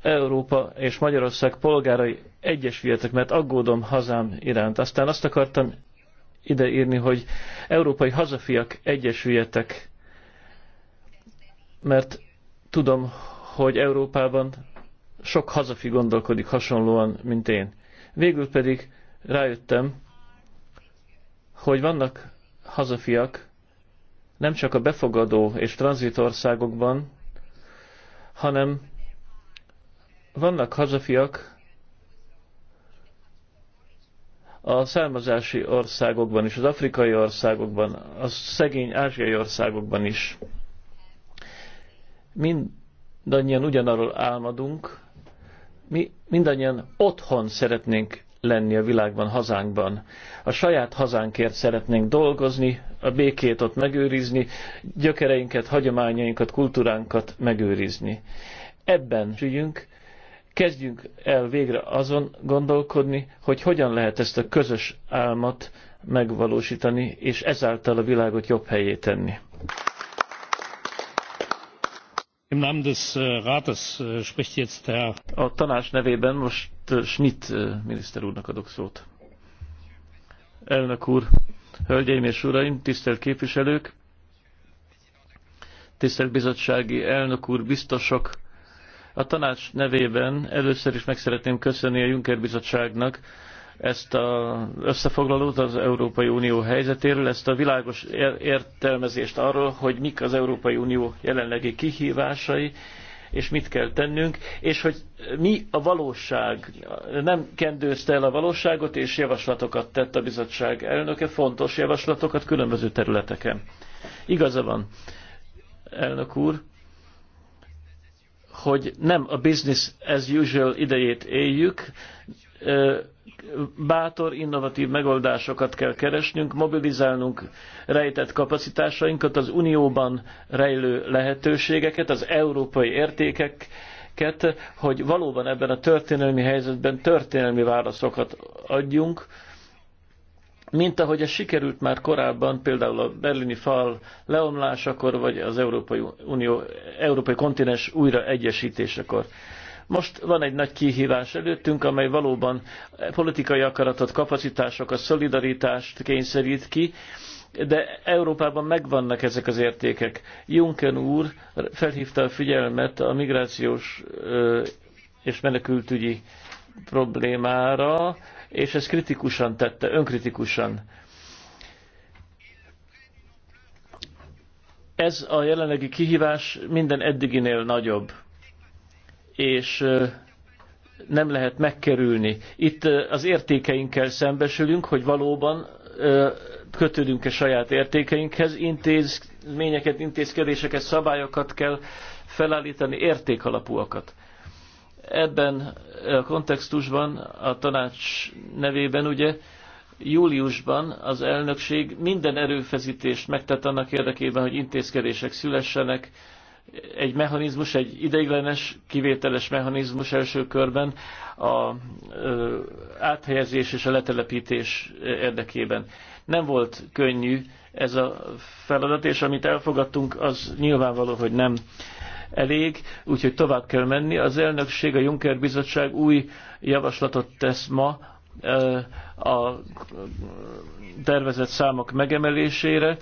C: Európa és Magyarország polgárai egyesüljetek, mert aggódom hazám iránt. Aztán azt akartam ideírni, hogy európai hazafiak egyesüljetek, mert tudom, hogy Európában sok hazafi gondolkodik hasonlóan, mint én. Végül pedig rájöttem, hogy vannak hazafiak nem csak a befogadó és tranzitországokban, hanem vannak hazafiak a származási országokban is, az afrikai országokban, a szegény ázsiai országokban is. Mindannyian ugyanarról álmodunk, mi mindannyian otthon szeretnénk lenni a világban, hazánkban. A saját hazánkért szeretnénk dolgozni, a békét ott megőrizni, gyökereinket, hagyományainkat, kultúránkat megőrizni. Ebben ügyünk, kezdjünk el végre azon gondolkodni, hogy hogyan lehet ezt a közös álmat megvalósítani, és ezáltal a világot jobb helyé tenni. Im Namen des äh, Rates äh, spricht jetzt Herr. A tanács nevében most Schmidt miniszter úrnak adok szót. Elnök úr, hölgyeim és uraim, tisztelt képviselők, tisztelt bizottsági elnök úr, biztosok, a tanács nevében először is meg szeretném köszönni a Juncker bizottságnak ezt az összefoglalót az Európai Unió helyzetéről, ezt a világos értelmezést arról, hogy mik az Európai Unió jelenlegi kihívásai, és mit kell tennünk, és hogy mi a valóság. Nem kendőzte el a valóságot, és javaslatokat tett a bizottság elnöke, fontos javaslatokat különböző területeken. Igaza van, elnök úr, hogy nem a business as usual idejét éljük, bátor, innovatív megoldásokat kell keresnünk, mobilizálnunk rejtett kapacitásainkat, az unióban rejlő lehetőségeket, az európai értékeket, hogy valóban ebben a történelmi helyzetben történelmi válaszokat adjunk, mint ahogy ez sikerült már korábban, például a berlini fal leomlásakor, vagy az Európai Unió, Európai Kontinens újra egyesítésekor. Most van egy nagy kihívás előttünk, amely valóban politikai akaratot, kapacitásokat, szolidaritást kényszerít ki, de Európában megvannak ezek az értékek. Juncker úr felhívta a figyelmet a migrációs és menekültügyi problémára, és ezt kritikusan tette, önkritikusan. Ez a jelenlegi kihívás minden eddiginél nagyobb, és nem lehet megkerülni. Itt az értékeinkkel szembesülünk, hogy valóban kötődünk-e saját értékeinkhez, intézményeket, intézkedéseket, szabályokat kell felállítani, értékalapúakat. Ebben a kontextusban a tanács nevében ugye júliusban az elnökség minden erőfeszítést megtett annak érdekében, hogy intézkedések szülessenek, egy mechanizmus, egy ideiglenes, kivételes mechanizmus első körben a ö, áthelyezés és a letelepítés érdekében. Nem volt könnyű ez a feladat, és amit elfogadtunk, az nyilvánvaló, hogy nem elég, úgyhogy tovább kell menni. Az elnökség, a Juncker Bizottság új javaslatot tesz ma eh, a tervezett számok megemelésére,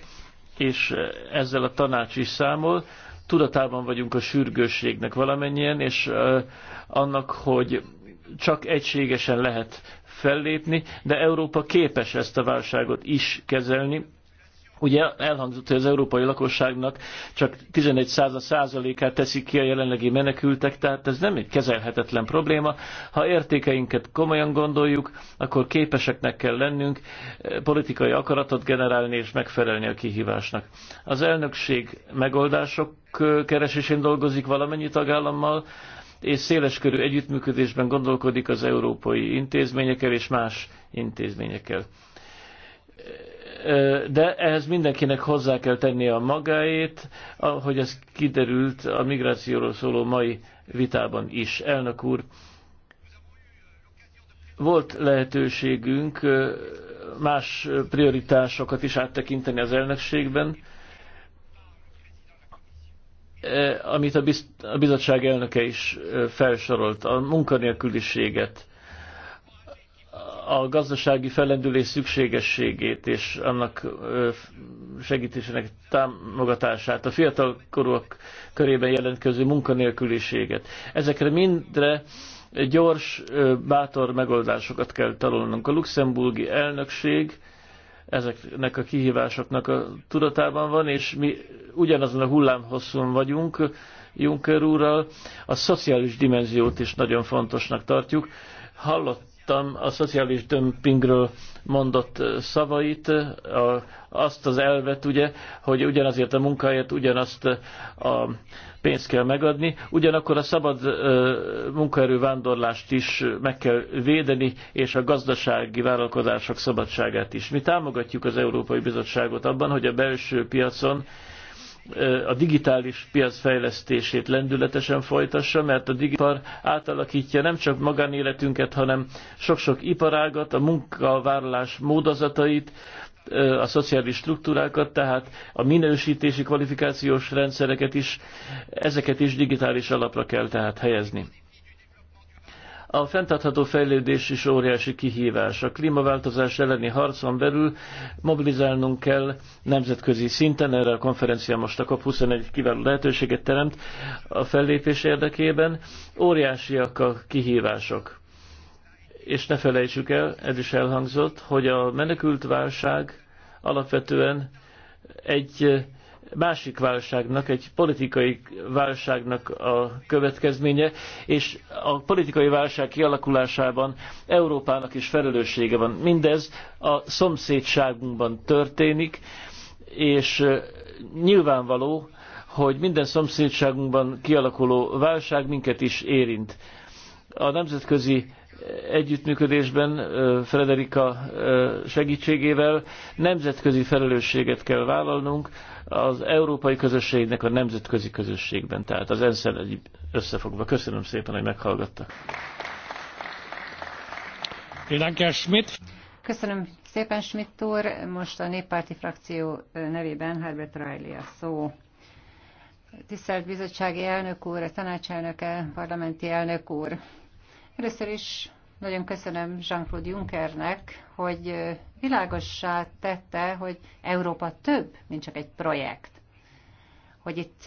C: és ezzel a tanács is számol. Tudatában vagyunk a sürgősségnek valamennyien, és eh, annak, hogy csak egységesen lehet fellépni, de Európa képes ezt a válságot is kezelni, Ugye elhangzott, hogy az európai lakosságnak csak 11 százalékát teszik ki a jelenlegi menekültek, tehát ez nem egy kezelhetetlen probléma. Ha értékeinket komolyan gondoljuk, akkor képeseknek kell lennünk politikai akaratot generálni és megfelelni a kihívásnak. Az elnökség megoldások keresésén dolgozik valamennyi tagállammal, és széleskörű együttműködésben gondolkodik az európai intézményekkel és más intézményekkel de ehhez mindenkinek hozzá kell tennie a magáét, ahogy ez kiderült a migrációról szóló mai vitában is. Elnök úr, volt lehetőségünk más prioritásokat is áttekinteni az elnökségben, amit a bizottság elnöke is felsorolt, a munkanélküliséget, a gazdasági fellendülés szükségességét és annak segítésének támogatását, a fiatalkorúak körében jelentkező munkanélküliséget. Ezekre mindre gyors, bátor megoldásokat kell találnunk. A luxemburgi elnökség ezeknek a kihívásoknak a tudatában van, és mi ugyanazon a hullámhosszon vagyunk Juncker úrral. A szociális dimenziót is nagyon fontosnak tartjuk. Hallott osztottam a szociális dömpingről mondott szavait, a, azt az elvet ugye, hogy ugyanazért a munkáért ugyanazt a pénzt kell megadni, ugyanakkor a szabad munkaerő vándorlást is meg kell védeni, és a gazdasági vállalkozások szabadságát is. Mi támogatjuk az Európai Bizottságot abban, hogy a belső piacon a digitális piac fejlesztését lendületesen folytassa, mert a digipar átalakítja nem csak magánéletünket, hanem sok-sok iparágat, a munkavállalás módozatait, a szociális struktúrákat, tehát a minősítési kvalifikációs rendszereket is, ezeket is digitális alapra kell tehát helyezni. A fenntartható fejlődés is óriási kihívás. A klímaváltozás elleni harcon belül mobilizálnunk kell nemzetközi szinten, erre a konferencia most a COP21 kiváló lehetőséget teremt a fellépés érdekében. Óriásiak a kihívások. És ne felejtsük el, ez is elhangzott, hogy a menekült válság alapvetően egy másik válságnak, egy politikai válságnak a következménye, és a politikai válság kialakulásában Európának is felelőssége van. Mindez a szomszédságunkban történik, és nyilvánvaló, hogy minden szomszédságunkban kialakuló válság minket is érint. A nemzetközi együttműködésben Frederika segítségével nemzetközi felelősséget kell vállalnunk az európai közösségnek a nemzetközi közösségben, tehát az ensz összefogva. Köszönöm szépen, hogy meghallgattak.
A: Köszönöm szépen, Schmidt úr. Most a néppárti frakció nevében Herbert Riley a szó. Tisztelt bizottsági elnök úr, tanácselnöke, parlamenti elnök úr! Először is nagyon köszönöm Jean-Claude Junckernek, hogy világossá tette, hogy Európa több, mint csak egy projekt. Hogy itt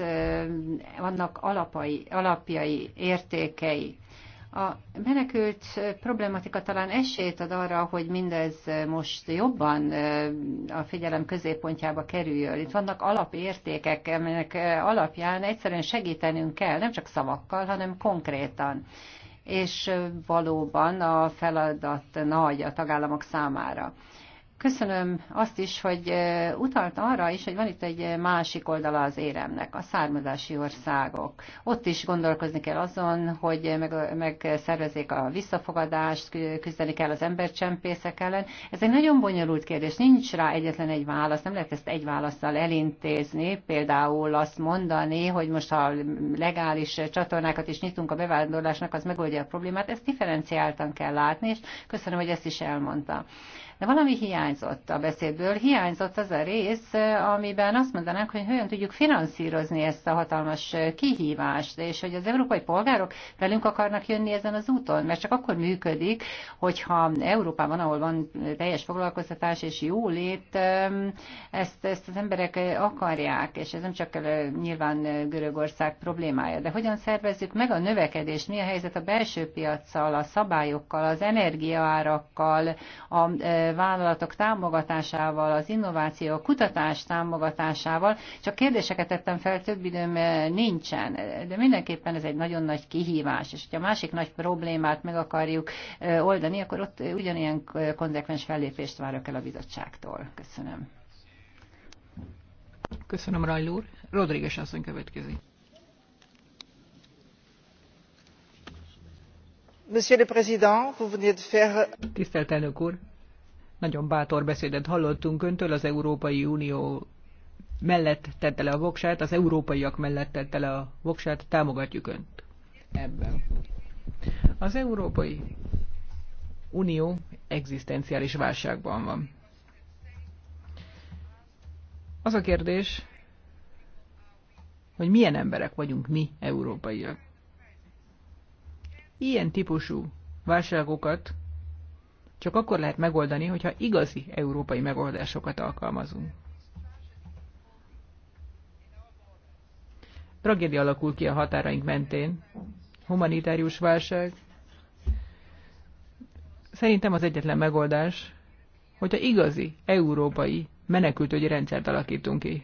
A: vannak alapai, alapjai, értékei. A menekült problematika talán esélyt ad arra, hogy mindez most jobban a figyelem középpontjába kerüljön. Itt vannak alapértékek, amelyek alapján egyszerűen segítenünk kell, nem csak szavakkal, hanem konkrétan és valóban a feladat nagy a tagállamok számára. Köszönöm azt is, hogy utalt arra is, hogy van itt egy másik oldala az éremnek, a származási országok. Ott is gondolkozni kell azon, hogy megszervezzék a visszafogadást, küzdeni kell az embercsempészek ellen. Ez egy nagyon bonyolult kérdés, nincs rá egyetlen egy válasz, nem lehet ezt egy válaszsal elintézni, például azt mondani, hogy most ha legális csatornákat is nyitunk a bevándorlásnak, az megoldja a problémát, ezt differenciáltan kell látni, és köszönöm, hogy ezt is elmondta. De valami hiányzott a beszédből, hiányzott az a rész, amiben azt mondanánk, hogy hogyan tudjuk finanszírozni ezt a hatalmas kihívást, és hogy az európai polgárok velünk akarnak jönni ezen az úton, mert csak akkor működik, hogyha Európában, ahol van teljes foglalkoztatás és jólét, ezt, ezt az emberek akarják, és ez nem csak nyilván Görögország problémája, de hogyan szervezzük meg a növekedést, mi a helyzet a belső piaccal, a szabályokkal, az energiaárakkal, a vállalatok támogatásával, az innováció, a kutatás támogatásával. Csak kérdéseket tettem fel, több időm eh, nincsen, de mindenképpen ez egy nagyon nagy kihívás, és ha a másik nagy problémát meg akarjuk eh, oldani, akkor ott eh, ugyanilyen konzekvens fellépést várok el a
D: bizottságtól. Köszönöm. Köszönöm, Rajl úr. Rodríguez asszony következik. Monsieur le Président, vous venez de faire... Tisztelt elnök úr, nagyon bátor beszédet hallottunk öntől, az Európai Unió mellett tette le a voksát, az európaiak mellett tette le a voksát, támogatjuk önt ebben. Az Európai Unió egzisztenciális válságban van. Az a kérdés, hogy milyen emberek vagyunk mi, európaiak. Ilyen típusú válságokat csak akkor lehet megoldani, hogyha igazi európai megoldásokat alkalmazunk. Tragédia alakul ki a határaink mentén. Humanitárius válság. Szerintem az egyetlen megoldás, hogyha igazi európai menekültögyi rendszert alakítunk ki.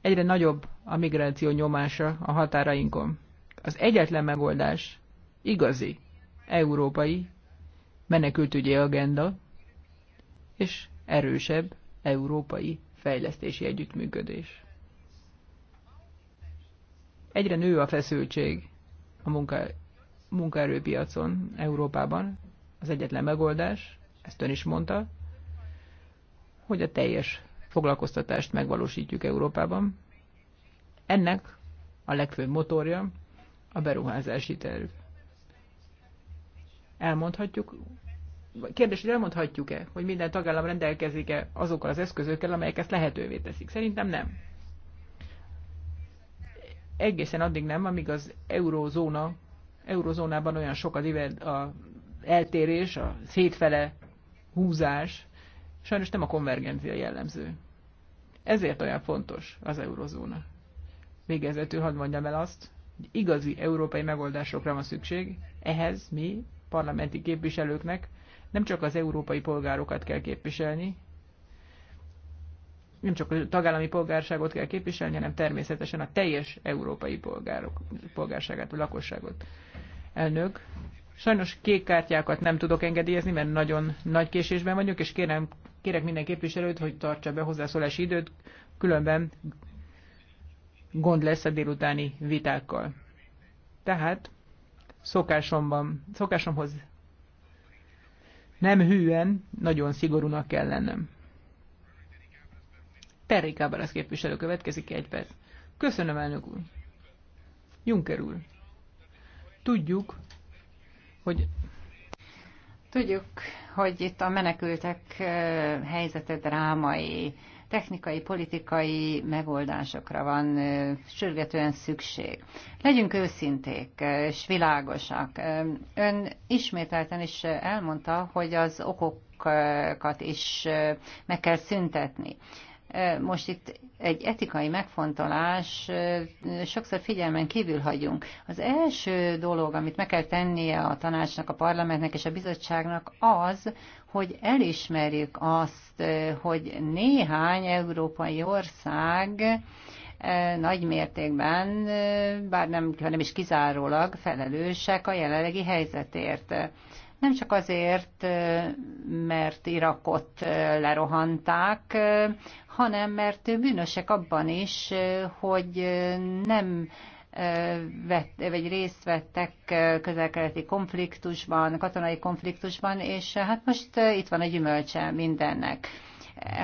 D: Egyre nagyobb a migráció nyomása a határainkon. Az egyetlen megoldás igazi európai menekültügyi agenda és erősebb európai fejlesztési együttműködés. Egyre nő a feszültség a munka, munkaerőpiacon Európában. Az egyetlen megoldás, ezt ön is mondta, hogy a teljes foglalkoztatást megvalósítjuk Európában. Ennek a legfőbb motorja a beruházási terv. Elmondhatjuk, kérdés, hogy elmondhatjuk-e, hogy minden tagállam rendelkezik-e azokkal az eszközökkel, amelyek ezt lehetővé teszik. Szerintem nem. Egészen addig nem, amíg az eurozóna, eurozónában olyan sok az a eltérés, a szétfele húzás, sajnos nem a konvergencia jellemző. Ezért olyan fontos az eurozóna. Végezetül hadd mondjam el azt, hogy igazi európai megoldásokra van szükség, ehhez mi parlamenti képviselőknek nem csak az európai polgárokat kell képviselni, nem csak a tagállami polgárságot kell képviselni, hanem természetesen a teljes európai polgárok, polgárságát, vagy lakosságot. Elnök, sajnos kék kártyákat nem tudok engedélyezni, mert nagyon nagy késésben vagyok, és kérem, kérek minden képviselőt, hogy tartsa be hozzászólási időt, különben gond lesz a délutáni vitákkal. Tehát szokásomban, szokásomhoz nem hűen, nagyon szigorúnak kell lennem. Terry Cabras képviselő következik egy perc. Köszönöm, elnök úr. Juncker úr. Tudjuk, hogy
A: Tudjuk, hogy itt a menekültek eh, helyzete drámai, technikai, politikai megoldásokra van sürgetően szükség. Legyünk őszinték és világosak. Ön ismételten is elmondta, hogy az okok okokat is meg kell szüntetni most itt egy etikai megfontolás, sokszor figyelmen kívül hagyunk. Az első dolog, amit meg kell tennie a tanácsnak, a parlamentnek és a bizottságnak az, hogy elismerjük azt, hogy néhány európai ország nagy mértékben, bár nem, nem is kizárólag felelősek a jelenlegi helyzetért. Nem csak azért, mert Irakot lerohanták, hanem mert bűnösek abban is, hogy nem vett, vagy részt vettek közelkeleti konfliktusban, katonai konfliktusban, és hát most itt van a gyümölcse mindennek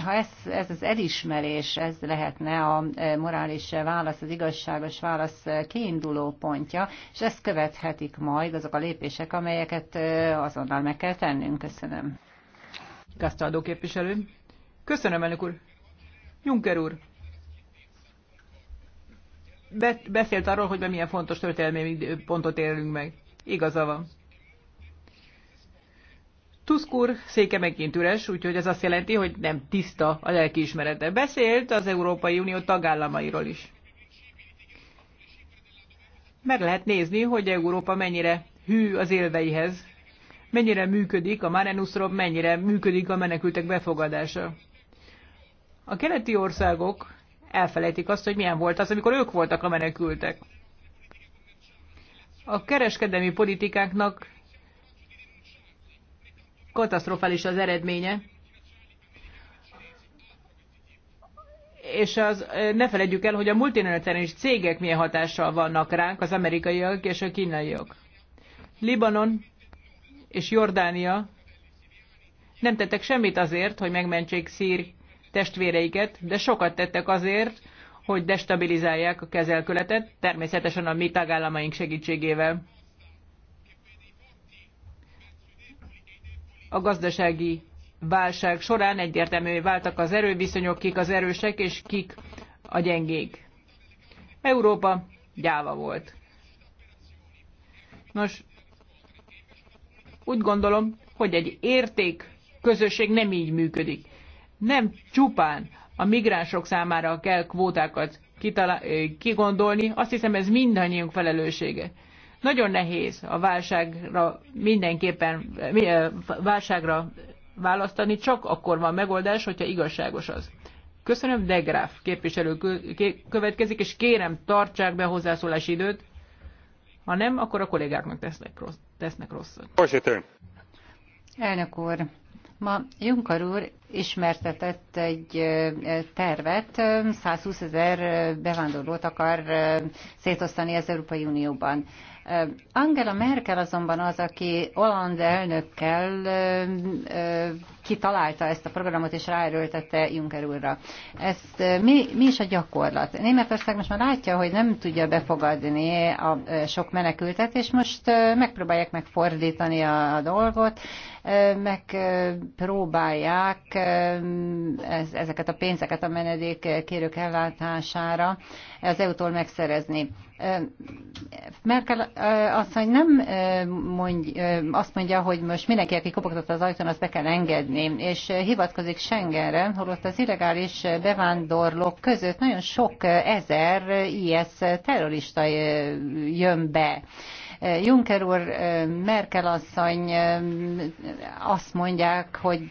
A: ha ez, ez az elismerés, ez lehetne a e, morális válasz, az igazságos válasz kiinduló pontja, és ezt követhetik majd azok a lépések, amelyeket e, azonnal meg kell tennünk. Köszönöm.
D: Gasztaldó képviselő. Köszönöm, elnök úr. Juncker úr. Be, beszélt arról, hogy milyen fontos történelmi pontot élünk meg. Igaza van. Tusk úr széke megint üres, úgyhogy ez azt jelenti, hogy nem tiszta a lelkiismerete. Beszélt az Európai Unió tagállamairól is. Meg lehet nézni, hogy Európa mennyire hű az élveihez, mennyire működik a Marenuszról, mennyire működik a menekültek befogadása. A keleti országok elfelejtik azt, hogy milyen volt az, amikor ők voltak a menekültek. A kereskedelmi politikáknak katasztrofális az eredménye. És az, ne felejtjük el, hogy a multinacionális cégek milyen hatással vannak ránk, az amerikaiak és a kínaiak. Libanon és Jordánia nem tettek semmit azért, hogy megmentsék szír testvéreiket, de sokat tettek azért, hogy destabilizálják a kezelköletet, természetesen a mi tagállamaink segítségével. a gazdasági válság során egyértelművé váltak az erőviszonyok, kik az erősek és kik a gyengék. Európa gyáva volt. Nos, úgy gondolom, hogy egy érték közösség nem így működik. Nem csupán a migránsok számára kell kvótákat eh, kigondolni, azt hiszem ez mindannyiunk felelőssége. Nagyon nehéz a válságra mindenképpen válságra választani, csak akkor van megoldás, hogyha igazságos az. Köszönöm, Degraf képviselő következik, és kérem, tartsák be a hozzászólási időt. Ha nem, akkor a kollégáknak tesznek, rossz, tesznek rosszat.
A: Elnök úr, ma Junkar úr ismertetett egy tervet, 120 ezer bevándorlót akar szétosztani az Európai Unióban. Angela Merkel azonban az, aki Holland elnökkel kitalálta ezt a programot és ráerőltette Juncker úrra. Ezt mi, mi is a gyakorlat? Németország most már látja, hogy nem tudja befogadni a sok menekültet, és most megpróbálják megfordítani a, a dolgot, megpróbálják eh, ezeket a pénzeket a menedék kérők ellátására az EU-tól megszerezni. Eh, Merkel eh, asszony nem mondj, azt mondja, hogy most mindenki, aki kopogtatta az ajtón, azt be kell engedni, és hivatkozik Schengenre, holott az illegális bevándorlók között nagyon sok ezer IS terrorista jön be. Juncker úr, Merkel asszony azt mondják, hogy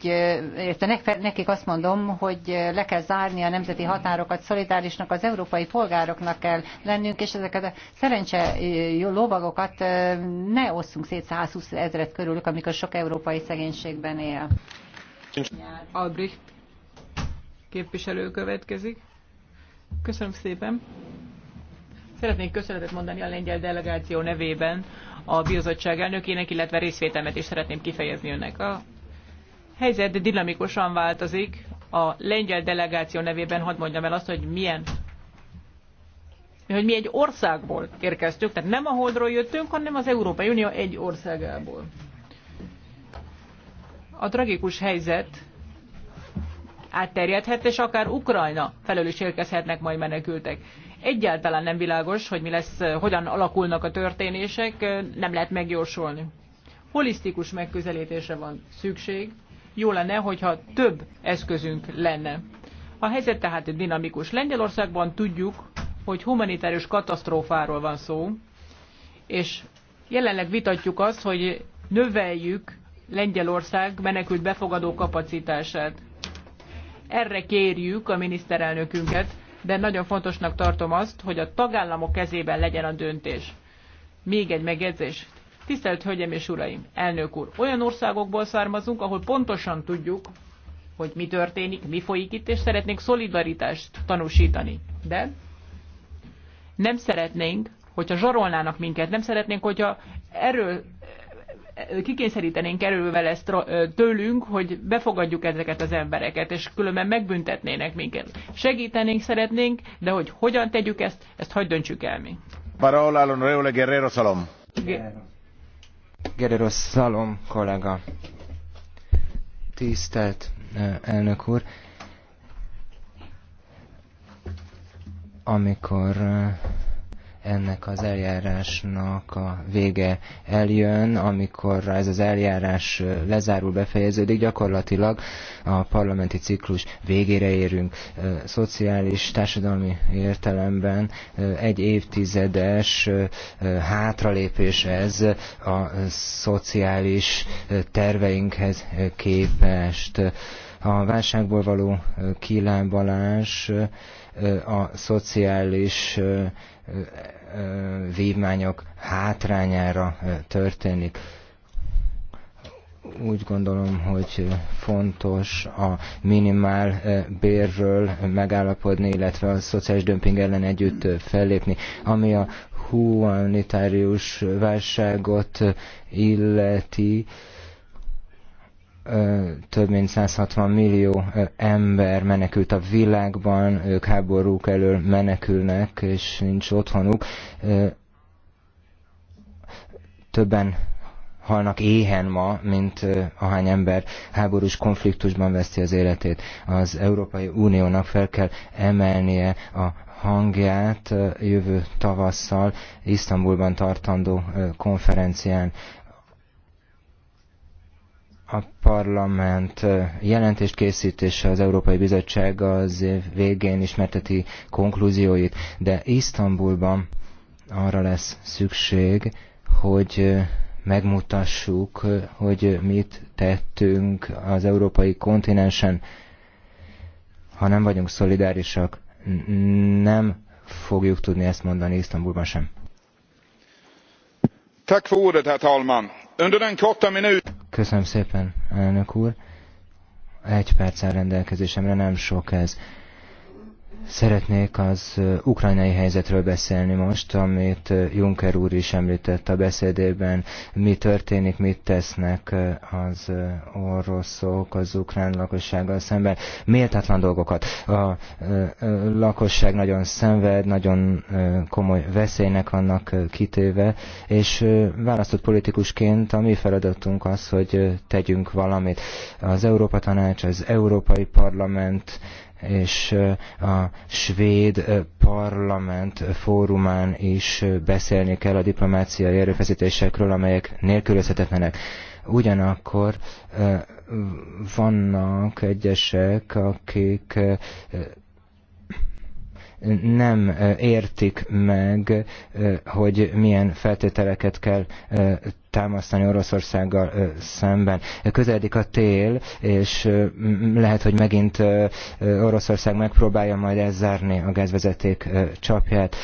A: nekik azt mondom, hogy le kell zárni a nemzeti határokat, szolidárisnak az európai polgároknak kell lennünk, és ezeket a szerencse lovagokat ne osszunk szét 120 ezret körülük, amikor sok európai szegénységben él.
D: Albrecht képviselő következik. Köszönöm szépen. Szeretnék köszönetet mondani a lengyel delegáció nevében a bizottság elnökének, illetve részvételmet is szeretném kifejezni önnek. A helyzet dinamikusan változik. A lengyel delegáció nevében hadd mondjam el azt, hogy milyen hogy mi egy országból érkeztünk, tehát nem a Holdról jöttünk, hanem az Európai Unió egy országából. A tragikus helyzet átterjedhet, és akár Ukrajna felől is érkezhetnek majd menekültek. Egyáltalán nem világos, hogy mi lesz, hogyan alakulnak a történések, nem lehet megjósolni. Holisztikus megközelítésre van szükség. Jó lenne, hogyha több eszközünk lenne. A helyzet tehát dinamikus. Lengyelországban tudjuk, hogy humanitárius katasztrófáról van szó, és jelenleg vitatjuk azt, hogy növeljük Lengyelország menekült befogadó kapacitását. Erre kérjük a miniszterelnökünket, de nagyon fontosnak tartom azt, hogy a tagállamok kezében legyen a döntés. Még egy megjegyzés. Tisztelt Hölgyeim és Uraim, elnök úr, olyan országokból származunk, ahol pontosan tudjuk, hogy mi történik, mi folyik itt, és szeretnénk szolidaritást tanúsítani. De nem szeretnénk, hogyha zsarolnának minket, nem szeretnénk, hogyha erről kikényszerítenénk erővel ezt tőlünk, hogy befogadjuk ezeket az embereket, és különben megbüntetnének minket. Segítenénk, szeretnénk, de hogy hogyan tegyük ezt, ezt hagyd döntsük el mi.
C: Parola l'onorevole Guerrero Salom.
G: Guerrero Salom kollega. Tisztelt elnök úr. Amikor ennek az eljárásnak a vége eljön, amikor ez az eljárás lezárul, befejeződik, gyakorlatilag a parlamenti ciklus végére érünk. Szociális, társadalmi értelemben egy évtizedes hátralépés ez a szociális terveinkhez képest a válságból való kilábalás, a szociális vívmányok hátrányára történik úgy gondolom, hogy fontos a minimál bérről megállapodni, illetve a szociális dömping ellen együtt fellépni, ami a humanitárius válságot illeti több mint 160 millió ember menekült a világban, ők háborúk elől menekülnek, és nincs otthonuk. Többen halnak éhen ma, mint ahány ember háborús konfliktusban veszti az életét. Az Európai Uniónak fel kell emelnie a hangját jövő tavasszal Isztambulban tartandó konferencián Parlament jelentést készít, és az Európai Bizottság az év végén ismerteti konklúzióit, de Isztambulban arra lesz szükség, hogy megmutassuk, hogy mit tettünk az európai kontinensen, ha nem vagyunk szolidárisak, nem fogjuk tudni ezt mondani Isztambulban sem.
E: Tack för ordet, herr talman.
G: Köszönöm szépen, elnök úr. Egy perc rendelkezésemre nem sok ez. Szeretnék az ukrajnai helyzetről beszélni most, amit Juncker úr is említett a beszédében. Mi történik, mit tesznek az oroszok az ukrán lakossággal szemben. Méltatlan dolgokat. A lakosság nagyon szenved, nagyon komoly veszélynek vannak kitéve, és választott politikusként a mi feladatunk az, hogy tegyünk valamit. Az Európa Tanács, az Európai Parlament, és a svéd parlament fórumán is beszélni kell a diplomáciai erőfeszítésekről, amelyek nélkülözhetetlenek. Ugyanakkor vannak egyesek, akik nem értik meg, hogy milyen feltételeket kell támasztani Oroszországgal szemben. Közeledik a tél, és lehet, hogy megint Oroszország megpróbálja majd elzárni a gázvezeték csapját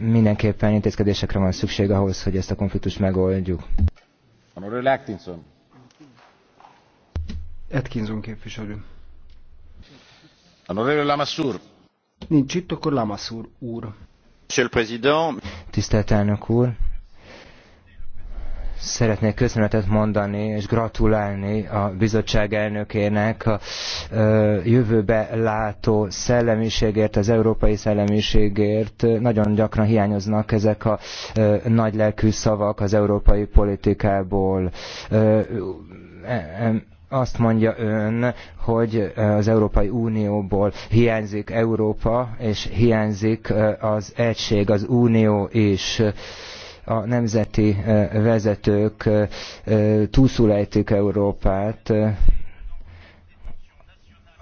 G: mindenképpen intézkedésekre van szükség ahhoz, hogy ezt a konfliktust
H: megoldjuk. Honorable Atkinson képviselő. Honorable Lamassur. Nincs itt, akkor Lamassur úr. Monsieur le Président.
G: Tisztelt elnök úr, Szeretnék köszönetet mondani és gratulálni a bizottság elnökének a jövőbe látó szellemiségért, az európai szellemiségért. Nagyon gyakran hiányoznak ezek a nagy lelkű szavak az európai politikából e, e, azt mondja ön, hogy az Európai Unióból hiányzik Európa, és hiányzik az egység, az unió is a nemzeti eh, vezetők eh, eh, túlszulejtik Európát,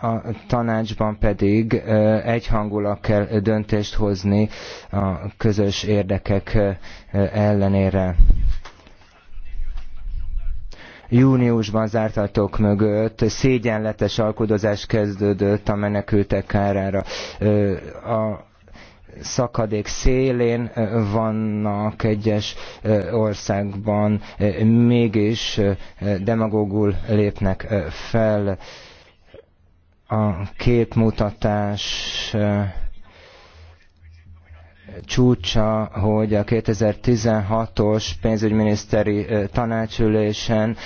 G: a tanácsban pedig egyhangulag kell döntést hozni a közös érdekek ellenére. Júniusban zárt ajtók mögött szégyenletes alkudozás kezdődött a menekültek kárára. A szakadék szélén vannak egyes országban, mégis demagógul lépnek fel a képmutatás csúcsa, hogy a 2016-os pénzügyminiszteri tanácsülésen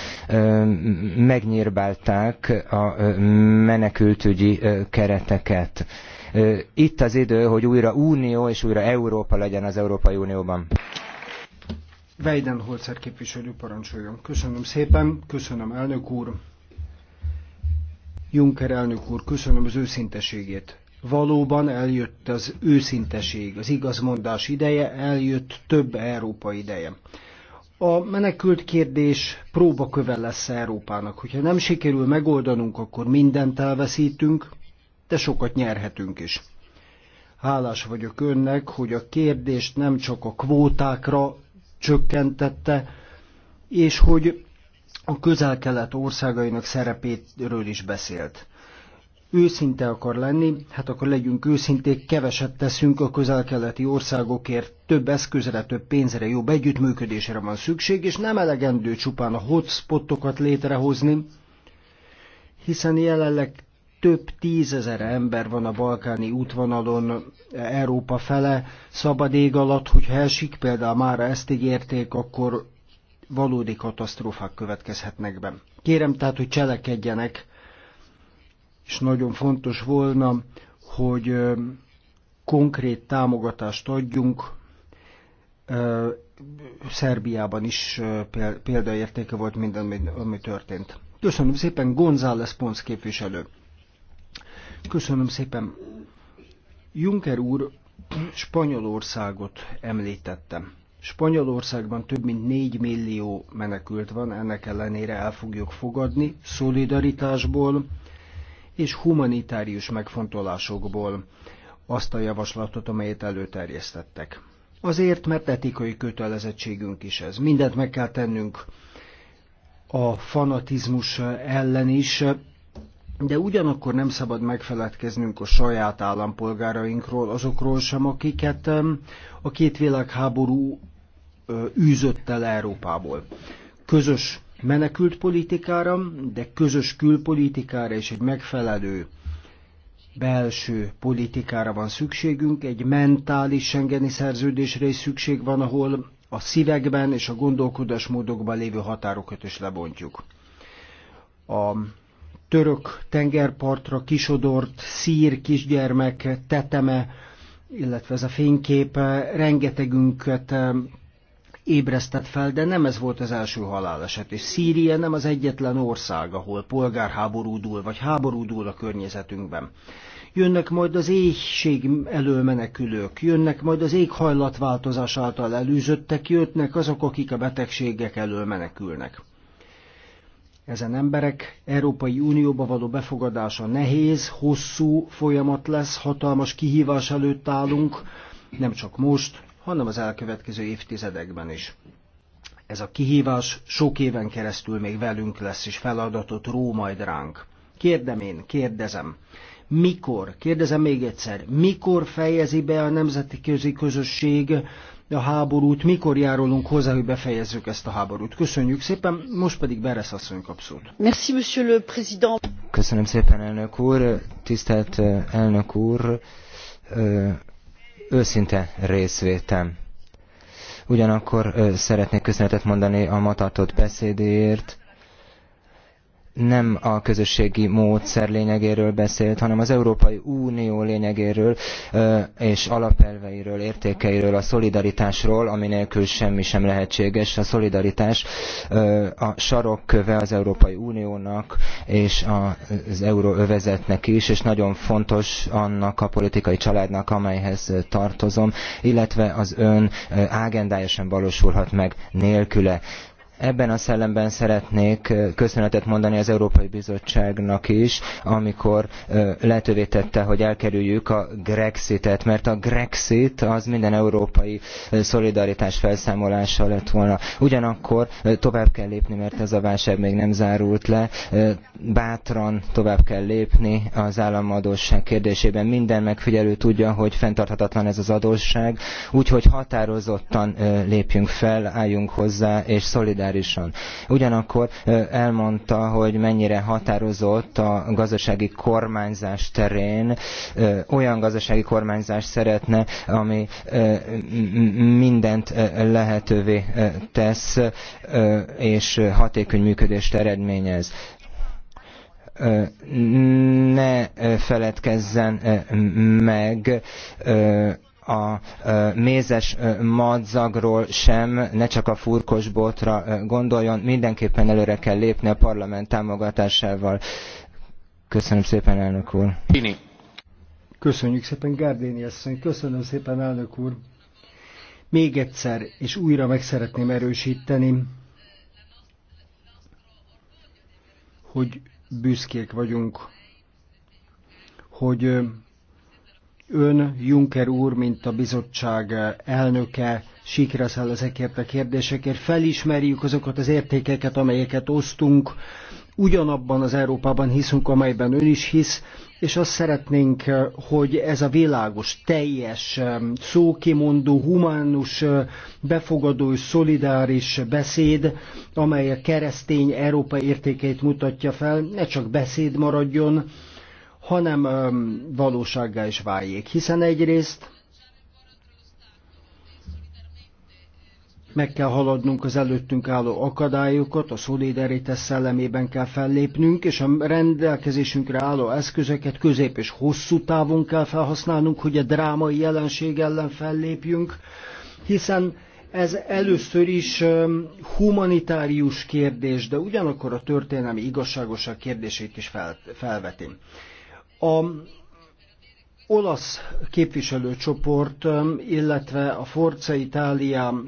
G: megnyírbálták a menekültügyi kereteket. Itt az idő, hogy újra Unió és újra Európa legyen az Európai Unióban.
H: Weidenholzer képviselő parancsoljon. Köszönöm szépen, köszönöm elnök úr. Juncker elnök úr, köszönöm az őszinteségét. Valóban eljött az őszinteség, az igazmondás ideje, eljött több Európa ideje. A menekült kérdés próbaköve lesz Európának. Hogyha nem sikerül megoldanunk, akkor mindent elveszítünk, de sokat nyerhetünk is. Hálás vagyok önnek, hogy a kérdést nem csak a kvótákra csökkentette, és hogy a közel-kelet országainak szerepéről is beszélt. Őszinte akar lenni, hát akkor legyünk őszinték, keveset teszünk a közel-keleti országokért, több eszközre, több pénzre, jobb együttműködésre van szükség, és nem elegendő csupán a hotspotokat létrehozni, hiszen jelenleg több tízezer ember van a balkáni útvonalon Európa fele, szabad ég alatt, hogyha elsik például már ezt ígérték, akkor valódi katasztrófák következhetnek be. Kérem tehát, hogy cselekedjenek, és nagyon fontos volna, hogy konkrét támogatást adjunk Szerbiában is példaértéke volt minden, ami történt. Köszönöm szépen, González Pons képviselő. Köszönöm szépen. Juncker úr Spanyolországot említettem. Spanyolországban több mint 4 millió menekült van, ennek ellenére el fogjuk fogadni szolidaritásból és humanitárius megfontolásokból azt a javaslatot, amelyet előterjesztettek. Azért, mert etikai kötelezettségünk is ez. Mindent meg kell tennünk a fanatizmus ellen is, de ugyanakkor nem szabad megfeledkeznünk a saját állampolgárainkról, azokról sem, akiket a két világháború űzött el Európából. Közös menekült politikára, de közös külpolitikára és egy megfelelő belső politikára van szükségünk, egy mentális Schengeni szerződésre is szükség van, ahol a szívekben és a gondolkodásmódokban lévő határokat is lebontjuk. A török tengerpartra kisodort szír kisgyermek teteme, illetve ez a fénykép eh, rengetegünket eh, ébresztett fel, de nem ez volt az első haláleset, és Szíria nem az egyetlen ország, ahol polgárháború dúl, vagy háború dúl a környezetünkben. Jönnek majd az éhség elől menekülők, jönnek majd az éghajlatváltozás által előzöttek, jöttnek azok, akik a betegségek elől menekülnek. Ezen emberek Európai Unióba való befogadása nehéz, hosszú folyamat lesz, hatalmas kihívás előtt állunk, nem csak most, hanem az elkövetkező évtizedekben is. Ez a kihívás sok éven keresztül még velünk lesz, és feladatot ró majd ránk. Kérdem én, kérdezem, mikor, kérdezem még egyszer, mikor fejezi be a nemzetközi közösség a háborút, mikor járulunk hozzá, hogy befejezzük ezt a háborút. Köszönjük szépen, most pedig Beresz asszony kap szót.
E: Merci, monsieur le président.
G: Köszönöm szépen, elnök úr. Tisztelt eh, elnök úr, eh, őszinte részvétem. Ugyanakkor eh, szeretnék köszönetet mondani a matatott beszédéért, nem a közösségi módszer lényegéről beszélt, hanem az Európai Unió lényegéről és alapelveiről, értékeiről, a szolidaritásról, ami nélkül semmi sem lehetséges. A szolidaritás a sarokköve az Európai Uniónak és az euróövezetnek is, és nagyon fontos annak a politikai családnak, amelyhez tartozom, illetve az ön ágendája sem valósulhat meg nélküle. Ebben a szellemben szeretnék köszönetet mondani az Európai Bizottságnak is, amikor lehetővé tette, hogy elkerüljük a Grexitet, mert a Grexit az minden európai szolidaritás felszámolása lett volna. Ugyanakkor tovább kell lépni, mert ez a válság még nem zárult le. Bátran tovább kell lépni az államadóság kérdésében. Minden megfigyelő tudja, hogy fenntarthatatlan ez az adósság, úgyhogy határozottan lépjünk fel, álljunk hozzá, és szolidáris monetárisan. Ugyanakkor elmondta, hogy mennyire határozott a gazdasági kormányzás terén, olyan gazdasági kormányzás szeretne, ami mindent lehetővé tesz, és hatékony működést eredményez ne feledkezzen meg a mézes madzagról sem, ne csak a furkos botra gondoljon, mindenképpen előre kell lépni a parlament támogatásával. Köszönöm szépen, elnök úr. Pini.
H: Köszönjük szépen, Gárdéni asszony. Köszönöm szépen, elnök úr. Még egyszer, és újra meg szeretném erősíteni, hogy büszkék vagyunk, hogy Ön, Juncker úr, mint a bizottság elnöke, sikra száll ezekért a kérdésekért. Felismerjük azokat az értékeket, amelyeket osztunk, ugyanabban az Európában hiszünk, amelyben ön is hisz, és azt szeretnénk, hogy ez a világos, teljes, szókimondó, humánus, befogadó és szolidáris beszéd, amely a keresztény Európa értékeit mutatja fel, ne csak beszéd maradjon, hanem valósággá is váljék. Hiszen egyrészt meg kell haladnunk az előttünk álló akadályokat, a szolidaritás szellemében kell fellépnünk, és a rendelkezésünkre álló eszközöket közép és hosszú távon kell felhasználnunk, hogy a drámai jelenség ellen fellépjünk, hiszen ez először is humanitárius kérdés, de ugyanakkor a történelmi igazságosság kérdését is felvetem. felveti. A olasz képviselőcsoport, illetve a Forza Itália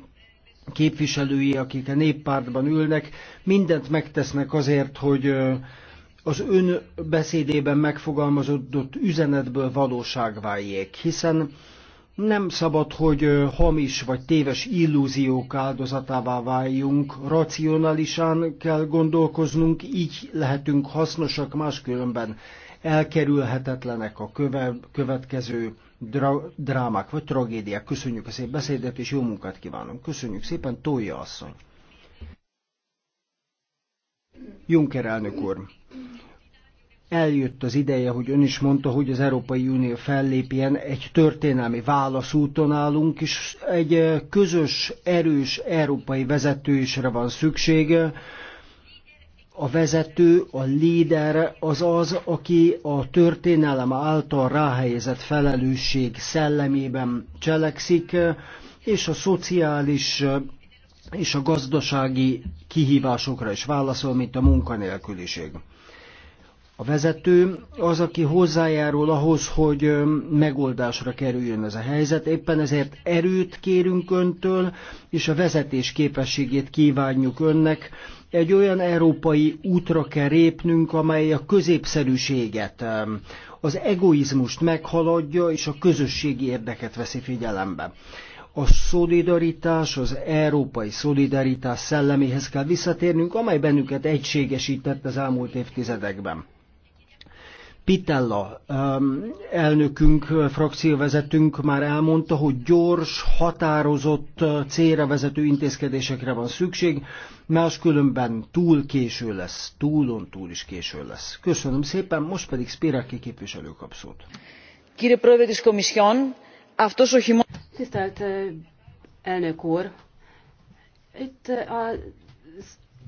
H: képviselői, akik a néppártban ülnek, mindent megtesznek azért, hogy az ön beszédében megfogalmazott üzenetből váljék, hiszen nem szabad, hogy hamis vagy téves illúziók áldozatává váljunk, racionálisan kell gondolkoznunk, így lehetünk hasznosak máskülönben elkerülhetetlenek a köve, következő dra, drámák vagy tragédiák. Köszönjük a szép beszédet, és jó munkát kívánunk. Köszönjük szépen, Tója asszony. Juncker elnök úr, eljött az ideje, hogy ön is mondta, hogy az Európai Unió fellépjen, egy történelmi válaszúton állunk, és egy közös, erős európai vezetősre van szüksége, a vezető, a líder az az, aki a történelem által ráhelyezett felelősség szellemében cselekszik, és a szociális és a gazdasági kihívásokra is válaszol, mint a munkanélküliség. A vezető az, aki hozzájárul ahhoz, hogy megoldásra kerüljön ez a helyzet. Éppen ezért erőt kérünk öntől, és a vezetés képességét kívánjuk önnek, egy olyan európai útra kell répnünk, amely a középszerűséget, az egoizmust meghaladja és a közösségi érdeket veszi figyelembe. A szolidaritás, az európai szolidaritás szelleméhez kell visszatérnünk, amely bennünket egységesített az elmúlt évtizedekben. Pitella um, elnökünk, frakcióvezetünk már elmondta, hogy gyors, határozott, uh, célra vezető intézkedésekre van szükség, máskülönben túl késő lesz, túlon túl is késő lesz. Köszönöm szépen, most pedig Spiraki képviselő kap szót.
F: Tisztelt uh, elnök úr, itt uh, az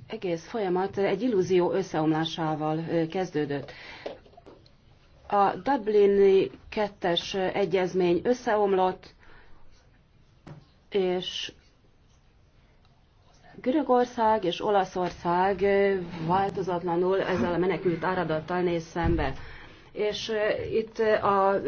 F: egész folyamat egy illúzió összeomlásával kezdődött a Dublini kettes egyezmény összeomlott, és Görögország és Olaszország változatlanul ezzel a menekült áradattal néz szembe és itt a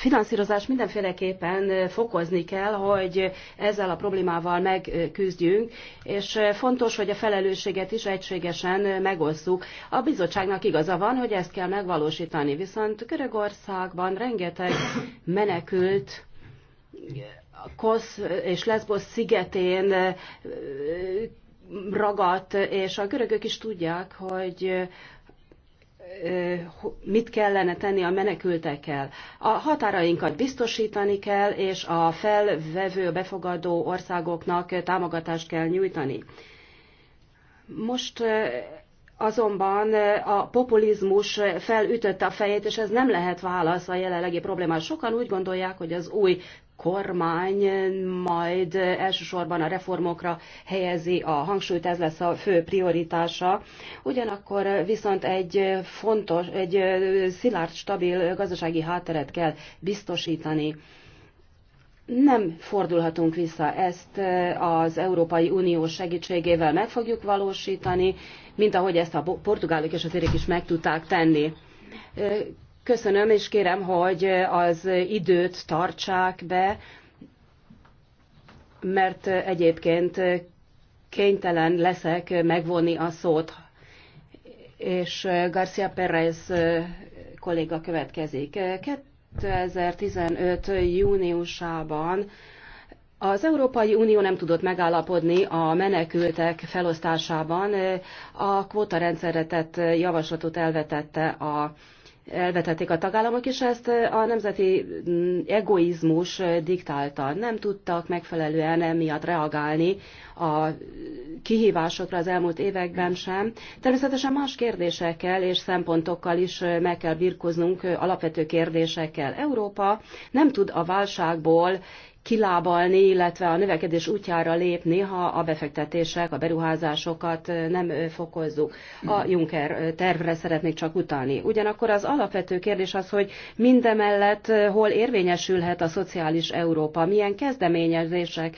F: finanszírozás mindenféleképpen fokozni kell, hogy ezzel a problémával megküzdjünk, és fontos, hogy a felelősséget is egységesen megosszuk. A bizottságnak igaza van, hogy ezt kell megvalósítani, viszont Görögországban rengeteg menekült Kosz és Lesbos szigetén ragadt, és a görögök is tudják, hogy mit kellene tenni a menekültekkel. A határainkat biztosítani kell, és a felvevő, befogadó országoknak támogatást kell nyújtani. Most azonban a populizmus felütötte a fejét, és ez nem lehet válasz a jelenlegi problémára. Sokan úgy gondolják, hogy az új kormány majd elsősorban a reformokra helyezi a hangsúlyt, ez lesz a fő prioritása. Ugyanakkor viszont egy fontos, egy szilárd, stabil gazdasági hátteret kell biztosítani. Nem fordulhatunk vissza, ezt az Európai Unió segítségével meg fogjuk valósítani, mint ahogy ezt a portugálok és az érik is meg tudták tenni Köszönöm, és kérem, hogy az időt tartsák be, mert egyébként kénytelen leszek megvonni a szót. És Garcia Perez kolléga következik. 2015. júniusában az Európai Unió nem tudott megállapodni a menekültek felosztásában. A kvótarendszerre javaslatot elvetette a elvetették a tagállamok, és ezt a nemzeti egoizmus diktálta. Nem tudtak megfelelően emiatt reagálni a kihívásokra az elmúlt években sem. Természetesen más kérdésekkel és szempontokkal is meg kell birkoznunk, alapvető kérdésekkel. Európa nem tud a válságból kilábalni, illetve a növekedés útjára lépni, ha a befektetések, a beruházásokat nem fokozzuk. A Juncker tervre szeretnék csak utalni. Ugyanakkor az alapvető kérdés az, hogy mindemellett hol érvényesülhet a szociális Európa, milyen kezdeményezések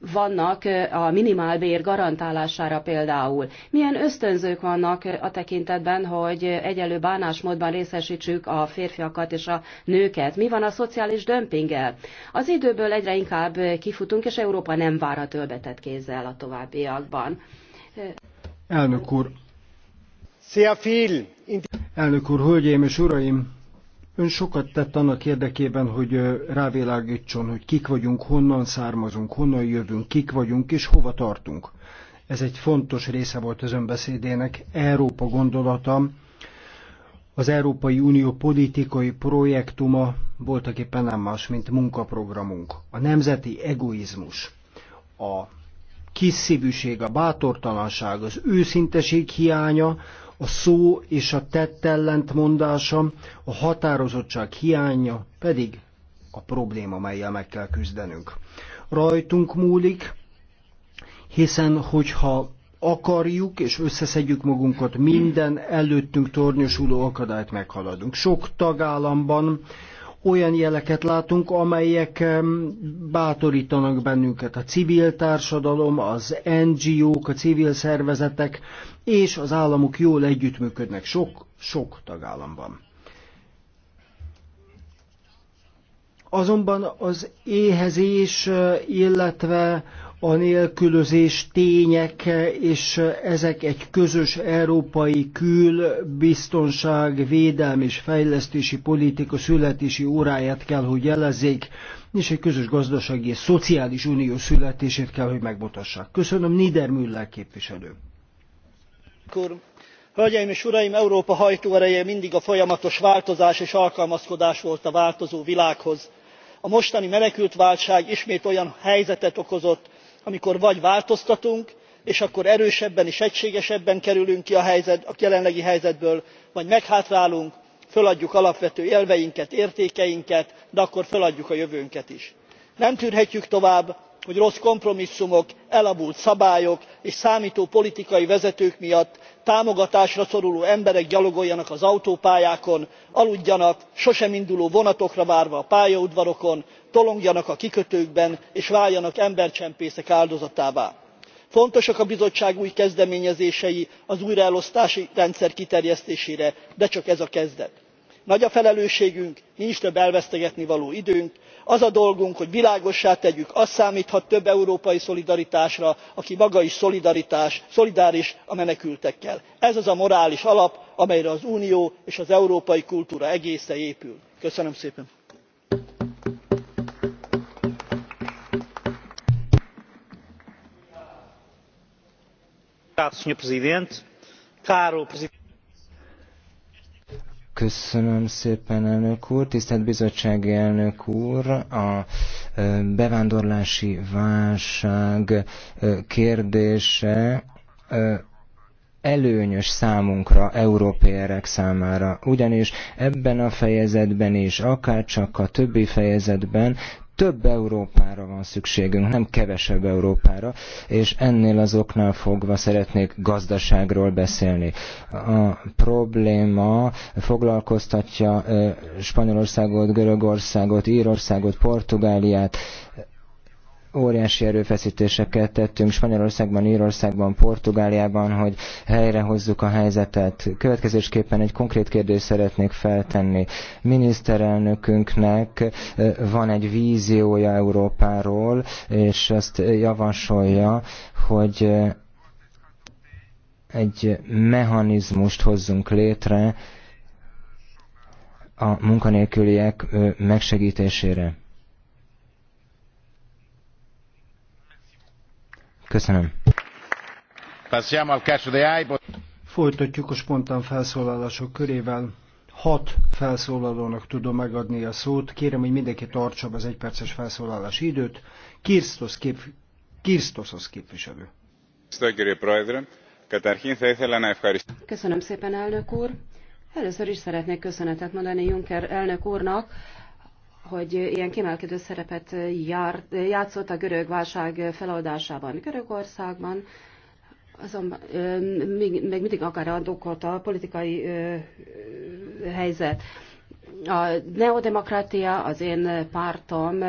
F: vannak a minimálbér garantálására például. Milyen ösztönzők vannak a tekintetben, hogy egyelő bánásmódban részesítsük a férfiakat és a nőket? Mi van a szociális dömpinggel? Az időből egyre inkább kifutunk, és Európa nem a tölbetett kézzel a továbbiakban.
H: Elnök úr! Szia, Phil! Elnök úr, hölgyeim és uraim! Ön sokat tett annak érdekében, hogy rávilágítson, hogy kik vagyunk, honnan származunk, honnan jövünk, kik vagyunk és hova tartunk. Ez egy fontos része volt az önbeszédének, Európa gondolata, az Európai Unió politikai projektuma voltak éppen nem más, mint munkaprogramunk. A nemzeti egoizmus, a szívűség, a bátortalanság, az őszinteség hiánya, a szó és a tett ellentmondása, a határozottság hiánya pedig a probléma, melyel meg kell küzdenünk. Rajtunk múlik, hiszen hogyha akarjuk és összeszedjük magunkat, minden előttünk tornyosuló akadályt meghaladunk. Sok tagállamban olyan jeleket látunk, amelyek bátorítanak bennünket. A civil társadalom, az NGO-k, a civil szervezetek és az államok jól együttműködnek sok, sok tagállamban. Azonban az éhezés, illetve a nélkülözés tények, és ezek egy közös európai kül, biztonság, védelmi és fejlesztési politika születési óráját kell, hogy jelezzék, és egy közös gazdasági és szociális unió születését kell, hogy megmutassák. Köszönöm, Nieder Müller képviselő.
E: Köszönöm. Hölgyeim és uraim, Európa hajtóereje mindig a folyamatos változás és alkalmazkodás volt a változó világhoz. A mostani menekültválság ismét olyan helyzetet okozott, amikor vagy változtatunk és akkor erősebben és egységesebben kerülünk ki a jelenlegi helyzetből vagy meghátrálunk föladjuk alapvető elveinket értékeinket de akkor föladjuk a jövőnket is. nem tűrhetjük tovább hogy rossz kompromisszumok elavult szabályok és számtó politikai vezetők miatt támogatásra szoruló emberek gyalogoljanak az autópályákon aludjanak sosem induló vonatokra várva a pályaudvarokon tolongjanak a kikötőkben és váljanak embercsempészek áldozatává. fontosak a bizottság új kezdeményezései az újraelosztási rendszer kiterjesztésére de csak ez a kezdet. nagy a felelősségünk nincs több elvesztegetnivaló időnk az a dolgunk hogy világossá tegyük az számthat több európai szolidaritásra aki maga is szolidáris a menekültekkel. ez az a morális alap amelyre az unió és az európai kultúra egésze épül. köszönöm szépen!
G: Köszönöm szépen, elnök úr. Tisztelt bizottsági elnök úr, a bevándorlási válság kérdése előnyös számunkra, európérek számára. Ugyanis ebben a fejezetben is, akár csak a többi fejezetben több Európára van szükségünk, nem kevesebb Európára, és ennél az oknál fogva szeretnék gazdaságról beszélni. A probléma foglalkoztatja Spanyolországot, Görögországot, Írországot, Portugáliát, óriási erőfeszítéseket tettünk Spanyolországban, Írországban, Portugáliában, hogy helyrehozzuk a helyzetet. Következésképpen egy konkrét kérdést szeretnék feltenni. Miniszterelnökünknek van egy víziója Európáról, és azt javasolja, hogy egy mechanizmust hozzunk létre a munkanélküliek megsegítésére. Köszönöm.
H: Folytatjuk a spontán felszólalások körével. Hat felszólalónak tudom megadni a szót. Kérem, hogy mindenki tartsa be az egyperces felszólalási időt. Kirsztos kép... Kirsztosos képviselő.
F: Köszönöm szépen, elnök úr. Először is szeretnék köszönetet mondani Juncker elnök úrnak hogy ilyen kiemelkedő szerepet jár, játszott a görög válság feloldásában. Görögországban azonban még, még mindig akár adókolt a politikai ö, helyzet. A neodemokrátia, az én pártom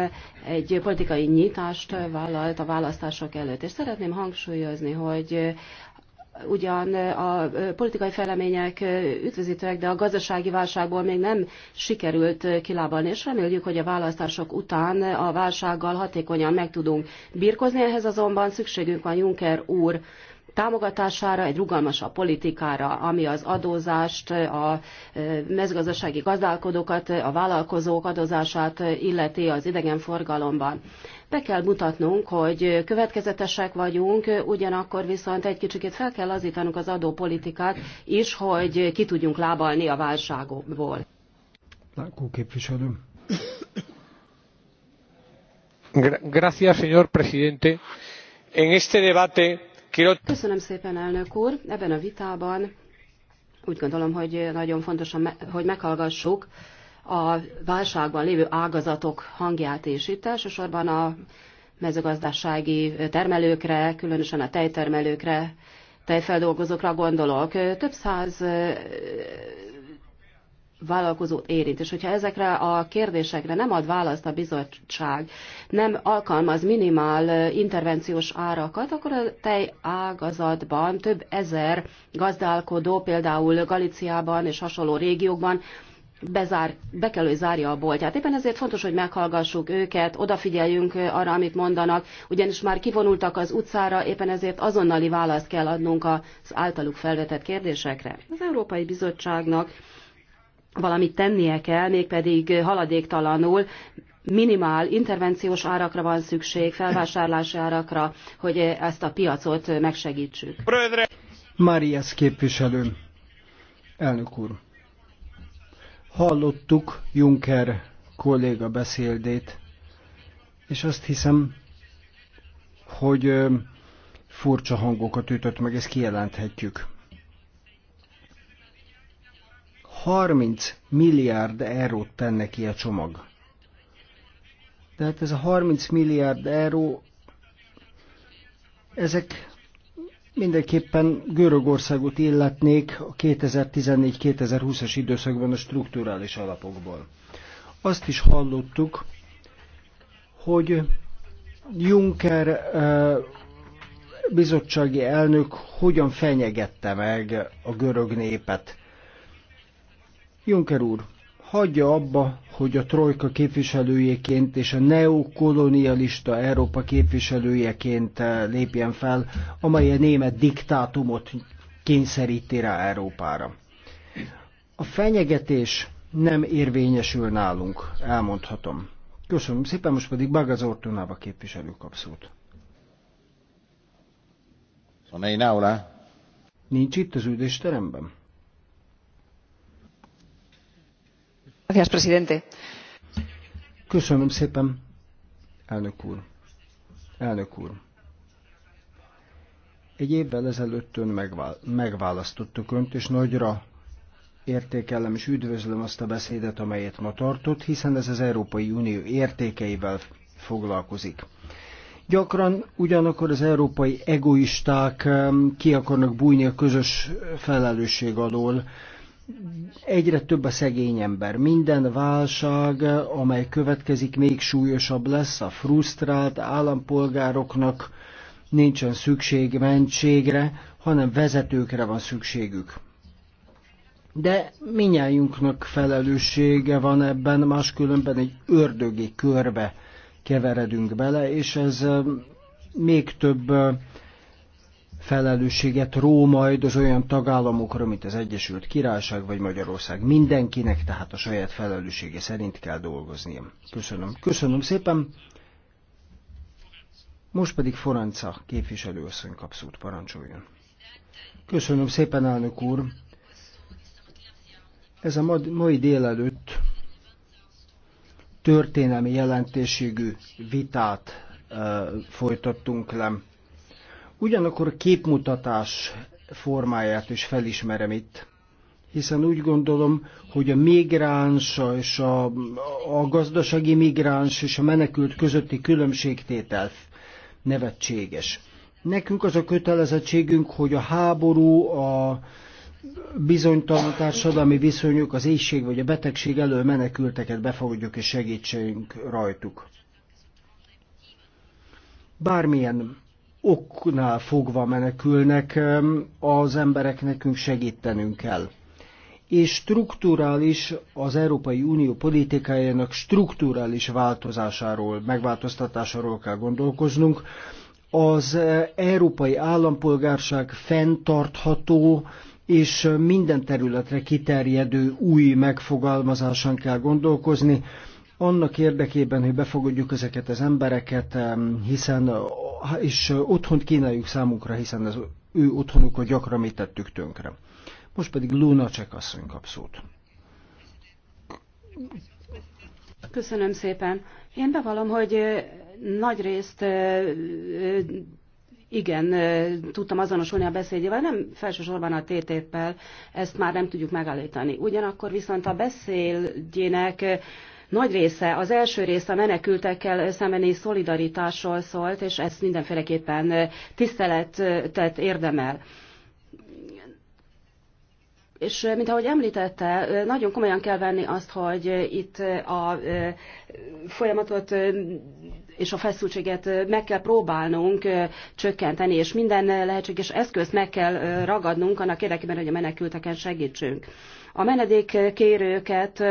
F: egy politikai nyitást vállalt a választások előtt, és szeretném hangsúlyozni, hogy ugyan a politikai fejlemények üdvözítőek, de a gazdasági válságból még nem sikerült kilábalni, és reméljük, hogy a választások után a válsággal hatékonyan meg tudunk birkozni, ehhez azonban szükségünk van Juncker úr támogatására, egy rugalmasabb politikára, ami az adózást, a e, mezgazdasági gazdálkodókat, a vállalkozók adózását illeti az idegenforgalomban. Be kell mutatnunk, hogy következetesek vagyunk, ugyanakkor viszont egy kicsikét fel kell lazítanunk az adópolitikát is, hogy ki tudjunk lábalni a válságból.
H: Lákó képviselő.
B: Gracias, señor presidente. En este debate
F: Köszönöm szépen, elnök úr. Ebben a vitában úgy gondolom, hogy nagyon fontos, hogy meghallgassuk a válságban lévő ágazatok hangját is. Itt elsősorban a mezőgazdasági termelőkre, különösen a tejtermelőkre, tejfeldolgozókra gondolok. Több száz vállalkozót érint. És hogyha ezekre a kérdésekre nem ad választ a bizottság, nem alkalmaz minimál intervenciós árakat, akkor a tej ágazatban több ezer gazdálkodó, például Galiciában és hasonló régiókban bezár, be kell, hogy zárja a boltját. Éppen ezért fontos, hogy meghallgassuk őket, odafigyeljünk arra, amit mondanak, ugyanis már kivonultak az utcára, éppen ezért azonnali választ kell adnunk az általuk felvetett kérdésekre. Az Európai Bizottságnak valamit tennie kell, mégpedig haladéktalanul, minimál intervenciós árakra van szükség, felvásárlási árakra, hogy ezt a piacot megsegítsük.
H: Marias képviselő, elnök úr, hallottuk Juncker kolléga beszéldét, és azt hiszem, hogy furcsa hangokat ütött meg, ezt kijelenthetjük. 30 milliárd eurót tenne ki a csomag. Tehát ez a 30 milliárd euró, ezek mindenképpen Görögországot illetnék a 2014-2020-as időszakban a strukturális alapokból. Azt is hallottuk, hogy Juncker bizottsági elnök hogyan fenyegette meg a görög népet Juncker úr, hagyja abba, hogy a trojka képviselőjeként és a neokolonialista Európa képviselőjeként eh, lépjen fel, amely a német diktátumot kényszeríti rá Európára. A fenyegetés nem érvényesül nálunk, elmondhatom. Köszönöm szépen, most pedig Baga Ortonába képviselő kapszót. szót. Nincs itt az üdésteremben? Köszönöm szépen, elnök úr. Elnök úr. Egy évvel ezelőtt ön megválasztottuk önt, és nagyra értékelem és üdvözlöm azt a beszédet, amelyet ma tartott, hiszen ez az Európai Unió értékeivel foglalkozik. Gyakran ugyanakkor az európai egoisták ki akarnak bújni a közös felelősség alól, egyre több a szegény ember. Minden válság, amely következik, még súlyosabb lesz. A frusztrált állampolgároknak nincsen szükség mentségre, hanem vezetőkre van szükségük. De minnyájunknak felelőssége van ebben, máskülönben egy ördögi körbe keveredünk bele, és ez még több felelősséget ró majd az olyan tagállamokra, mint az Egyesült Királyság vagy Magyarország. Mindenkinek tehát a saját felelőssége szerint kell dolgoznia. Köszönöm. Köszönöm szépen. Most pedig Foranca képviselőasszony kap szót, parancsoljon. Köszönöm szépen, elnök úr. Ez a mai délelőtt történelmi jelentésségű vitát uh, folytattunk le Ugyanakkor a képmutatás formáját is felismerem itt, hiszen úgy gondolom, hogy a migráns és a, a gazdasági migráns és a menekült közötti különbségtétel nevetséges. Nekünk az a kötelezettségünk, hogy a háború, a bizonytalan társadalmi viszonyok, az éjség vagy a betegség elől menekülteket befogadjuk és segítsünk rajtuk. Bármilyen oknál fogva menekülnek, az emberek nekünk segítenünk kell. És strukturális, az Európai Unió politikájának strukturális változásáról, megváltoztatásáról kell gondolkoznunk. Az e, európai állampolgárság fenntartható, és minden területre kiterjedő új megfogalmazáson kell gondolkozni, annak érdekében, hogy befogadjuk ezeket az embereket, hiszen és otthont kínáljuk számunkra, hiszen az ő otthonukat gyakran mi tettük tönkre. Most pedig Luna Csekasszony kap szót.
F: Köszönöm szépen. Én bevallom, hogy nagy részt igen, tudtam azonosulni a beszédjével, nem felsősorban a ttip ezt már nem tudjuk megállítani. Ugyanakkor viszont a beszédjének nagy része, az első rész a menekültekkel szembeni szolidaritásról szólt, és ez mindenféleképpen tiszteletet érdemel. És mint ahogy említette, nagyon komolyan kell venni azt, hogy itt a folyamatot és a feszültséget meg kell próbálnunk csökkenteni, és minden lehetséges eszközt meg kell ragadnunk annak érdekében, hogy a menekülteken segítsünk. A menedékkérőket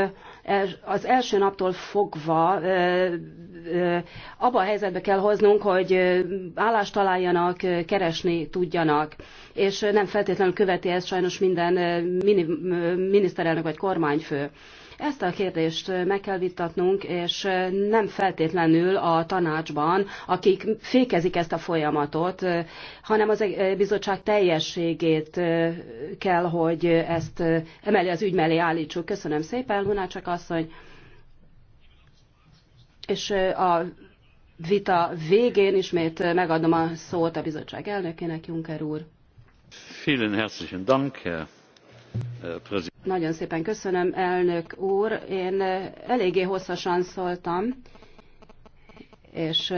F: az első naptól fogva abba a helyzetbe kell hoznunk, hogy állást találjanak, keresni tudjanak, és nem feltétlenül követi ezt sajnos minden miniszterelnök vagy kormányfő. Ezt a kérdést meg kell vitatnunk, és nem feltétlenül a tanácsban, akik fékezik ezt a folyamatot, hanem az e- bizottság teljességét e, kell, hogy ezt emeli az ügy mellé állítsuk. Köszönöm szépen, Lunácsak asszony. És e, a vita végén ismét megadom a szót a bizottság elnökének, Juncker úr.
B: Vielen herzlichen Dank, Herr
F: nagyon szépen köszönöm, elnök úr. Én eléggé hosszasan szóltam, és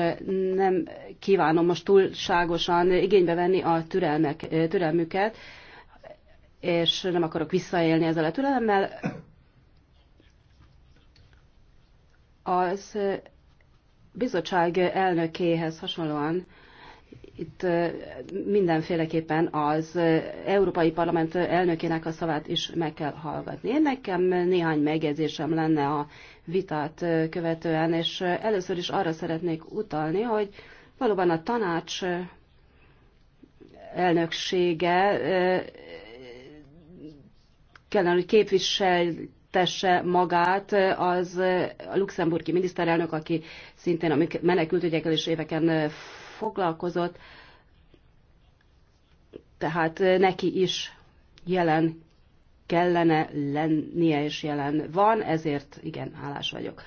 F: nem kívánom most túlságosan igénybe venni a türelmek, türelmüket, és nem akarok visszaélni ezzel a türelemmel. Az bizottság elnökéhez hasonlóan itt mindenféleképpen az Európai Parlament elnökének a szavát is meg kell hallgatni. Én nekem néhány megjegyzésem lenne a vitát követően, és először is arra szeretnék utalni, hogy valóban a tanács elnöksége kellene, hogy tesse magát az a luxemburgi miniszterelnök, aki szintén a menekültügyekkel is éveken foglalkozott, tehát neki is jelen kellene lennie és jelen van, ezért igen, állás vagyok.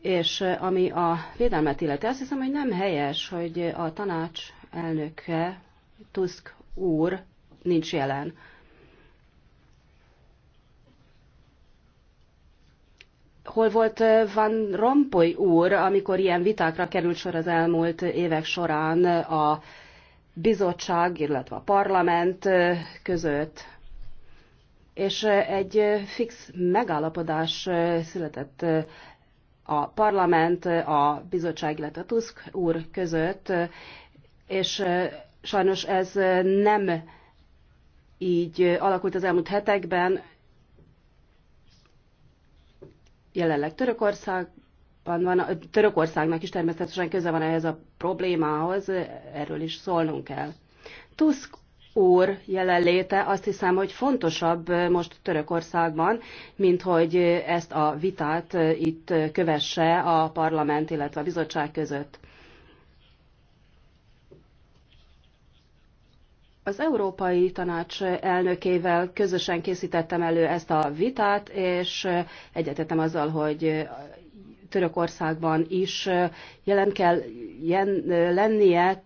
F: És eh, ami a védelmet illeti, azt hiszem, hogy nem helyes, hogy a tanács elnöke, Tusk úr nincs jelen. Hol volt Van Rompuy úr, amikor ilyen vitákra került sor az elmúlt évek során a bizottság, illetve a parlament között? És egy fix megállapodás született a parlament, a bizottság, illetve Tusk úr között, és sajnos ez nem így alakult az elmúlt hetekben, jelenleg van, van, Törökországnak is természetesen köze van ehhez a problémához, erről is szólnunk kell. Tusk úr jelenléte azt hiszem, hogy fontosabb most Törökországban, mint hogy ezt a vitát itt kövesse a parlament, illetve a bizottság között. Az Európai Tanács elnökével közösen készítettem elő ezt a vitát, és egyetetem azzal, hogy Törökországban is jelen kell jen, lennie.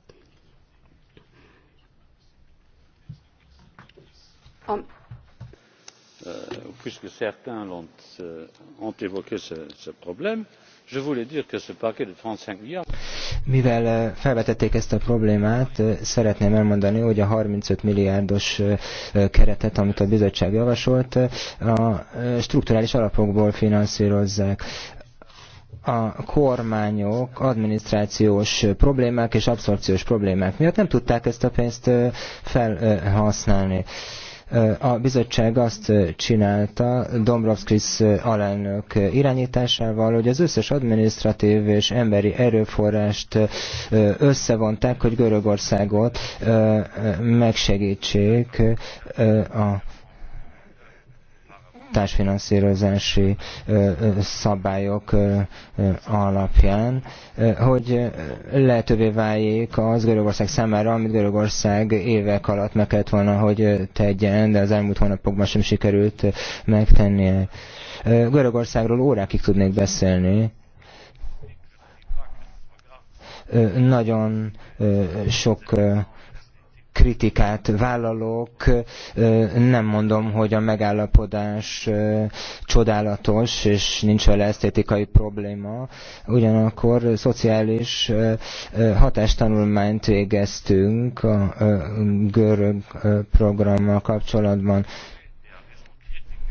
F: A
B: euh, puisque certains euh, ont évoqué ce, ce problème
G: mivel eh, felvetették ezt a problémát, eh, szeretném elmondani, hogy a 35 milliárdos eh, keretet, amit a bizottság javasolt, a strukturális alapokból finanszírozzák a kormányok adminisztrációs problémák és abszorpciós problémák miatt nem tudták ezt a pénzt felhasználni a bizottság azt csinálta Dombrovskis alelnök irányításával, hogy az összes adminisztratív és emberi erőforrást összevonták, hogy Görögországot megsegítsék a társfinanszírozási szabályok alapján, hogy lehetővé váljék az Görögország számára, amit Görögország évek alatt meg kellett volna, hogy tegyen, de az elmúlt hónapokban sem sikerült megtennie. Görögországról órákig tudnék beszélni, nagyon sok kritikát vállalok, nem mondom, hogy a megállapodás csodálatos, és nincs vele esztétikai probléma, ugyanakkor szociális hatástanulmányt végeztünk a görög programmal kapcsolatban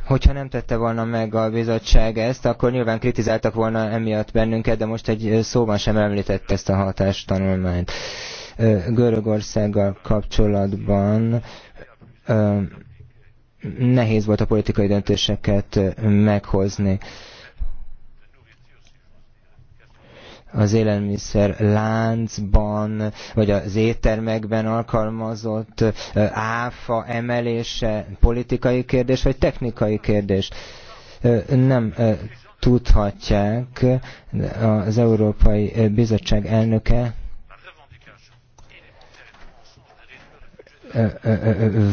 G: hogyha nem tette volna meg a bizottság ezt, akkor nyilván kritizáltak volna emiatt bennünket, de most egy szóban sem említett ezt a hatástanulmányt. tanulmányt. Görögországgal kapcsolatban nehéz volt a politikai döntéseket meghozni. az élelmiszer láncban, vagy az éttermekben alkalmazott áfa emelése politikai kérdés, vagy technikai kérdés. Nem tudhatják, az Európai Bizottság elnöke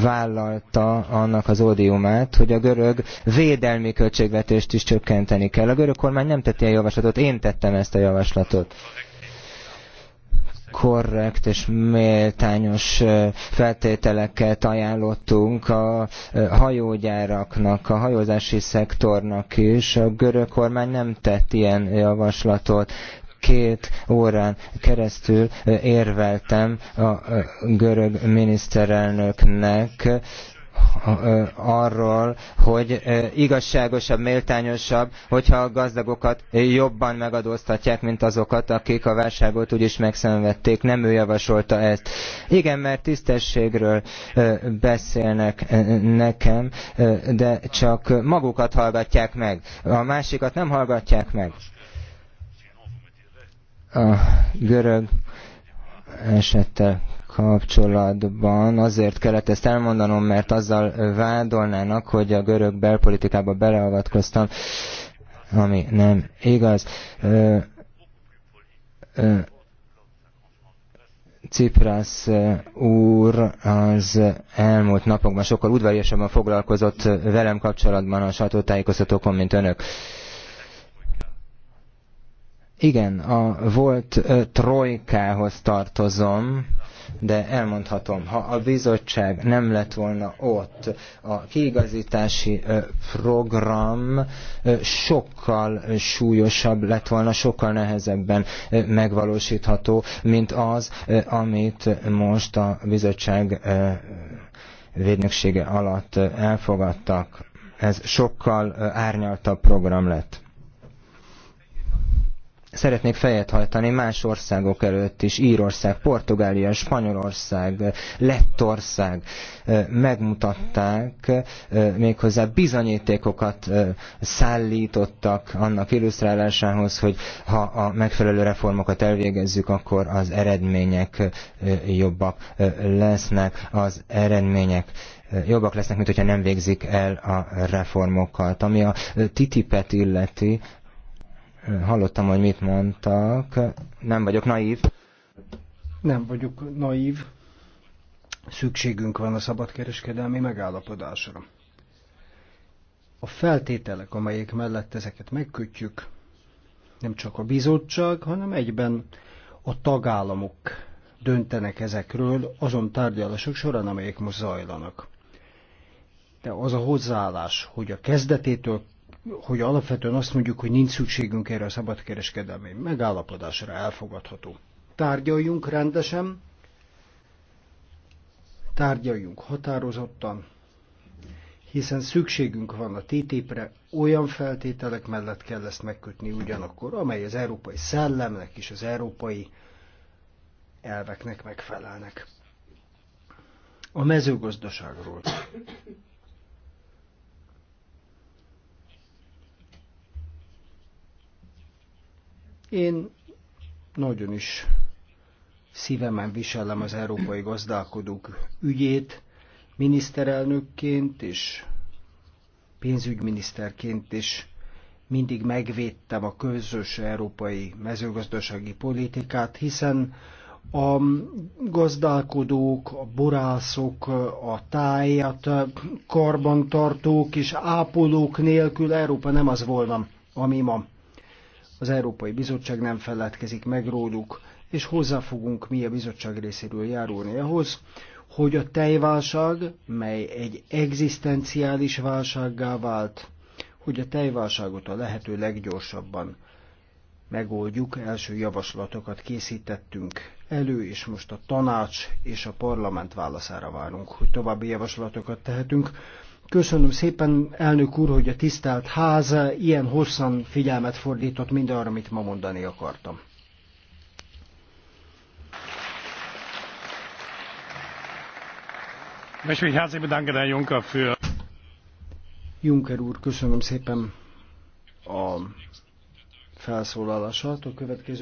G: vállalta annak az ódiumát, hogy a görög védelmi költségvetést is csökkenteni kell. A görög kormány nem tett ilyen javaslatot, én tettem ezt a javaslatot korrekt és méltányos feltételeket ajánlottunk a hajógyáraknak, a hajózási szektornak is. A görög kormány nem tett ilyen javaslatot két órán keresztül érveltem a görög miniszterelnöknek, arról, hogy igazságosabb, méltányosabb, hogyha a gazdagokat jobban megadóztatják, mint azokat, akik a válságot úgyis megszenvedték. Nem ő javasolta ezt. Igen, mert tisztességről beszélnek nekem, de csak magukat hallgatják meg. A másikat nem hallgatják meg a görög esete kapcsolatban azért kellett ezt elmondanom, mert azzal vádolnának, hogy a görög belpolitikába beleavatkoztam, ami nem igaz. Ö, ö, Ciprász úr az elmúlt napokban sokkal udvariasabban foglalkozott velem kapcsolatban a sajtótájékoztatókon, mint önök. Ö, igen, a volt trojkához tartozom, de elmondhatom, ha a bizottság nem lett volna ott, a kiigazítási program sokkal súlyosabb lett volna, sokkal nehezebben megvalósítható, mint az, amit most a bizottság védnöksége alatt elfogadtak. Ez sokkal árnyaltabb program lett szeretnék fejet hajtani más országok előtt is, Írország, Portugália, Spanyolország, Lettország megmutatták, méghozzá bizonyítékokat szállítottak annak illusztrálásához, hogy ha a megfelelő reformokat elvégezzük, akkor az eredmények jobbak lesznek, az eredmények jobbak lesznek, mint hogyha nem végzik el a reformokat. Ami a TTIP-et illeti, hallottam, hogy mit mondtak. Nem vagyok naív.
H: Nem vagyok naív. Szükségünk van a szabadkereskedelmi megállapodásra. A feltételek, amelyek mellett ezeket megkötjük, nem csak a bizottság, hanem egyben a tagállamok döntenek ezekről azon tárgyalások során, amelyek most zajlanak. De az a hozzáállás, hogy a kezdetétől hogy alapvetően azt mondjuk, hogy nincs szükségünk erre a szabadkereskedelmi megállapodásra elfogadható. Tárgyaljunk rendesen, tárgyaljunk határozottan, hiszen szükségünk van a TTIP-re, olyan feltételek mellett kell ezt megkötni ugyanakkor, amely az európai szellemnek és az európai elveknek megfelelnek. A mezőgazdaságról Én nagyon is szívemen viselem az európai gazdálkodók ügyét, miniszterelnökként és pénzügyminiszterként is mindig megvédtem a közös európai mezőgazdasági politikát, hiszen a gazdálkodók, a borászok, a tájat, karbantartók és ápolók nélkül Európa nem az volna, ami ma. Az Európai Bizottság nem feledkezik meg róluk, és hozzá fogunk mi a bizottság részéről járulni ahhoz, hogy a tejválság, mely egy egzisztenciális válsággá vált, hogy a tejválságot a lehető leggyorsabban megoldjuk, első javaslatokat készítettünk elő, és most a tanács és a parlament válaszára várunk, hogy további javaslatokat tehetünk. Köszönöm szépen, elnök úr, hogy a tisztelt ház ilyen hosszan figyelmet fordított mindarra, amit ma mondani akartam.
B: Hát,
H: Juncker úr, köszönöm szépen a felszólalását. A következő